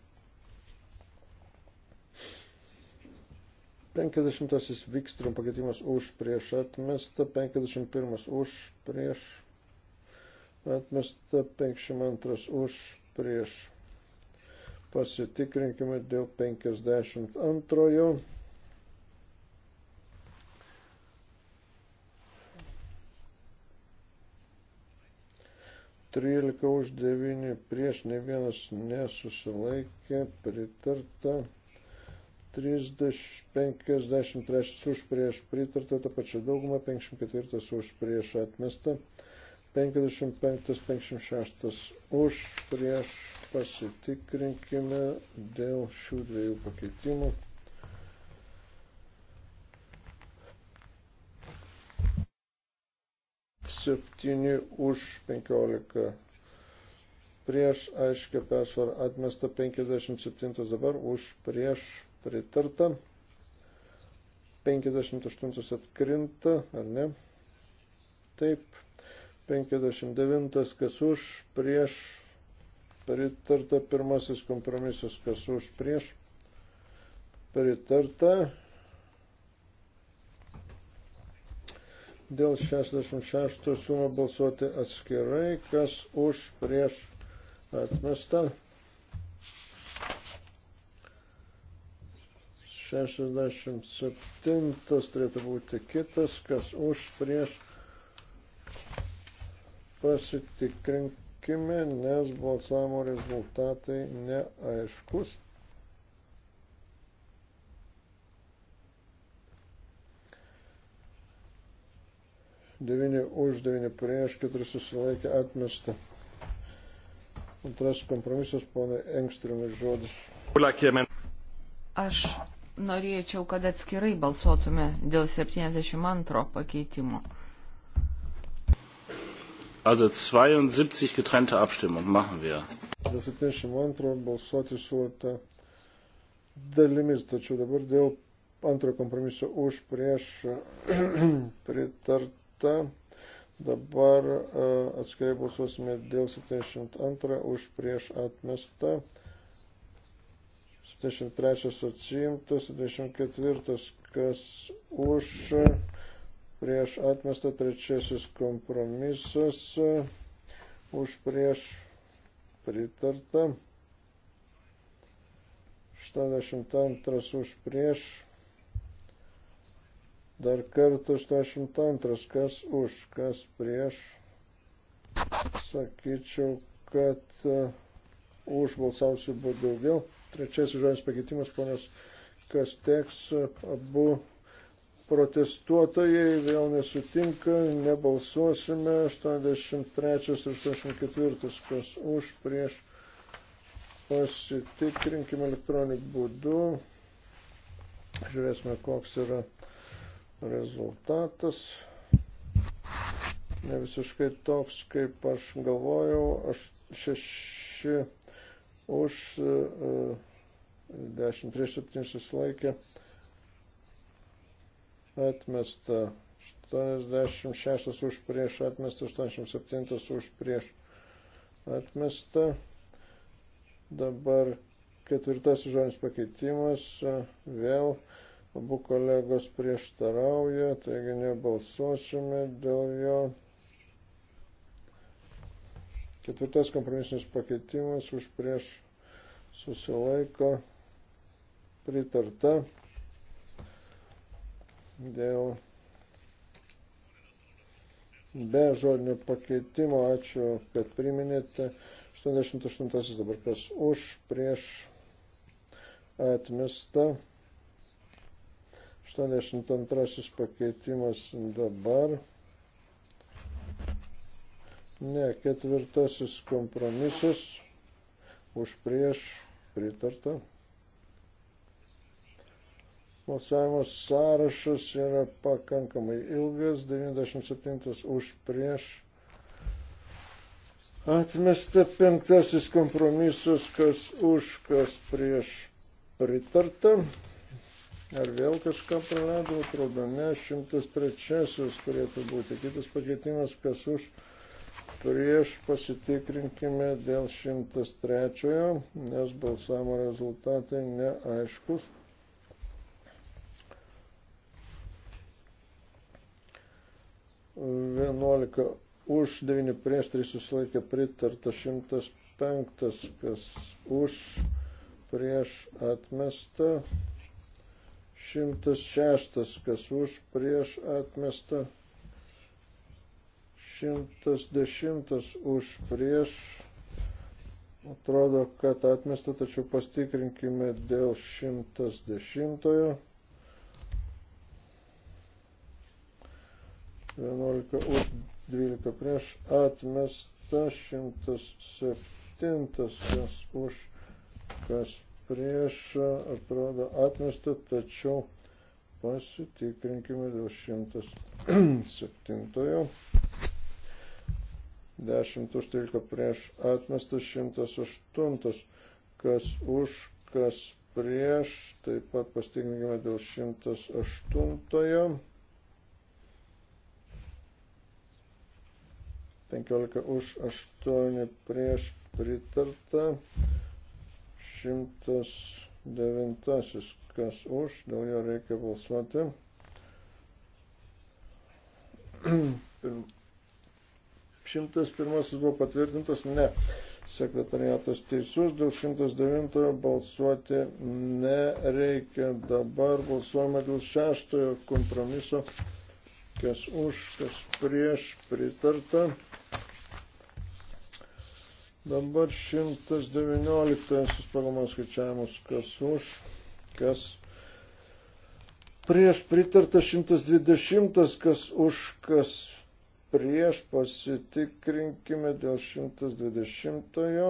50 Vikstrom pakeitimas už prieš atmestą, 51 už prieš atmestą, 52 už prieš. Pasitikrinkime dėl 52. 13 už 9 prieš ne vienas nesusilaikė, pritarta. 30, 53 už prieš pritarta, ta pačia dauguma, 54 už prieš atmesta, 55, 56 už prieš pasitikrinkime dėl šių dviejų pakeitimų. 7 už 15 prieš aiškia persvarą atmesta 57 dabar už prieš pritarta 58 atkrinta ar ne taip 59 kas už prieš pritarta pirmasis kompromisas kas už prieš pritarta Dėl 66 siūloma balsuoti atskirai, kas už prieš atmestą. 67 turėtų būti kitas, kas už prieš pasitikrinkime, nes balsavimo rezultatai neaiškus. 9 už, 9 prieš, 4 susilaikė atmesta. Antras kompromisas, ponai Engstrimai, žodis. Aš norėčiau, kad atskirai balsuotume dėl 72 pakeitimo. Also 72 getrennte Abstimmung machen wir. Dėl 72 balsuoti siūlote dalimis, tačiau dabar dėl antro kompromiso už prieš pritart atmesta. Dabar e, atskirai balsuosime dėl 72 už prieš atmestą. 73 atsiimtas, 74 kas už prieš atmestą trečiasis kompromisas, už prieš pritarta, 82 už prieš Dar kartą 82. Kas už, kas prieš. Sakyčiau, kad uh, už balsausių buvo daugiau. Trečiasis žodis pakeitimas, ponios, kas teks e, abu protestuotojai vėl nesutinka, nebalsuosime 83 ir 84, kas už prieš pasitikrinkime elektroniniu būdu. Žiūrėsime, koks yra rezultatas ne visiškai toks, kaip aš galvojau. Aš šeši už e, e, dešimt prieš septynis susilaikė. Atmesta 86 už prieš, atmesta 87 už prieš, atmesta. Dabar ketvirtasis žodis pakeitimas vėl Abu kolegos prieštarauja, taigi nebalsuosime dėl jo. Ketvirtas kompromisinis pakeitimas už prieš susilaiko pritarta dėl be žodinio pakeitimo. Ačiū, kad priminėte. 88 dabar kas už prieš atmesta. 82 pakeitimas dabar. Ne, ketvirtasis kompromisas už prieš pritarta. Balsavimo sąrašas yra pakankamai ilgas, 97 už prieš. Atmesta penktasis kompromisas, kas už, kas prieš pritarta. Ar vėl kažką praradau, atrodo, ne, 103 turėtų būti. Kitas pakeitimas, kas už, prieš pasitikrinkime dėl 103, nes balsavimo rezultatai neaiškus. Vienuolika už, devyni prieš, trys susilaikė pritarta, šimtas penktas, kas už, prieš atmesta, 106, kas už prieš atmesta, 110 už prieš, atrodo, kad atmesta, tačiau pastikrinkime dėl 110. 11 už 12 prieš atmesta, 107 kas už, kas prieš, atrodo, atmesta, tačiau pasitikrinkime dėl 107. 10 už 13 prieš atmestas 108, kas už, kas prieš, taip pat pastikrinkime dėl 108. 15 už 8 prieš pritarta. 109. Kas už, dėl jo reikia balsuoti. Šimtas pirmasis buvo patvirtintas, ne. Sekretariatas teisus, dėl 109 balsuoti nereikia. Dabar balsuojame dėl šeštojo kompromiso, kas už, kas prieš pritarta. Dabar 119 pagal skaičiavimus, kas už, kas prieš pritarta 120, kas už, kas prieš pasitikrinkime dėl 120. -ojo.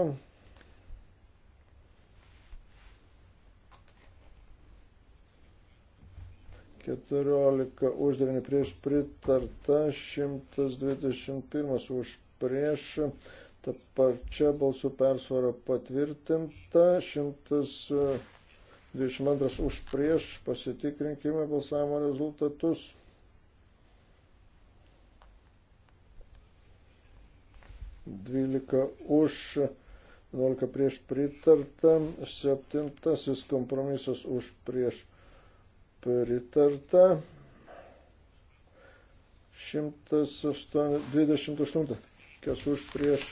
Keturiolika už devyni prieš pritarta, 121 už prieš Ta pačia balsų persvara patvirtinta. 122 e, už prieš pasitikrinkime balsavimo rezultatus. Dvylika už, 11 prieš pritarta, septintasis kompromisas už prieš pritarta. 128, kas už prieš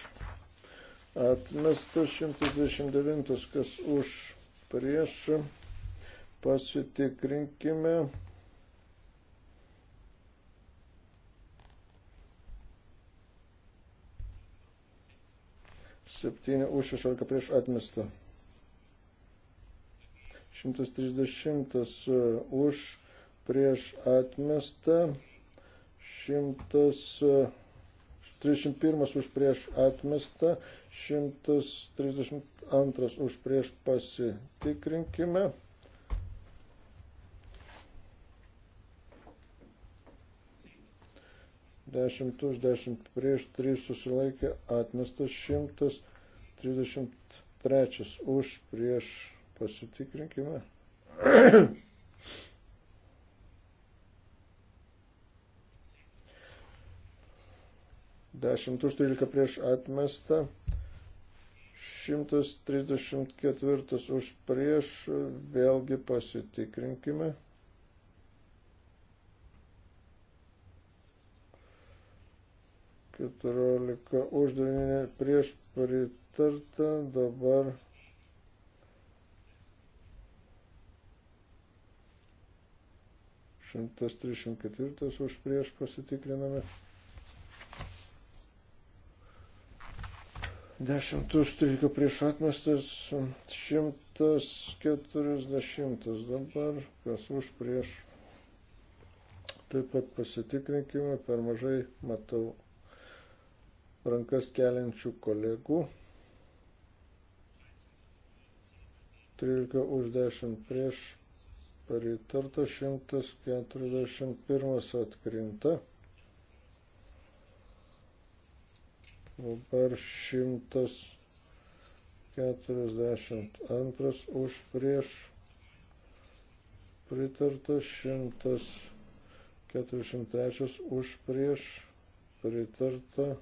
Atmestas 129, kas už prieš. Pasitikrinkime. Septyni už 16 prieš atmestą. 130 už prieš atmestą. 100 31 už prieš atmestą, 132 už prieš pasitikrinkime. Dešimt už, dešimt prieš, trys susilaikė, atmestas šimtas, trisdešimt trečias už, prieš, pasitikrinkime. 10 už 13 prieš atmestą, 134 už prieš, vėlgi pasitikrinkime. Keturiolika už devyni prieš pritarta, dabar šimtas trisdešimt ketvirtas už prieš pasitikriname. 10 užtrykų prieš atmestas 140 dabar, kas už prieš. Taip pat pasitikrinkime, per mažai matau rankas keliančių kolegų. 13 už 10 prieš paritarta 141 atkrinta. Dabar 142 už prieš pritarta, 143 už prieš pritarta.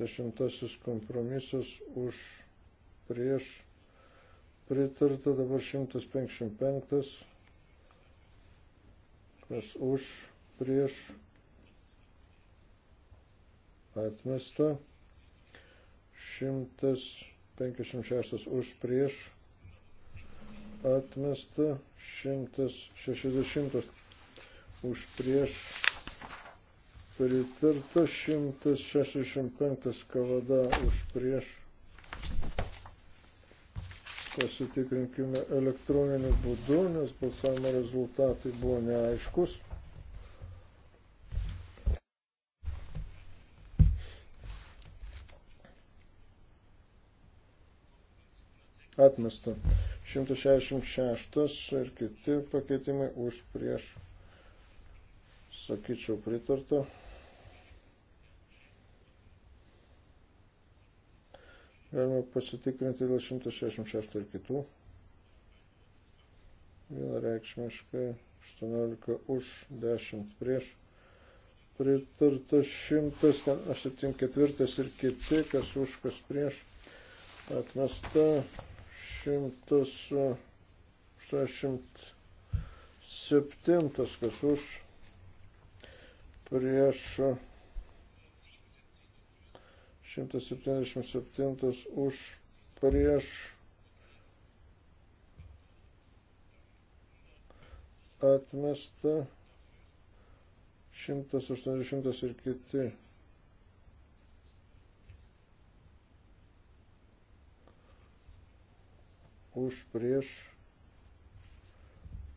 Dešimtasis kompromisas už prieš pritarta, dabar 155 kas už, prieš, atmesta, 156 už, prieš, atmesta, 160 už, prieš, pritarta, 165 kavada už, prieš, viską sutikrinkime elektroniniu būdu, nes balsavimo rezultatai buvo neaiškus. Atmesta. 166 ir kiti pakeitimai už prieš, sakyčiau, pritarto. Galime pasitikrinti dėl 166 ir kitų. Vienareikšmiškai 18 už 10 prieš. Pritarta 174 ir kiti, kas už, kas prieš. Atmesta 187, kas už, prieš 177 už prieš atmesta 180 ir kiti. Už prieš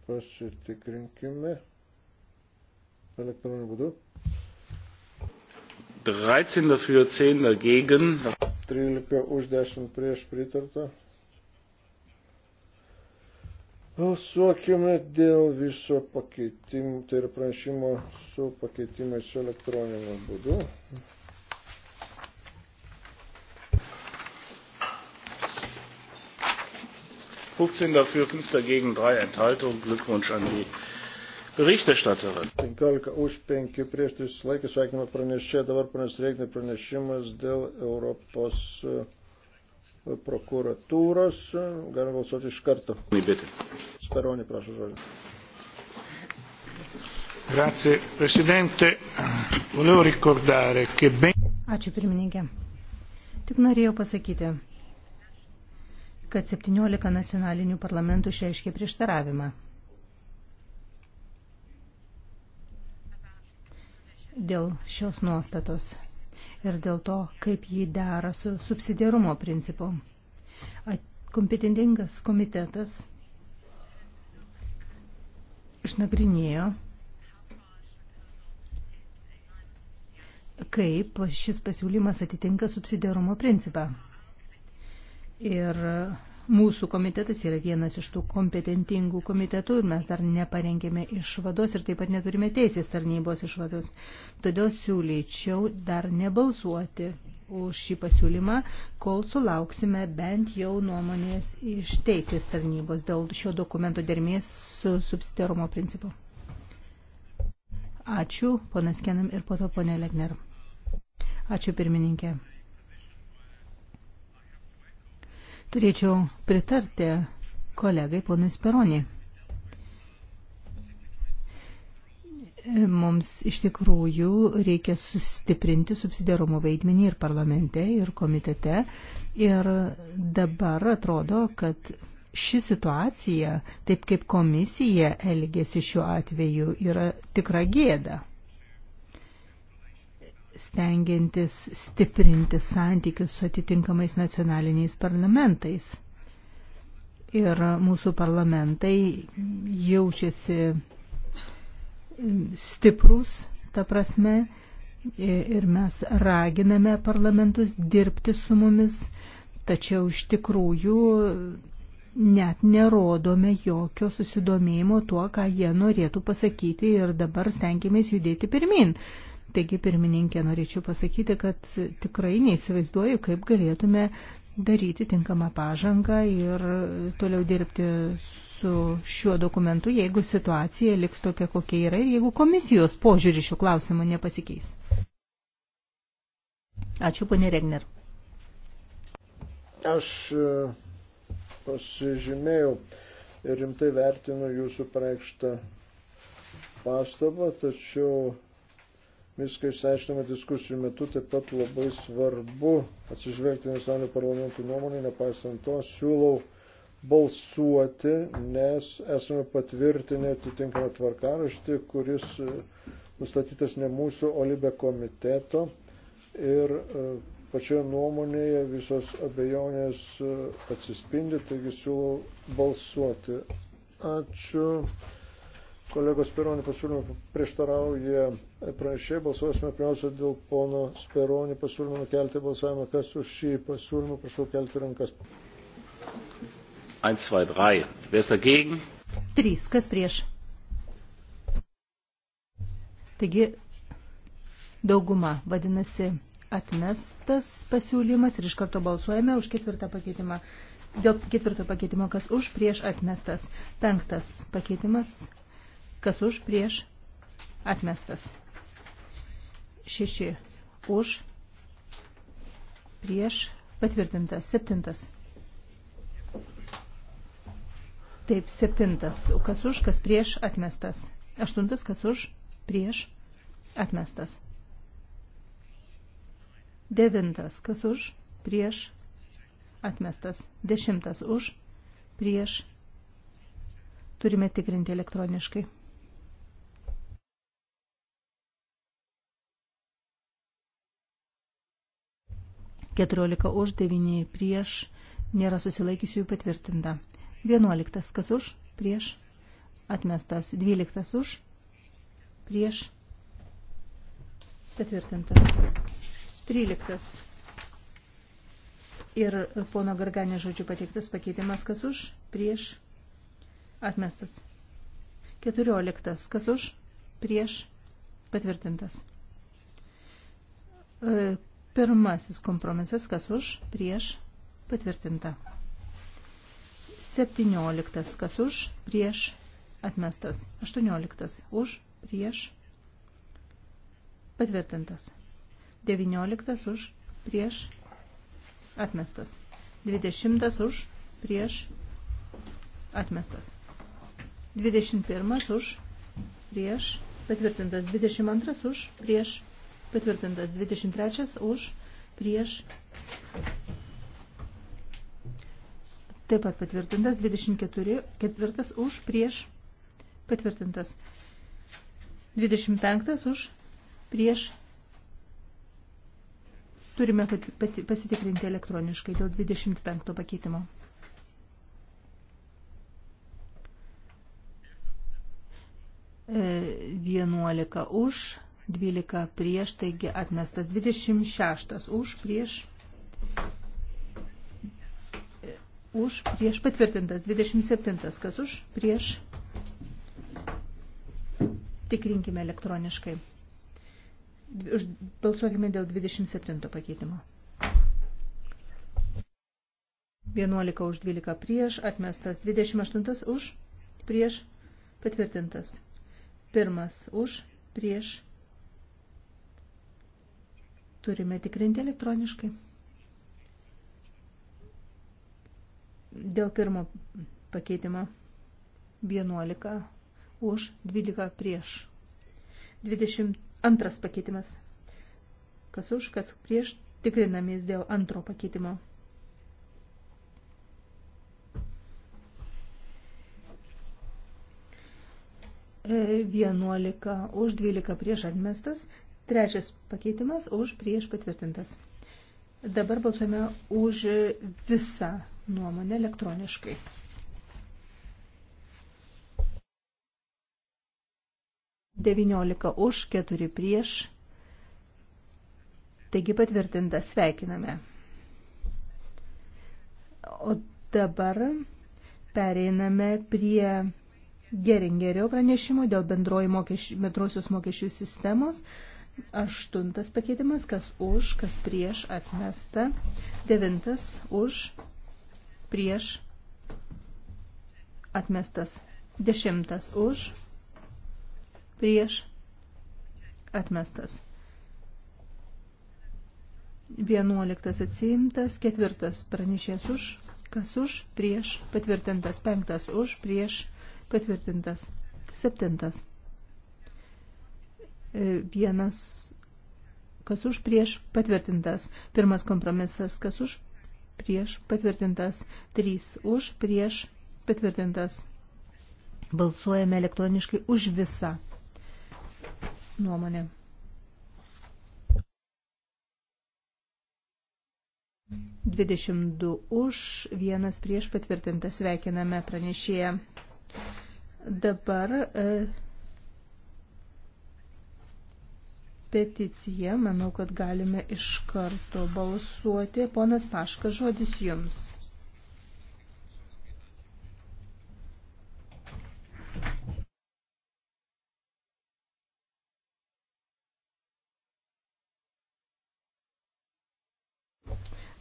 pasitikrinkime elektroniniu būdu. 13 dafür, 10 dagegen. 13 už 10 prieš pritarta. Balsuokime dėl viso pakeitimo, tai yra pranešimo su pakeitimais elektroniniu būdu. fünfzehn dafür fünf dagegen drei enthaltungen glückwunsch an die Berichterstatterin. 15 už 5 prieš 3 tai laikį sveikinimą pranešė, dabar panas Reignė pranešimas dėl Europos e, prokuratūros. Galime balsuoti iš karto. Mybėti. Speronį, prašau žodžiu. Grazie, Presidente. Volevo ricordare che ben... Ačiū pirmininkė. Tik norėjau pasakyti, kad 17 nacionalinių parlamentų išreiškė prieštaravimą dėl šios nuostatos ir dėl to, kaip jį dera su subsidiarumo principu. Kompetentingas komitetas išnagrinėjo, kaip šis pasiūlymas atitinka subsidiarumo principą. Ir Mūsų komitetas yra vienas iš tų kompetentingų komitetų ir mes dar neparengėme išvados ir taip pat neturime teisės tarnybos išvados. Todėl siūlyčiau dar nebalsuoti už šį pasiūlymą, kol sulauksime bent jau nuomonės iš teisės tarnybos dėl šio dokumento dermės su subsidiarumo principu. Ačiū, ponas Kenam ir po to ponė Legner. Ačiū pirmininkė. Turėčiau pritarti kolegai ponui Speronį. Mums iš tikrųjų reikia sustiprinti subsidiarumo vaidmenį ir parlamente, ir komitete. Ir dabar atrodo, kad ši situacija, taip kaip komisija elgėsi šiuo atveju, yra tikra gėda stengiantis stiprinti santykius su atitinkamais nacionaliniais parlamentais. Ir mūsų parlamentai jaučiasi stiprus, ta prasme, ir mes raginame parlamentus dirbti su mumis, tačiau iš tikrųjų net nerodome jokio susidomėjimo tuo, ką jie norėtų pasakyti ir dabar stengiamės judėti pirmin. Taigi, pirmininkė, norėčiau pasakyti, kad tikrai neįsivaizduoju, kaip galėtume daryti tinkamą pažangą ir toliau dirbti su šiuo dokumentu, jeigu situacija liks tokia, kokia yra ir jeigu komisijos požiūrį šių klausimų nepasikeis. Ačiū, ponė Regner. Aš e, pasižymėjau ir rimtai vertinu jūsų praeikštą pastabą, tačiau viską išsiaiškinome diskusijų metu, taip pat labai svarbu atsižvelgti nacionalinių parlamentų nuomonį, nepaisant to siūlau balsuoti, nes esame patvirtinę atitinkamą tvarkaraštį, kuris e, nustatytas ne mūsų, o libe komiteto. Ir e, pačioje nuomonėje visos abejonės e, atsispindi, taigi siūlau balsuoti. Ačiū kolegos Speronį pasiūlymą prieštarauja pranešė, balsuosime pirmiausia dėl pono Speronį pasiūlymą nukelti balsavimą. Kas už šį pasiūlymą, prašau kelti rankas. 1, 2, 3. Wer dagegen? 3. Kas prieš? Taigi dauguma vadinasi atmestas pasiūlymas ir iš karto balsuojame už ketvirtą pakeitimą. Dėl ketvirto pakeitimo, kas už, prieš atmestas. Penktas pakeitimas, Kas už prieš atmestas. Šeši už prieš patvirtintas. Septintas. Taip, septintas. Kas už, kas prieš atmestas. Aštuntas, kas už, prieš atmestas. Devintas, kas už, prieš atmestas. Dešimtas už, prieš. Turime tikrinti elektroniškai. 14 už, 9 prieš, nėra susilaikysių patvirtinta. 11 kas už, prieš, atmestas. 12 už, prieš, patvirtintas. 13. Ir pono Garganė žodžiu pateiktas pakeitimas, kas už, prieš, atmestas. 14. Kas už, prieš, patvirtintas. E, Pirmasis kompromisas, kas už, prieš, patvirtinta. 17. Kas už, prieš, atmestas. 18. Už, prieš, patvirtintas. 19. Už, prieš, atmestas. 20. Už, prieš, atmestas. 21. Už, prieš, patvirtintas. 22. Už, prieš, Patvirtintas 23 už prieš. Taip pat patvirtintas 24 ketvirtas už prieš. Patvirtintas 25 už prieš. Turime pasitikrinti elektroniškai dėl 25 pakeitimo. E, 11 už 12 prieš, taigi atmestas 26 už prieš, už prieš patvirtintas 27, kas už prieš. Tikrinkime elektroniškai. Balsuokime dėl 27 pakeitimo. 11 už 12 prieš, atmestas 28 už prieš, patvirtintas. Pirmas už prieš, turime tikrinti elektroniškai. Dėl pirmo pakeitimo 11 už 12 prieš. 22 pakeitimas. Kas už, kas prieš, tikrinamės dėl antro pakeitimo. E, vienuolika už dvylika prieš atmestas, Trečias pakeitimas už prieš patvirtintas. Dabar balsuojame už visą nuomonę elektroniškai. Devyniolika už, keturi prieš. Taigi patvirtinta, sveikiname. O dabar pereiname prie Geringerio pranešimo dėl bendrojų mokesčių, bendrosios mokesčių sistemos. Aštuntas pakeitimas, kas už, kas prieš atmesta. Devintas už, prieš atmestas. Dešimtas už, prieš atmestas. Vienuoliktas atsiimtas, ketvirtas pranešės už, kas už, prieš patvirtintas, penktas už, prieš patvirtintas, septintas. Vienas, kas už prieš patvirtintas. Pirmas kompromisas, kas už prieš patvirtintas. Trys už prieš patvirtintas. Balsuojame elektroniškai už visą nuomonę. Dvidešimt du už, vienas prieš patvirtintas. Sveikiname pranešėją. Dabar e, peticiją, manau, kad galime iš karto balsuoti. Ponas Paškas, žodis jums.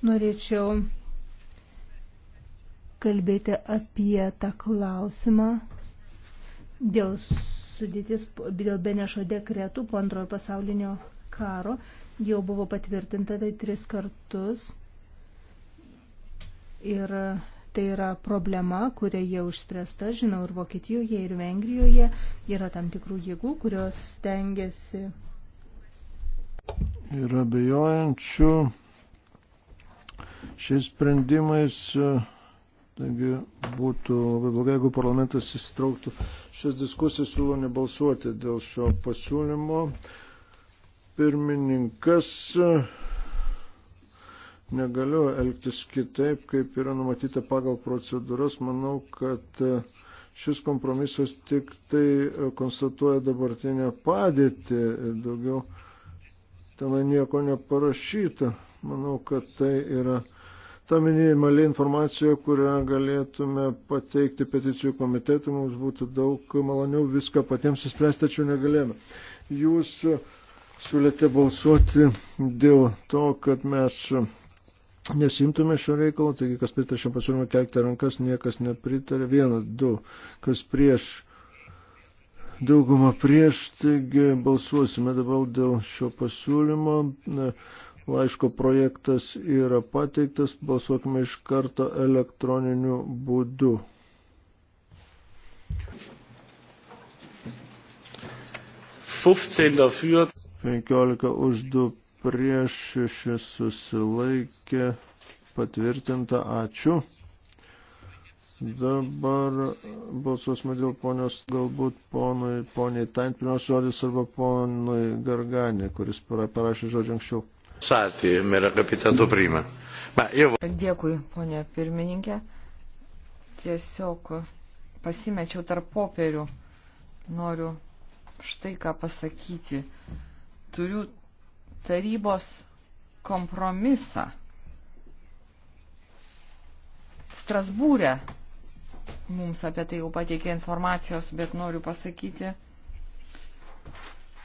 Norėčiau kalbėti apie tą klausimą dėl sudėtis dėl Benešo dekretų po antrojo pasaulinio karo jau buvo patvirtinta tai tris kartus. Ir tai yra problema, kuria jau išspręsta, žinau, ir Vokietijoje, ir Vengrijoje yra tam tikrų jėgų, kurios stengiasi. Ir abejojančių šiais sprendimais, taigi būtų labai blogai, jeigu parlamentas įsitrauktų šias diskusijas siūlo nebalsuoti dėl šio pasiūlymo. Pirmininkas negaliu elgtis kitaip, kaip yra numatyta pagal procedūras. Manau, kad šis kompromisas tik tai konstatuoja dabartinę padėtį ir daugiau tenai nieko neparašyta. Manau, kad tai yra ta minimali informacija, kurią galėtume pateikti peticijų komitetui, mums būtų daug maloniau viską patiems įspręsti, tačiau negalėjome. Jūs siūlėte balsuoti dėl to, kad mes nesimtume šio reikalo, taigi kas pritarė šiam pasiūlymui kelti rankas, niekas nepritarė, vienas, du, kas prieš. Daugumą prieš, taigi balsuosime dabar dėl šio pasiūlymo. Laiško projektas yra pateiktas, balsuokime iš karto elektroniniu būdu. Dafür. 15 už 2 prieš 6 susilaikė patvirtinta. Ačiū. Dabar balsuosime dėl ponios, galbūt ponui, poniai Taint, pirmas žodis arba ponui Garganė, kuris parašė žodžią anksčiau. Satį, mėra kapitato priima. Jau... Dėkui, ponė pirmininkė. Tiesiog pasimečiau tarp popierių. Noriu štai ką pasakyti. Turiu tarybos kompromisą. Strasbūrė mums apie tai jau pateikė informacijos, bet noriu pasakyti,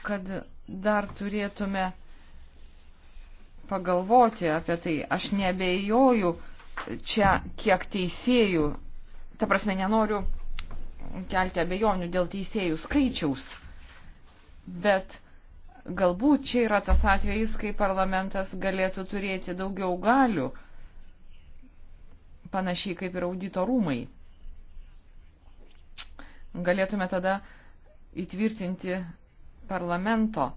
kad dar turėtume pagalvoti apie tai. Aš nebejoju čia, kiek teisėjų, ta prasme, nenoriu kelti abejonių dėl teisėjų skaičiaus, bet galbūt čia yra tas atvejis, kai parlamentas galėtų turėti daugiau galių, panašiai kaip ir audito rūmai. Galėtume tada įtvirtinti parlamento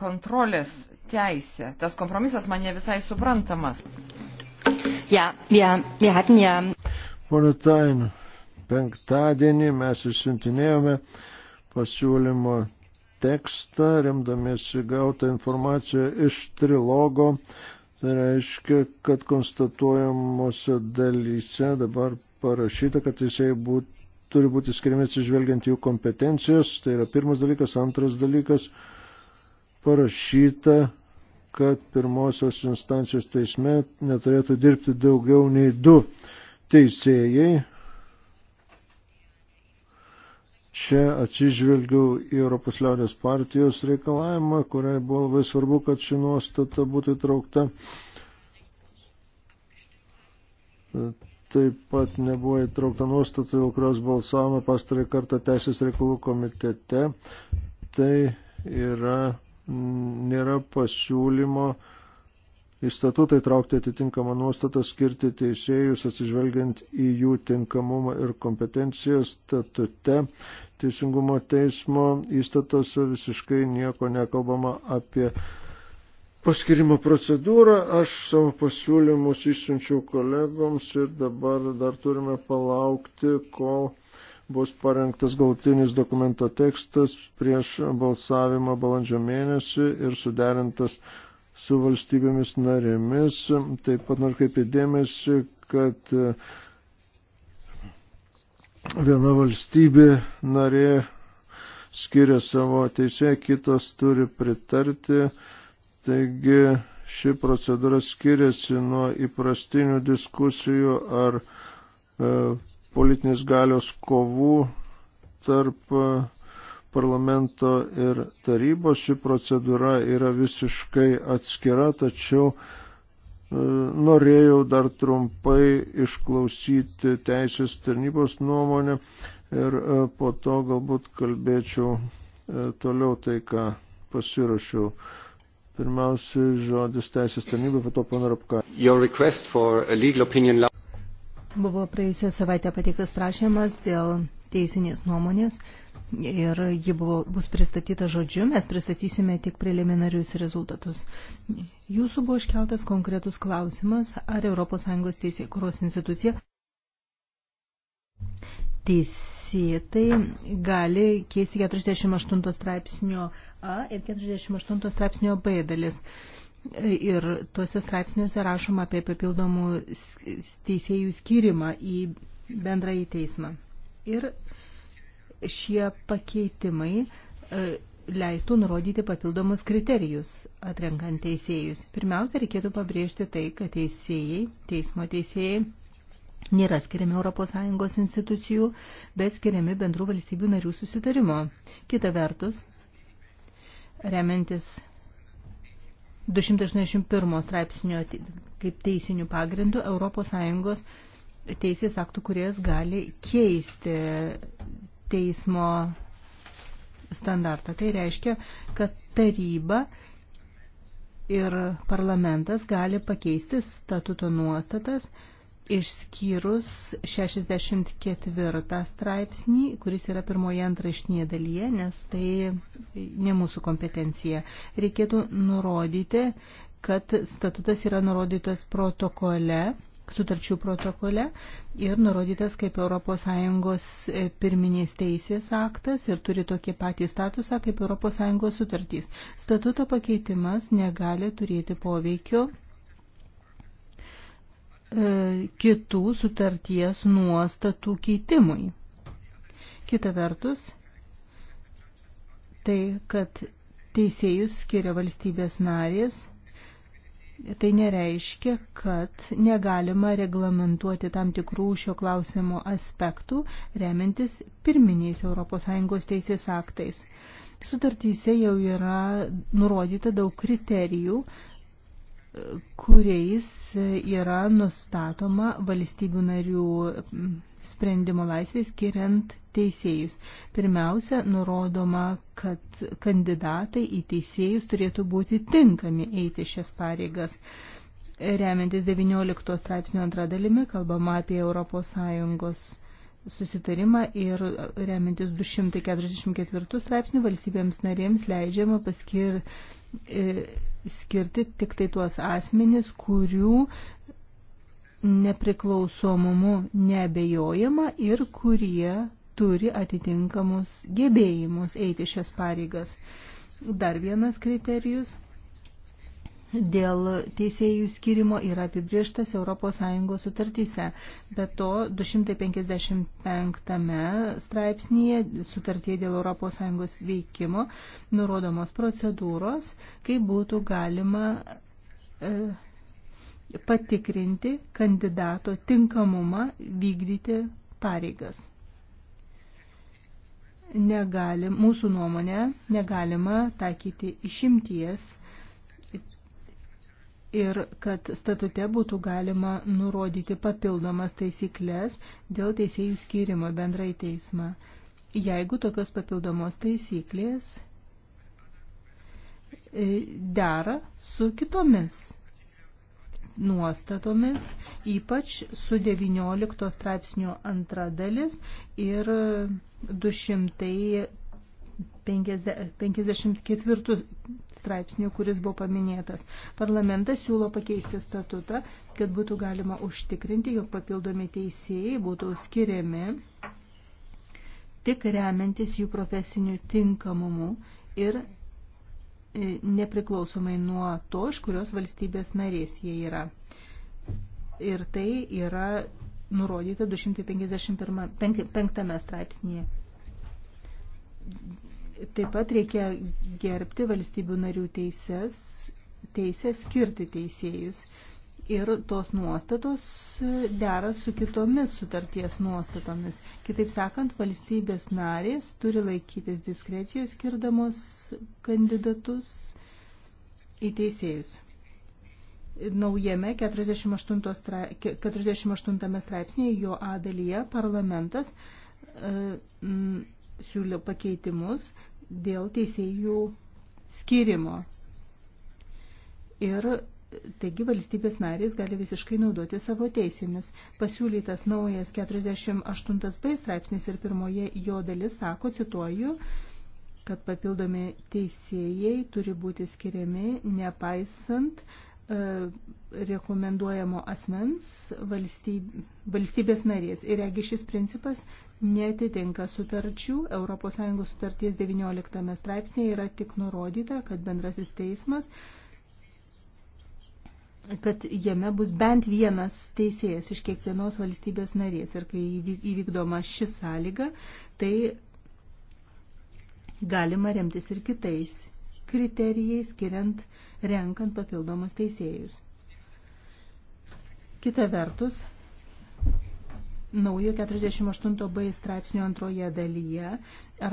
kontrolės teisę. Tas kompromisas man ne visai suprantamas. Ja, ja, wir hatten ja. Pone Tain, penktadienį mes išsiuntinėjome pasiūlymo tekstą, remdamiesi gautą informaciją iš trilogo. Tai reiškia, kad konstatuojamuose dalyse dabar parašyta, kad jisai būt, turi būti skiriami atsižvelgiant jų kompetencijos. Tai yra pirmas dalykas. Antras dalykas parašyta, kad pirmosios instancijos teisme neturėtų dirbti daugiau nei du teisėjai. Čia atsižvelgiau į Europos liaudės partijos reikalavimą, kuriai buvo labai svarbu, kad ši nuostata būtų įtraukta. Taip pat nebuvo įtraukta nuostata, dėl kurios balsavome pastarį kartą Teisės reikalų komitete. Tai yra nėra pasiūlymo į statutą įtraukti atitinkamą nuostatą skirti teisėjus atsižvelgiant į jų tinkamumą ir kompetenciją statute. Teisingumo teismo įstatose visiškai nieko nekalbama apie paskirimo procedūrą. Aš savo pasiūlymus išsiunčiau kolegoms ir dabar dar turime palaukti, kol bus parengtas galutinis dokumento tekstas prieš balsavimą balandžio mėnesį ir suderintas su valstybėmis narėmis. Taip pat noriu kaip įdėmėsi, kad e, viena valstybė narė skiria savo teisėją, kitos turi pritarti. Taigi ši procedūra skiriasi nuo įprastinių diskusijų ar e, politinės galios kovų tarp e, parlamento ir tarybos. Ši procedūra yra visiškai atskira, tačiau e, norėjau dar trumpai išklausyti teisės tarnybos nuomonę ir e, po to galbūt kalbėčiau toliau tai, ką pasirašiau. Pirmiausia, žodis teisės tarnybai, po to panarapka. Your request for a legal opinion Buvo praėjusią savaitę pateiktas prašymas dėl teisinės nuomonės ir ji buvo, bus pristatyta žodžiu, mes pristatysime tik preliminarius rezultatus. Jūsų buvo iškeltas konkretus klausimas, ar ES teisė kuros institucija teisėtai gali keisti 48 straipsnio A ir 48 straipsnio B dalis. Ir tuose straipsniuose rašoma apie papildomų teisėjų skirimą į bendrąjį teismą. Ir šie pakeitimai e, leistų nurodyti papildomus kriterijus atrenkant teisėjus. Pirmiausia, reikėtų pabrėžti tai, kad teisėjai, teismo teisėjai nėra skiriami ES institucijų, bet skiriami bendrų valstybių narių susitarimo. Kita vertus, remiantis 281 straipsnio kaip teisinių pagrindų ES teisės aktų, kuries gali keisti teismo standartą. Tai reiškia, kad taryba ir parlamentas gali pakeisti statuto nuostatas, išskyrus 64 straipsnį, kuris yra pirmoje antraštinėje dalyje, nes tai ne mūsų kompetencija. Reikėtų nurodyti, kad statutas yra nurodytas protokole sutarčių protokole ir nurodytas kaip ES e, pirminės teisės aktas ir turi tokį patį statusą kaip ES sutartys. Statuto pakeitimas negali turėti poveikio E, kitų sutarties nuostatų keitimui. Kita vertus, tai, kad teisėjus skiria valstybės narės, tai nereiškia, kad negalima reglamentuoti tam tikrų šio klausimo aspektų, remiantis pirminiais ES teisės aktais. Sutartyse jau yra nurodyta daug kriterijų, kuriais yra nustatoma valstybių narių sprendimo laisvė skiriant teisėjus. Pirmiausia, nurodoma, kad kandidatai į teisėjus turėtų būti tinkami eiti šias pareigas. Remiantis 19 straipsnio antra dalimi, kalbama apie ES susitarimą ir remintis 244 straipsnių valstybėms narėms leidžiama paskir, e, skirti tik tai tuos asmenis, kurių nepriklausomumu nebejojama ir kurie turi atitinkamus gebėjimus eiti šias pareigas. Dar vienas kriterijus dėl teisėjų skirimo yra apibrieštas ES sutartyse. Be to, 255 straipsnėje sutartie dėl ES veikimo nurodomos procedūros, kaip būtų galima e, patikrinti kandidato tinkamumą vykdyti pareigas negali, mūsų nuomonė negalima taikyti išimties ir kad statute būtų galima nurodyti papildomas taisyklės dėl teisėjų skirimo bendrai teismą, jeigu tokios papildomos taisyklės e, dera su kitomis nuostatomis, ypač su 19 straipsnio antra dalis ir 200 54 straipsnių, kuris buvo paminėtas. Parlamentas siūlo pakeisti statutą, kad būtų galima užtikrinti, jog papildomi teisėjai būtų skiriami tik remiantis jų profesiniu tinkamumu ir e, nepriklausomai nuo to, iš kurios valstybės narės jie yra. Ir tai yra nurodyta 255 straipsnėje Taip pat reikia gerbti valstybių narių teises, teisę skirti teisėjus. Ir tos nuostatos dera su kitomis sutarties nuostatomis. Kitaip sakant, valstybės narės turi laikytis diskrecijos skirdamos kandidatus į teisėjus naujame 48, stra... 48 straipsnėje jo A dalyje parlamentas siūlė pakeitimus dėl teisėjų skirimo. Ir Taigi valstybės narės gali visiškai naudoti savo teisėmis. Pasiūlytas naujas 48b straipsnis ir pirmoje jo dalis sako, cituoju, kad papildomi teisėjai turi būti skiriami nepaisant uh, E, rekomenduojamo asmens valstybės narės. Ir jeigu šis principas netitinka sutarčių, ES sutarties 19 straipsnėje yra tik nurodyta, kad bendrasis teismas, kad jame bus bent vienas teisėjas iš kiekvienos valstybės narės. Ir kai įvykdoma ši sąlyga, tai galima remtis ir kitais kriterijais, skiriant uh, renkant papildomus teisėjus. Kita vertus, naujo 48b straipsnio antroje dalyje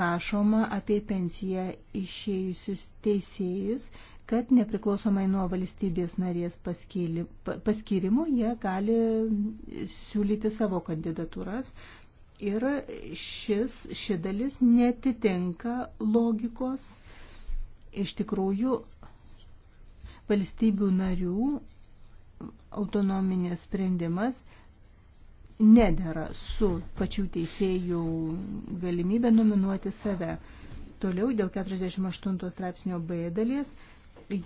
rašoma apie pensiją išėjusius teisėjus, kad nepriklausomai nuo valstybės narės paskirimo jie gali siūlyti savo kandidatūras. Ir šis, ši dalis netitinka logikos. Iš tikrųjų, valstybių narių autonominės sprendimas nedėra su pačių teisėjų galimybė nominuoti save. Toliau dėl 48 straipsnio B dalies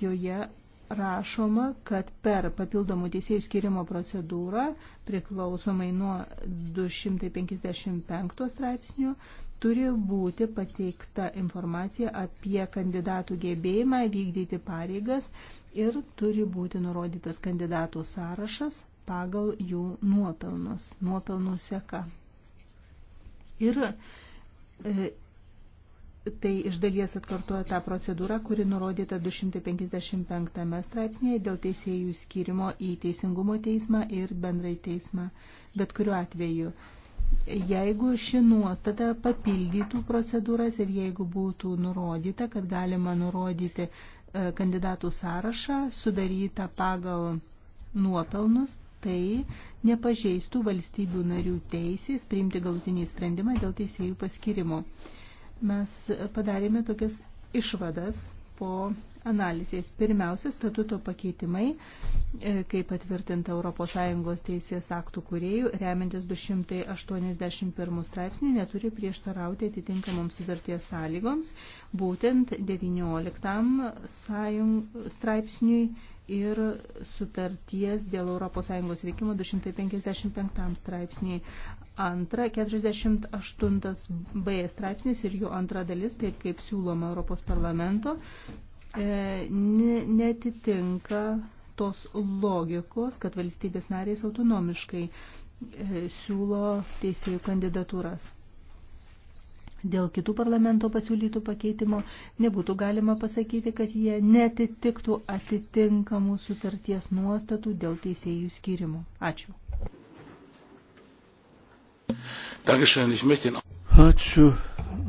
joje rašoma, kad per papildomų teisėjų skirimo procedūrą priklausomai nuo 255 straipsnio turi būti pateikta informacija apie kandidatų gebėjimą vykdyti pareigas ir turi būti nurodytas kandidatų sąrašas pagal jų nuopelnus, nuopelnų seka. Ir e, tai iš dalies atkartoja tą procedūrą, kuri nurodyta 255 straipsnėje dėl teisėjų skirimo į teisingumo teismą ir bendrai teismą, bet kuriuo atveju. Jeigu ši nuostata papildytų procedūras ir jeigu būtų nurodyta, kad galima nurodyti E, kandidatų sąrašą sudarytą pagal nuopelnus, tai nepažeistų valstybių narių teisės priimti galutinį sprendimą dėl teisėjų paskirimo. Mes padarėme tokias išvadas po analizės. Pirmiausia, statuto pakeitimai, e, kaip patvirtinta ES teisės aktų kuriejų, remiantis 281 straipsnį, neturi prieštarauti atitinkamoms sutarties sąlygoms, būtent 19 sąjung, straipsniui ir sutarties dėl ES veikimo 255 straipsniai. Antra, 48b straipsnis ir jų antra dalis, taip kaip siūloma Europos parlamento E, netitinka tos logikos, kad valstybės nariais autonomiškai e, siūlo teisėjų kandidatūras. Dėl kitų parlamento pasiūlytų pakeitimo nebūtų galima pasakyti, kad jie netitiktų atitinkamų sutarties nuostatų dėl teisėjų skirimo. Ačiū. Ačiū.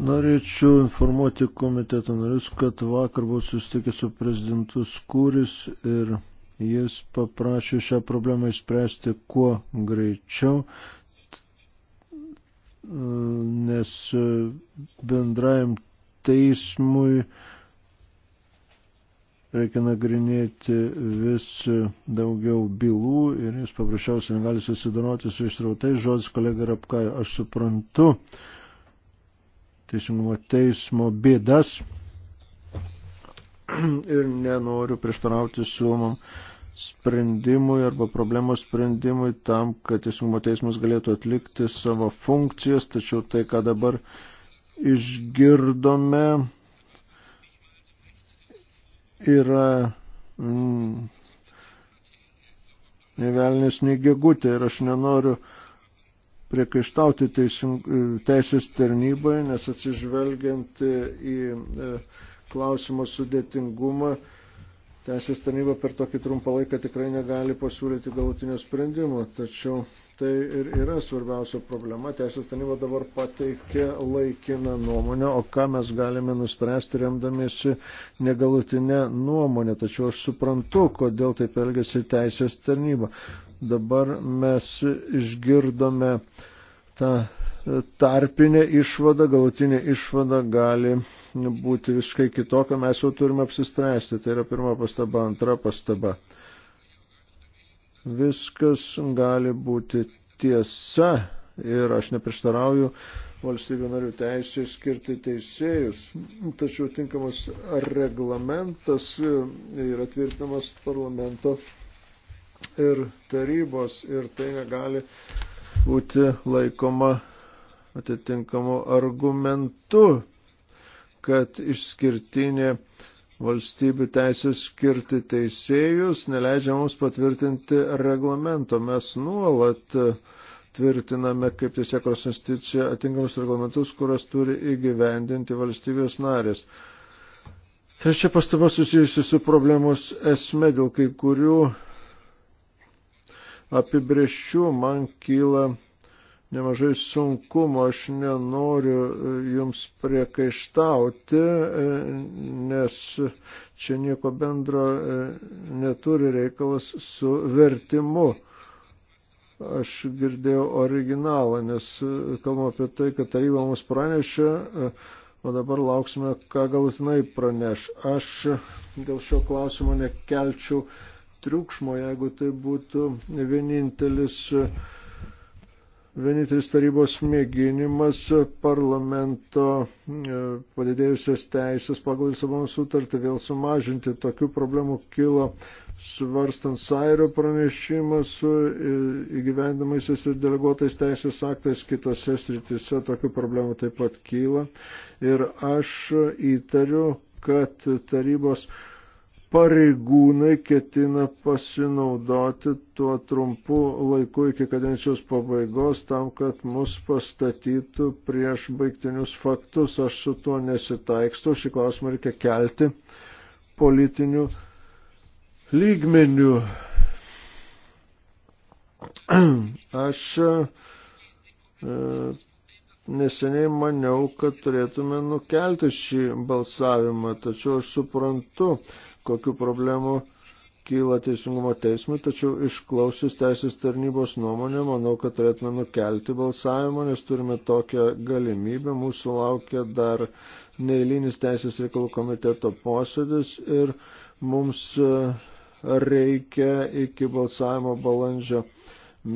Norėčiau informuoti komiteto narius, kad vakar buvau susitikęs su prezidentu Skūris ir jis paprašė šią problemą išspręsti kuo greičiau, nes bendrajam teismui reikia nagrinėti vis daugiau bylų ir jis paprasčiausiai negali susidoroti su išrautais žodis kolega Rapkai. Aš suprantu, teisingumo teismo bėdas ir nenoriu prieštarauti siūlomam sprendimui arba problemos sprendimui tam, kad teisingumo teismas galėtų atlikti savo funkcijas, tačiau tai, ką dabar išgirdome, yra mm, nevelnės negegutė ir aš nenoriu uh, priekaištauti teisim, e, teisės tarnybai, nes atsižvelgiant e, į e, klausimo sudėtingumą, teisės tarnyba per tokį trumpą laiką tikrai negali pasiūlyti galutinio sprendimo. Tačiau tai ir yra svarbiausia problema. Teisės tarnyba dabar pateikė laikiną nuomonę, o ką mes galime nuspręsti remdamiesi negalutinę nuomonę. Tačiau aš suprantu, kodėl taip elgesi teisės tarnyba. Dabar mes išgirdome tą tarpinę išvadą, galutinė išvada gali būti visiškai kitokia, mes jau turime apsispręsti. Tai yra pirma pastaba, antra pastaba. Viskas gali būti tiesa ir aš neprieštarauju valstybių narių teisė skirti teisėjus. Tačiau tinkamas reglamentas yra tvirtinamas parlamento ir tarybos ir tai negali būti laikoma atitinkamu argumentu, kad išskirtinė valstybių teisės skirti teisėjus neleidžia mums patvirtinti reglamento. Mes nuolat tvirtiname kaip teisėkros institucija atinkamus reglamentus, kurias turi įgyvendinti valstybės narės. Trečia pastaba susijusi su problemos esme, dėl kai kurių apibrėžčių man kyla nemažai sunkumo, aš nenoriu e, jums priekaištauti, e, nes čia nieko bendro e, neturi reikalas su vertimu. Aš girdėjau originalą, nes kalbam apie tai, kad taryba mums pranešė, o dabar lauksime, ką galutinai praneš. Aš dėl šio klausimo nekelčiau triukšmo, jeigu tai būtų vienintelis, vienintelis tarybos mėginimas parlamento e, padidėjusios teisės pagal Lisabono sutartį vėl sumažinti. Tokių problemų kilo svarstant Sairio pranešimą su e, įgyvendamaisiais ir deleguotais teisės aktais kitose sritise, tokių problemų taip pat kyla. Ir aš įtariu, kad tarybos pareigūnai ketina pasinaudoti tuo trumpu laiku iki kadencijos pabaigos tam, kad mus pastatytų prieš baigtinius faktus. Aš su tuo nesitaikstu, šį klausimą reikia kelti politinių lygmenių. Aš e, neseniai maniau, kad turėtume nukelti šį balsavimą, tačiau aš suprantu, kokiu problemu kyla teisingumo teismui, tačiau išklausius teisės tarnybos nuomonę, manau, kad turėtume nukelti balsavimą, nes turime tokią galimybę. Mūsų laukia dar neįlynis teisės reikalų komiteto posėdis ir mums e, reikia iki balsavimo balandžio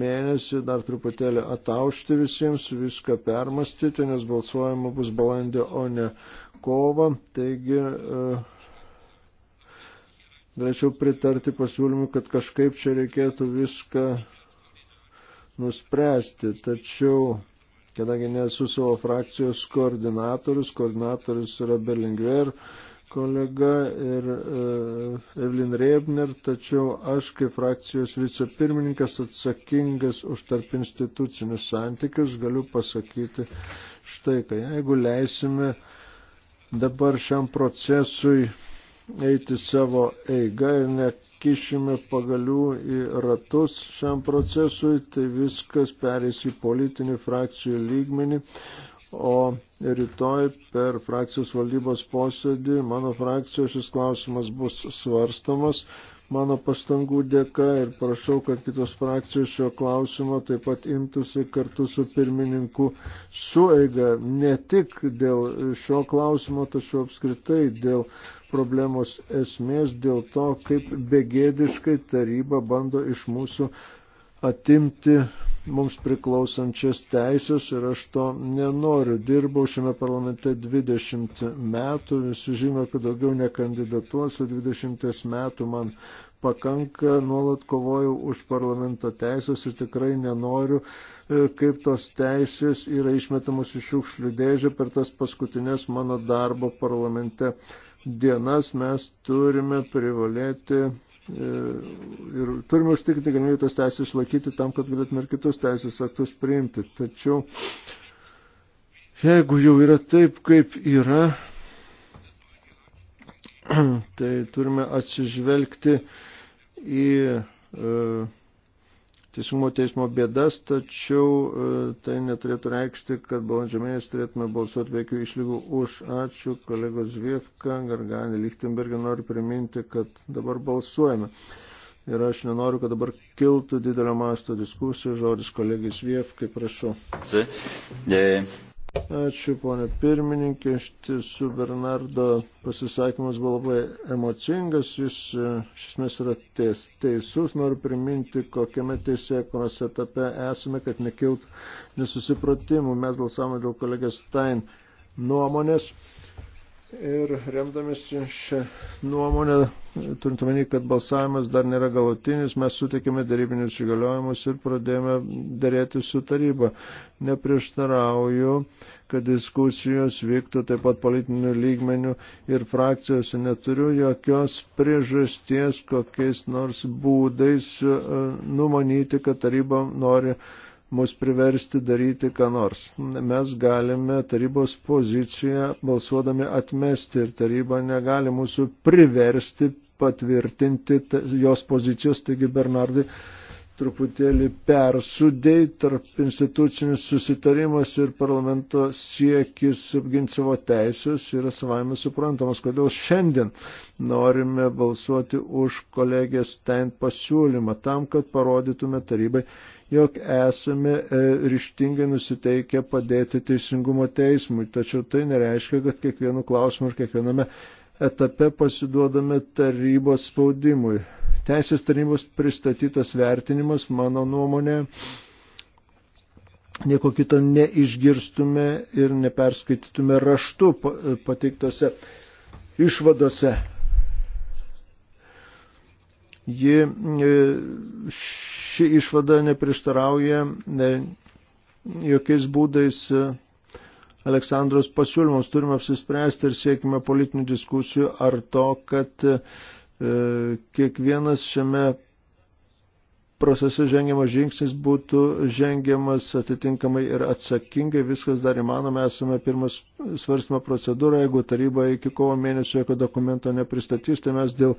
mėnesį dar truputėlį ataušti visiems, viską permastyti, nes balsuojama bus balandė, o ne kova. Taigi, uh, Norėčiau pritarti pasiūlymui, kad kažkaip čia reikėtų viską nuspręsti, tačiau, kadangi nesu savo frakcijos koordinatorius, koordinatorius yra Berlingver kolega ir uh, Evelyn Rebner, tačiau aš kaip frakcijos vicepirmininkas atsakingas už tarp institucinius santykius galiu pasakyti štai, kad jeigu leisime dabar šiam procesui uh, eiti savo eigą ir nekišime pagalių į ratus šiam procesui, tai viskas perės į politinį frakcijų lygmenį. O rytoj per frakcijos valdybos posėdį mano frakcijos šis klausimas bus svarstamas mano pastangų dėka ir prašau, kad kitos frakcijos šio klausimo taip pat imtųsi kartu su pirmininku sueiga, ne tik dėl šio klausimo, tačiau apskritai dėl problemos esmės, dėl to, kaip begėdiškai taryba bando iš mūsų atimti mums priklausančias teisės ir aš to nenoriu. Dirbau šiame parlamente 20 metų, visi žino, kad daugiau nekandidatuosiu, 20 metų man pakanka, nuolat kovojau už parlamento teisės ir tikrai nenoriu, e, kaip tos teisės yra išmetamos iš šiukšlių dėžę per tas paskutinės mano darbo parlamente. Dienas mes turime privalėti E, ir turime užtikrinti galimybę tas teisės išlaikyti tam, kad galėtume ir kitus teisės aktus priimti. Tačiau jeigu jau yra taip, kaip yra, tai turime atsižvelgti į e, teisingumo teismo bėdas, tačiau e, tai neturėtų reikšti, kad balandžio mėnesį turėtume balsuoti veikių išlygų už. Ačiū, kolegos Vievka, Garganė, Lichtenbergė noriu priminti, kad dabar balsuojame. Ir aš nenoriu, kad dabar kiltų didelio masto diskusijų. Žodis kolegis Vievkai, prašau. E, Ačiū, ponė pirmininkė. Iš tiesų, Bernardo pasisakymas buvo labai emocingas. Jis e, iš esmės yra ties, teisus. Noriu priminti, kokiame teisėkonos etape esame, kad nekilt nesusipratimų. Mes balsavome dėl kolegės Stein nuomonės. Ir remdamėsi šią nuomonę, turint omeny, kad balsavimas dar nėra galutinis, mes sutikėme darybinius įgaliojimus ir pradėjome dėrėti su taryba. Neprieštarauju, kad diskusijos vyktų taip pat politinių lygmenių ir frakcijose neturiu jokios priežasties kokiais nors būdais e, numanyti, kad taryba nori mus priversti daryti ką nors. Mes galime tarybos poziciją balsuodami atmesti ir taryba negali mūsų priversti patvirtinti jos pozicijos, taigi Bernardai truputėlį persudėjai tarp institucinis susitarimas ir parlamento siekis apginti savo teisės yra savaime suprantamas, kodėl šiandien norime balsuoti už kolegės ten pasiūlymą, tam, kad parodytume tarybai, jog esame e, ryštingai nusiteikę padėti teisingumo teismui, tačiau tai nereiškia, kad kiekvienu klausimu ir kiekviename etape pasiduodame tarybos spaudimui. Teisės tarybos pristatytas vertinimas, mano nuomonė, nieko kito neišgirstume ir neperskaitytume raštu pateiktose išvadose. Ji e, ši išvada neprieštarauja ne, jokiais būdais e, Aleksandros pasiūlymams. Turime apsispręsti ir siekime politinių diskusijų ar to, kad e, kiekvienas šiame procese žengiamas žingsnis būtų žengiamas atitinkamai ir atsakingai, viskas dar įmanoma, esame pirmas svarstymo procedūra, jeigu taryba iki kovo mėnesio jokio dokumento nepristatys, tai mes dėl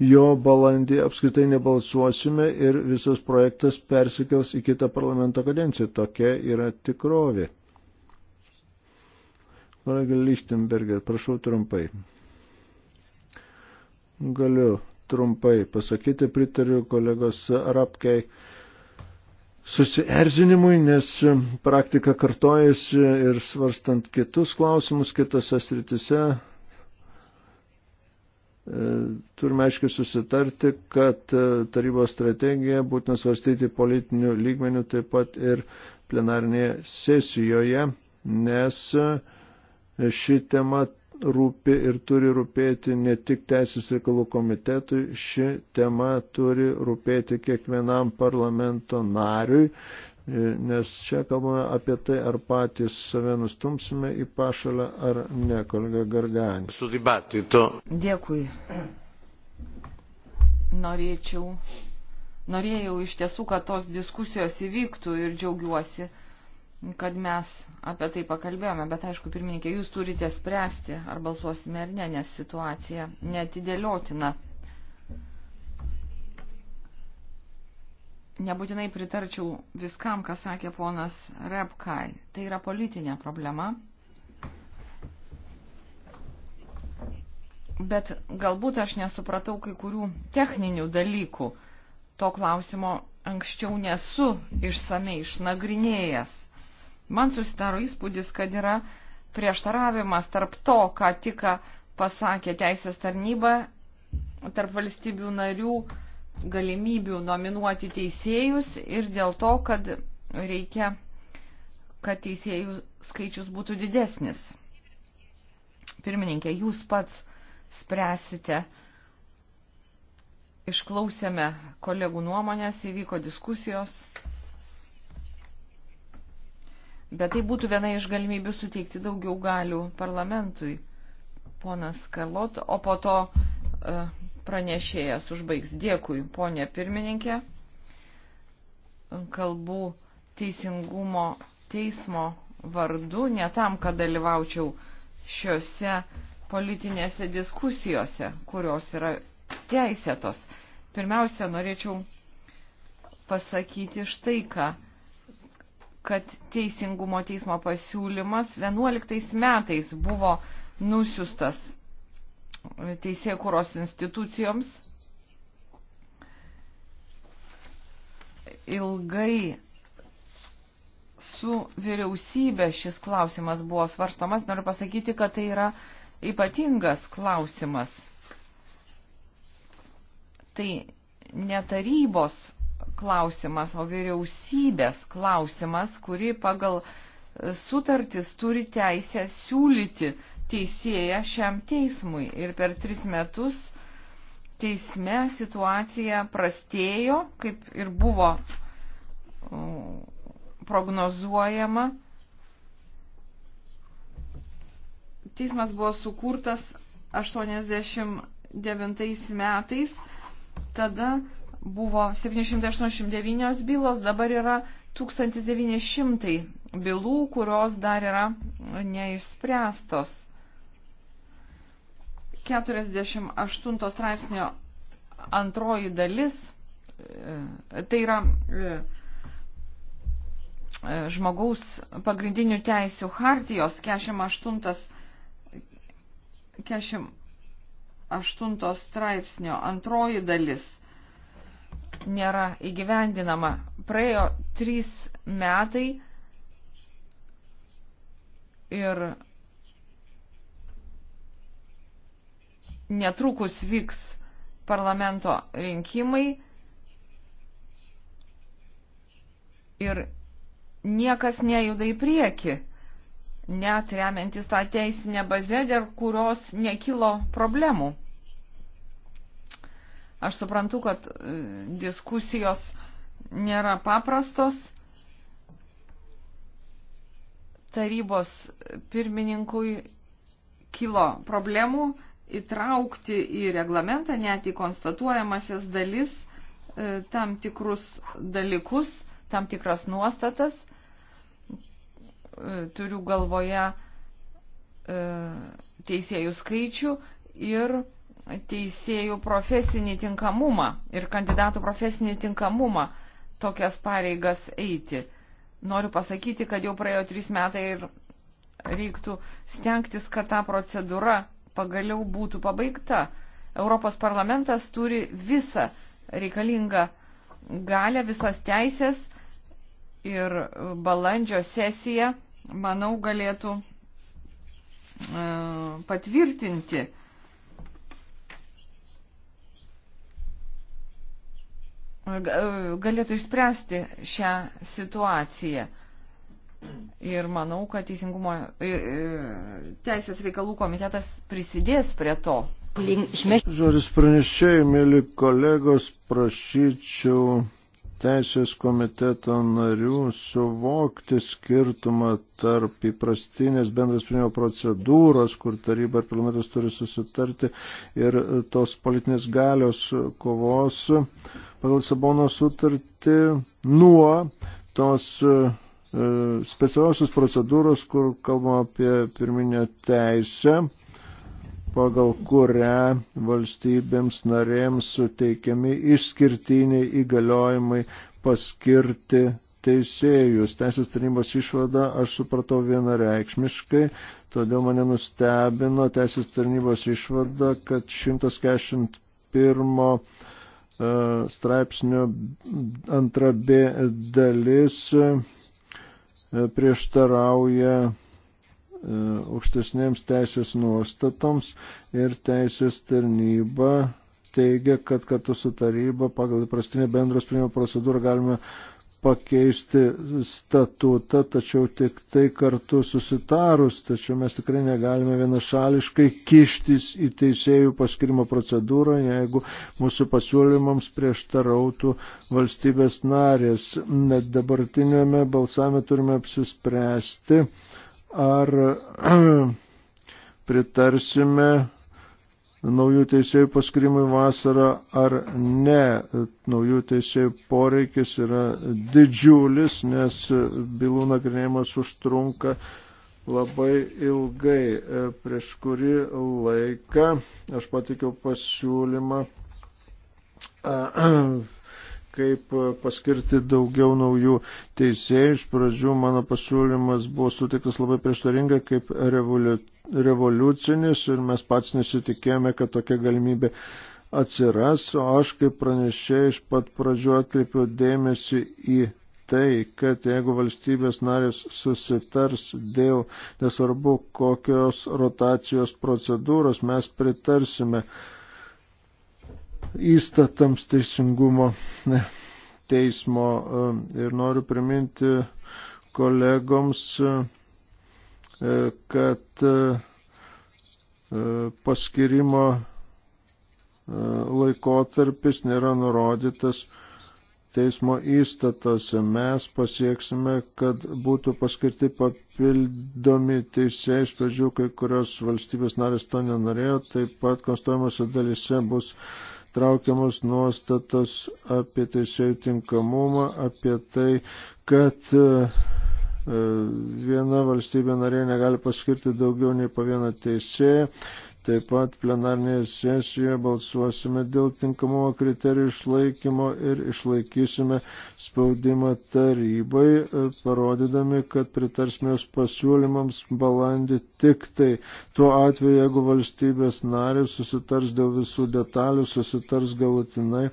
jo balandį apskritai nebalsuosime ir visas projektas persikels į kitą parlamento kadenciją. Tokia yra tikrovė. Kolega Lichtenberger, prašau trumpai. Galiu trumpai pasakyti, pritariu kolegos Rapkei susierzinimui, nes praktika kartojasi ir svarstant kitus klausimus kitose sritise E, turime aiškiai susitarti, kad e, tarybos strategiją būtina svarstyti politinių lygmenių taip pat ir plenarnėje sesijoje, nes e, ši tema rūpi ir turi rūpėti ne tik Teisės reikalų komitetui, ši tema turi rūpėti kiekvienam parlamento nariui, E, nes čia kalbame apie tai, ar patys save nustumsime į pašalę, ar ne, kolega Garganį. Dėkui. Norėčiau, norėjau iš tiesų, kad tos diskusijos įvyktų ir džiaugiuosi, kad mes apie tai pakalbėjome, bet aišku, pirmininkė, jūs turite spręsti, ar balsuosime ar ne, nes situacija netidėliotina. nebūtinai pritarčiau viskam, ką sakė ponas Repkai. Tai yra politinė problema. Bet galbūt aš nesupratau kai kurių techninių dalykų. To klausimo anksčiau nesu išsamei išnagrinėjęs. Man susidaro įspūdis, kad yra prieštaravimas tarp to, ką tik pasakė teisės tarnyba, tarp valstybių narių galimybių nominuoti teisėjus ir dėl to, kad reikia, kad teisėjų skaičius būtų didesnis. Pirmininkė, jūs pats spręsite. Išklausėme kolegų nuomonės, įvyko diskusijos. Bet tai būtų viena iš galimybių suteikti daugiau galių parlamentui. Ponas Karlot, o po to uh, pranešėjas užbaigs. Dėkui, ponė pirmininkė. Kalbu teisingumo teismo vardu, ne tam, kad dalyvaučiau šiuose politinėse diskusijose, kurios yra teisėtos. Pirmiausia, norėčiau pasakyti štai ką, kad teisingumo teismo pasiūlymas 11 metais buvo nusiustas teisėjų kuros institucijoms ilgai su vyriausybė šis klausimas buvo svarstomas. Noriu pasakyti, kad tai yra ypatingas klausimas. Tai ne tarybos klausimas, o vyriausybės klausimas, kuri pagal sutartis turi teisę siūlyti uh, teisėją šiam teismui. Ir per tris metus teisme situacija prastėjo, kaip ir buvo prognozuojama. Teismas buvo sukurtas 89 metais, tada buvo 789 bylos, dabar yra 1900 bylų, kurios dar yra neišspręstos. 48 straipsnio antroji dalis, e, tai yra e, e, žmogaus pagrindinių teisių hartijos 48, 48 straipsnio antroji dalis nėra įgyvendinama. Praėjo trys metai ir netrukus vyks parlamento rinkimai ir niekas nejuda į priekį, net remiantis tą teisinę bazę, dėl kurios nekilo problemų. Aš suprantu, kad e, diskusijos nėra paprastos. Tarybos pirmininkui kilo problemų įtraukti į reglamentą, net į konstatuojamasias dalis, e, tam tikrus dalykus, tam tikras nuostatas. E, turiu galvoje e, teisėjų skaičių ir teisėjų profesinį tinkamumą ir kandidatų profesinį tinkamumą tokias pareigas eiti. Noriu pasakyti, kad jau praėjo trys metai ir reiktų stengtis, kad ta procedūra pagaliau būtų pabaigta. Europos parlamentas turi visą reikalingą galę, visas teisės ir balandžio sesija, manau, galėtų e, patvirtinti galėtų išspręsti šią situaciją. Ir manau, kad teisingumo e, e, teisės reikalų komitetas prisidės prie to. Žodis pranešėjai, mėly kolegos, prašyčiau teisės komiteto narių suvokti skirtumą tarp įprastinės bendras sprendimo procedūros, kur taryba ir parlamentas turi susitarti, ir tos politinės galios kovos pagal Sabono sutartį nuo tos E, specialiosios procedūros, kur kalbama apie pirminę teisę, pagal kurią valstybėms narėms suteikiami išskirtiniai įgaliojimai paskirti teisėjus. Teisės tarnybos išvada aš supratau vienareikšmiškai, todėl mane nustebino teisės tarnybos išvada, kad 141 e, straipsnio antra B dalis prieštarauja e, aukštesnėms teisės nuostatoms ir teisės tarnyba teigia, kad kartu su taryba pagal įprastinę bendros sprendimo procedūrą galime pakeisti statutą, tačiau tik tai kartu susitarus, tačiau mes tikrai negalime vienašališkai kištis į teisėjų paskirimo procedūrą, jeigu mūsų pasiūlymams prieštarautų valstybės narės. Net dabartinėme balsame turime apsispręsti, ar pritarsime naujų teisėjų paskirimui vasarą ar ne. Naujų teisėjų poreikis yra didžiulis, nes bylų nagrinėjimas užtrunka labai ilgai. Prieš kurį laiką aš patikiau pasiūlymą kaip e, paskirti daugiau naujų teisėjų. Iš pradžių mano pasiūlymas buvo sutiktas labai prieštaringai kaip revoliu, revoliucinis ir mes pats nesitikėjome, kad tokia galimybė atsiras, o aš kaip pranešėjai iš pat pradžių atkreipiau dėmesį į tai, kad jeigu valstybės narės susitars dėl nesvarbu kokios rotacijos procedūros, mes pritarsime įstatams teisingumo teismo e, ir noriu priminti kolegoms, e, kad e, paskirimo laikotarpis nėra nurodytas teismo įstatose. Mes pasieksime, kad būtų paskirti papildomi teisėjai, iš pradžių kai kurios valstybės narės to nenorėjo, taip pat konstatuojamose dalise bus traukiamos nuostatos apie teisėjų tinkamumą, apie tai, kad e, e, viena valstybė narė negali paskirti daugiau nei po vieną teisėją Taip pat plenarnėje sesijoje balsuosime dėl tinkamumo kriterijų išlaikymo ir išlaikysime spaudimą tarybai, e, parodydami, kad pritarsime jos pasiūlymams balandį tik tai tuo atveju, jeigu valstybės narės susitars dėl visų detalių, susitars galutinai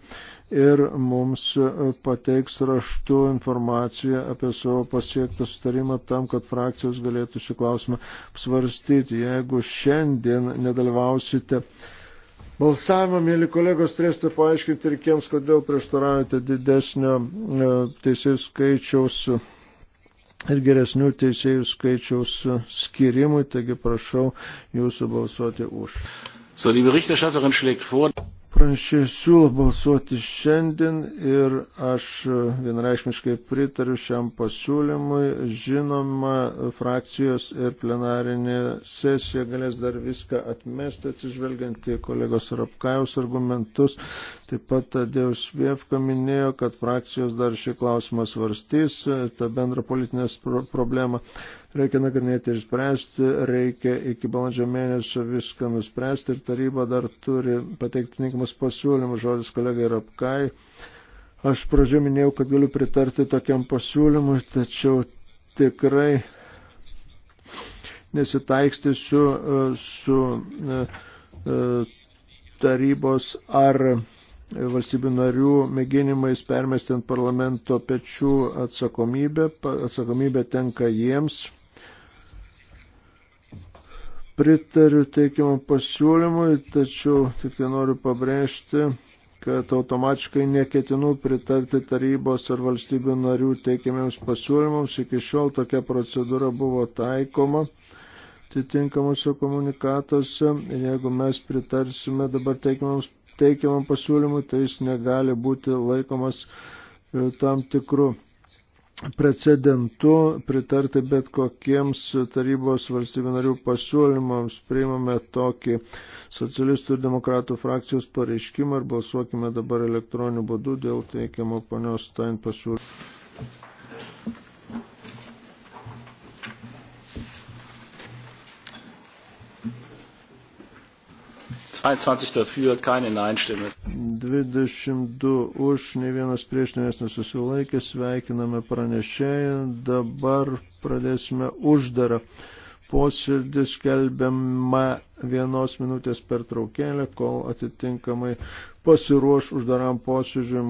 ir mums e, pateiks raštu informaciją apie savo pasiektą sutarimą tam, kad frakcijos galėtų šį klausimą svarstyti. Jeigu šiandien nedalyvausite balsavimą, mėly kolegos, turėsite paaiškinti ir kiems, kodėl prieštaraujate didesnio e, teisėjų skaičiaus ir geresnių teisėjų skaičiaus skirimui, taigi prašau jūsų balsuoti už. So, die Berichterstatterin schlägt vor. Pranešėjai siūlo balsuoti šiandien ir aš vienreikšmiškai pritariu šiam pasiūlymui. Žinoma, frakcijos ir plenarinė sesija galės dar viską atmesti, atsižvelgiant į kolegos Rapkajaus argumentus. Taip pat Dėjus Vievka minėjo, kad frakcijos dar šį klausimą svarstys, tą bendrą politinę problemą reikia nagrinėti ir spręsti, reikia iki balandžio mėnesio viską nuspręsti ir taryba dar turi pateikti tinkamus pasiūlymus, žodis kolega yra apkai. Aš pradžio minėjau, kad galiu pritarti tokiam pasiūlymui, tačiau tikrai nesitaikstysiu e, su, su e, e, tarybos ar valstybių narių mėginimais permesti ant parlamento pečių atsakomybę. Atsakomybė tenka jiems pritariu teikiamam pasiūlymui, tačiau tik tai noriu pabrėžti, kad automatiškai neketinu pritarti tarybos ar valstybių narių teikiamiems pasiūlymams. Iki šiol tokia procedūra buvo taikoma atitinkamuose komunikatuose. Jeigu mes pritarsime dabar teikiamam pasiūlymui, tai jis negali būti laikomas e, tam tikrų precedentu pritarti bet kokiems tarybos valstybių narių pasiūlymams. Priimame tokį socialistų ir demokratų frakcijos pareiškimą ir balsuokime dabar elektroniniu būdu dėl teikiamo ponios Stein pasiūlymų. 22 dafür, keine Nein-Stimme. 22 už, ne vienas prieš, ne vienas nesusilaikė, sveikiname pranešėją. Dabar pradėsime uždarą posėdį, skelbiamą vienos minutės per traukėlę, kol atitinkamai pasiruoš uždaram posėdžiui.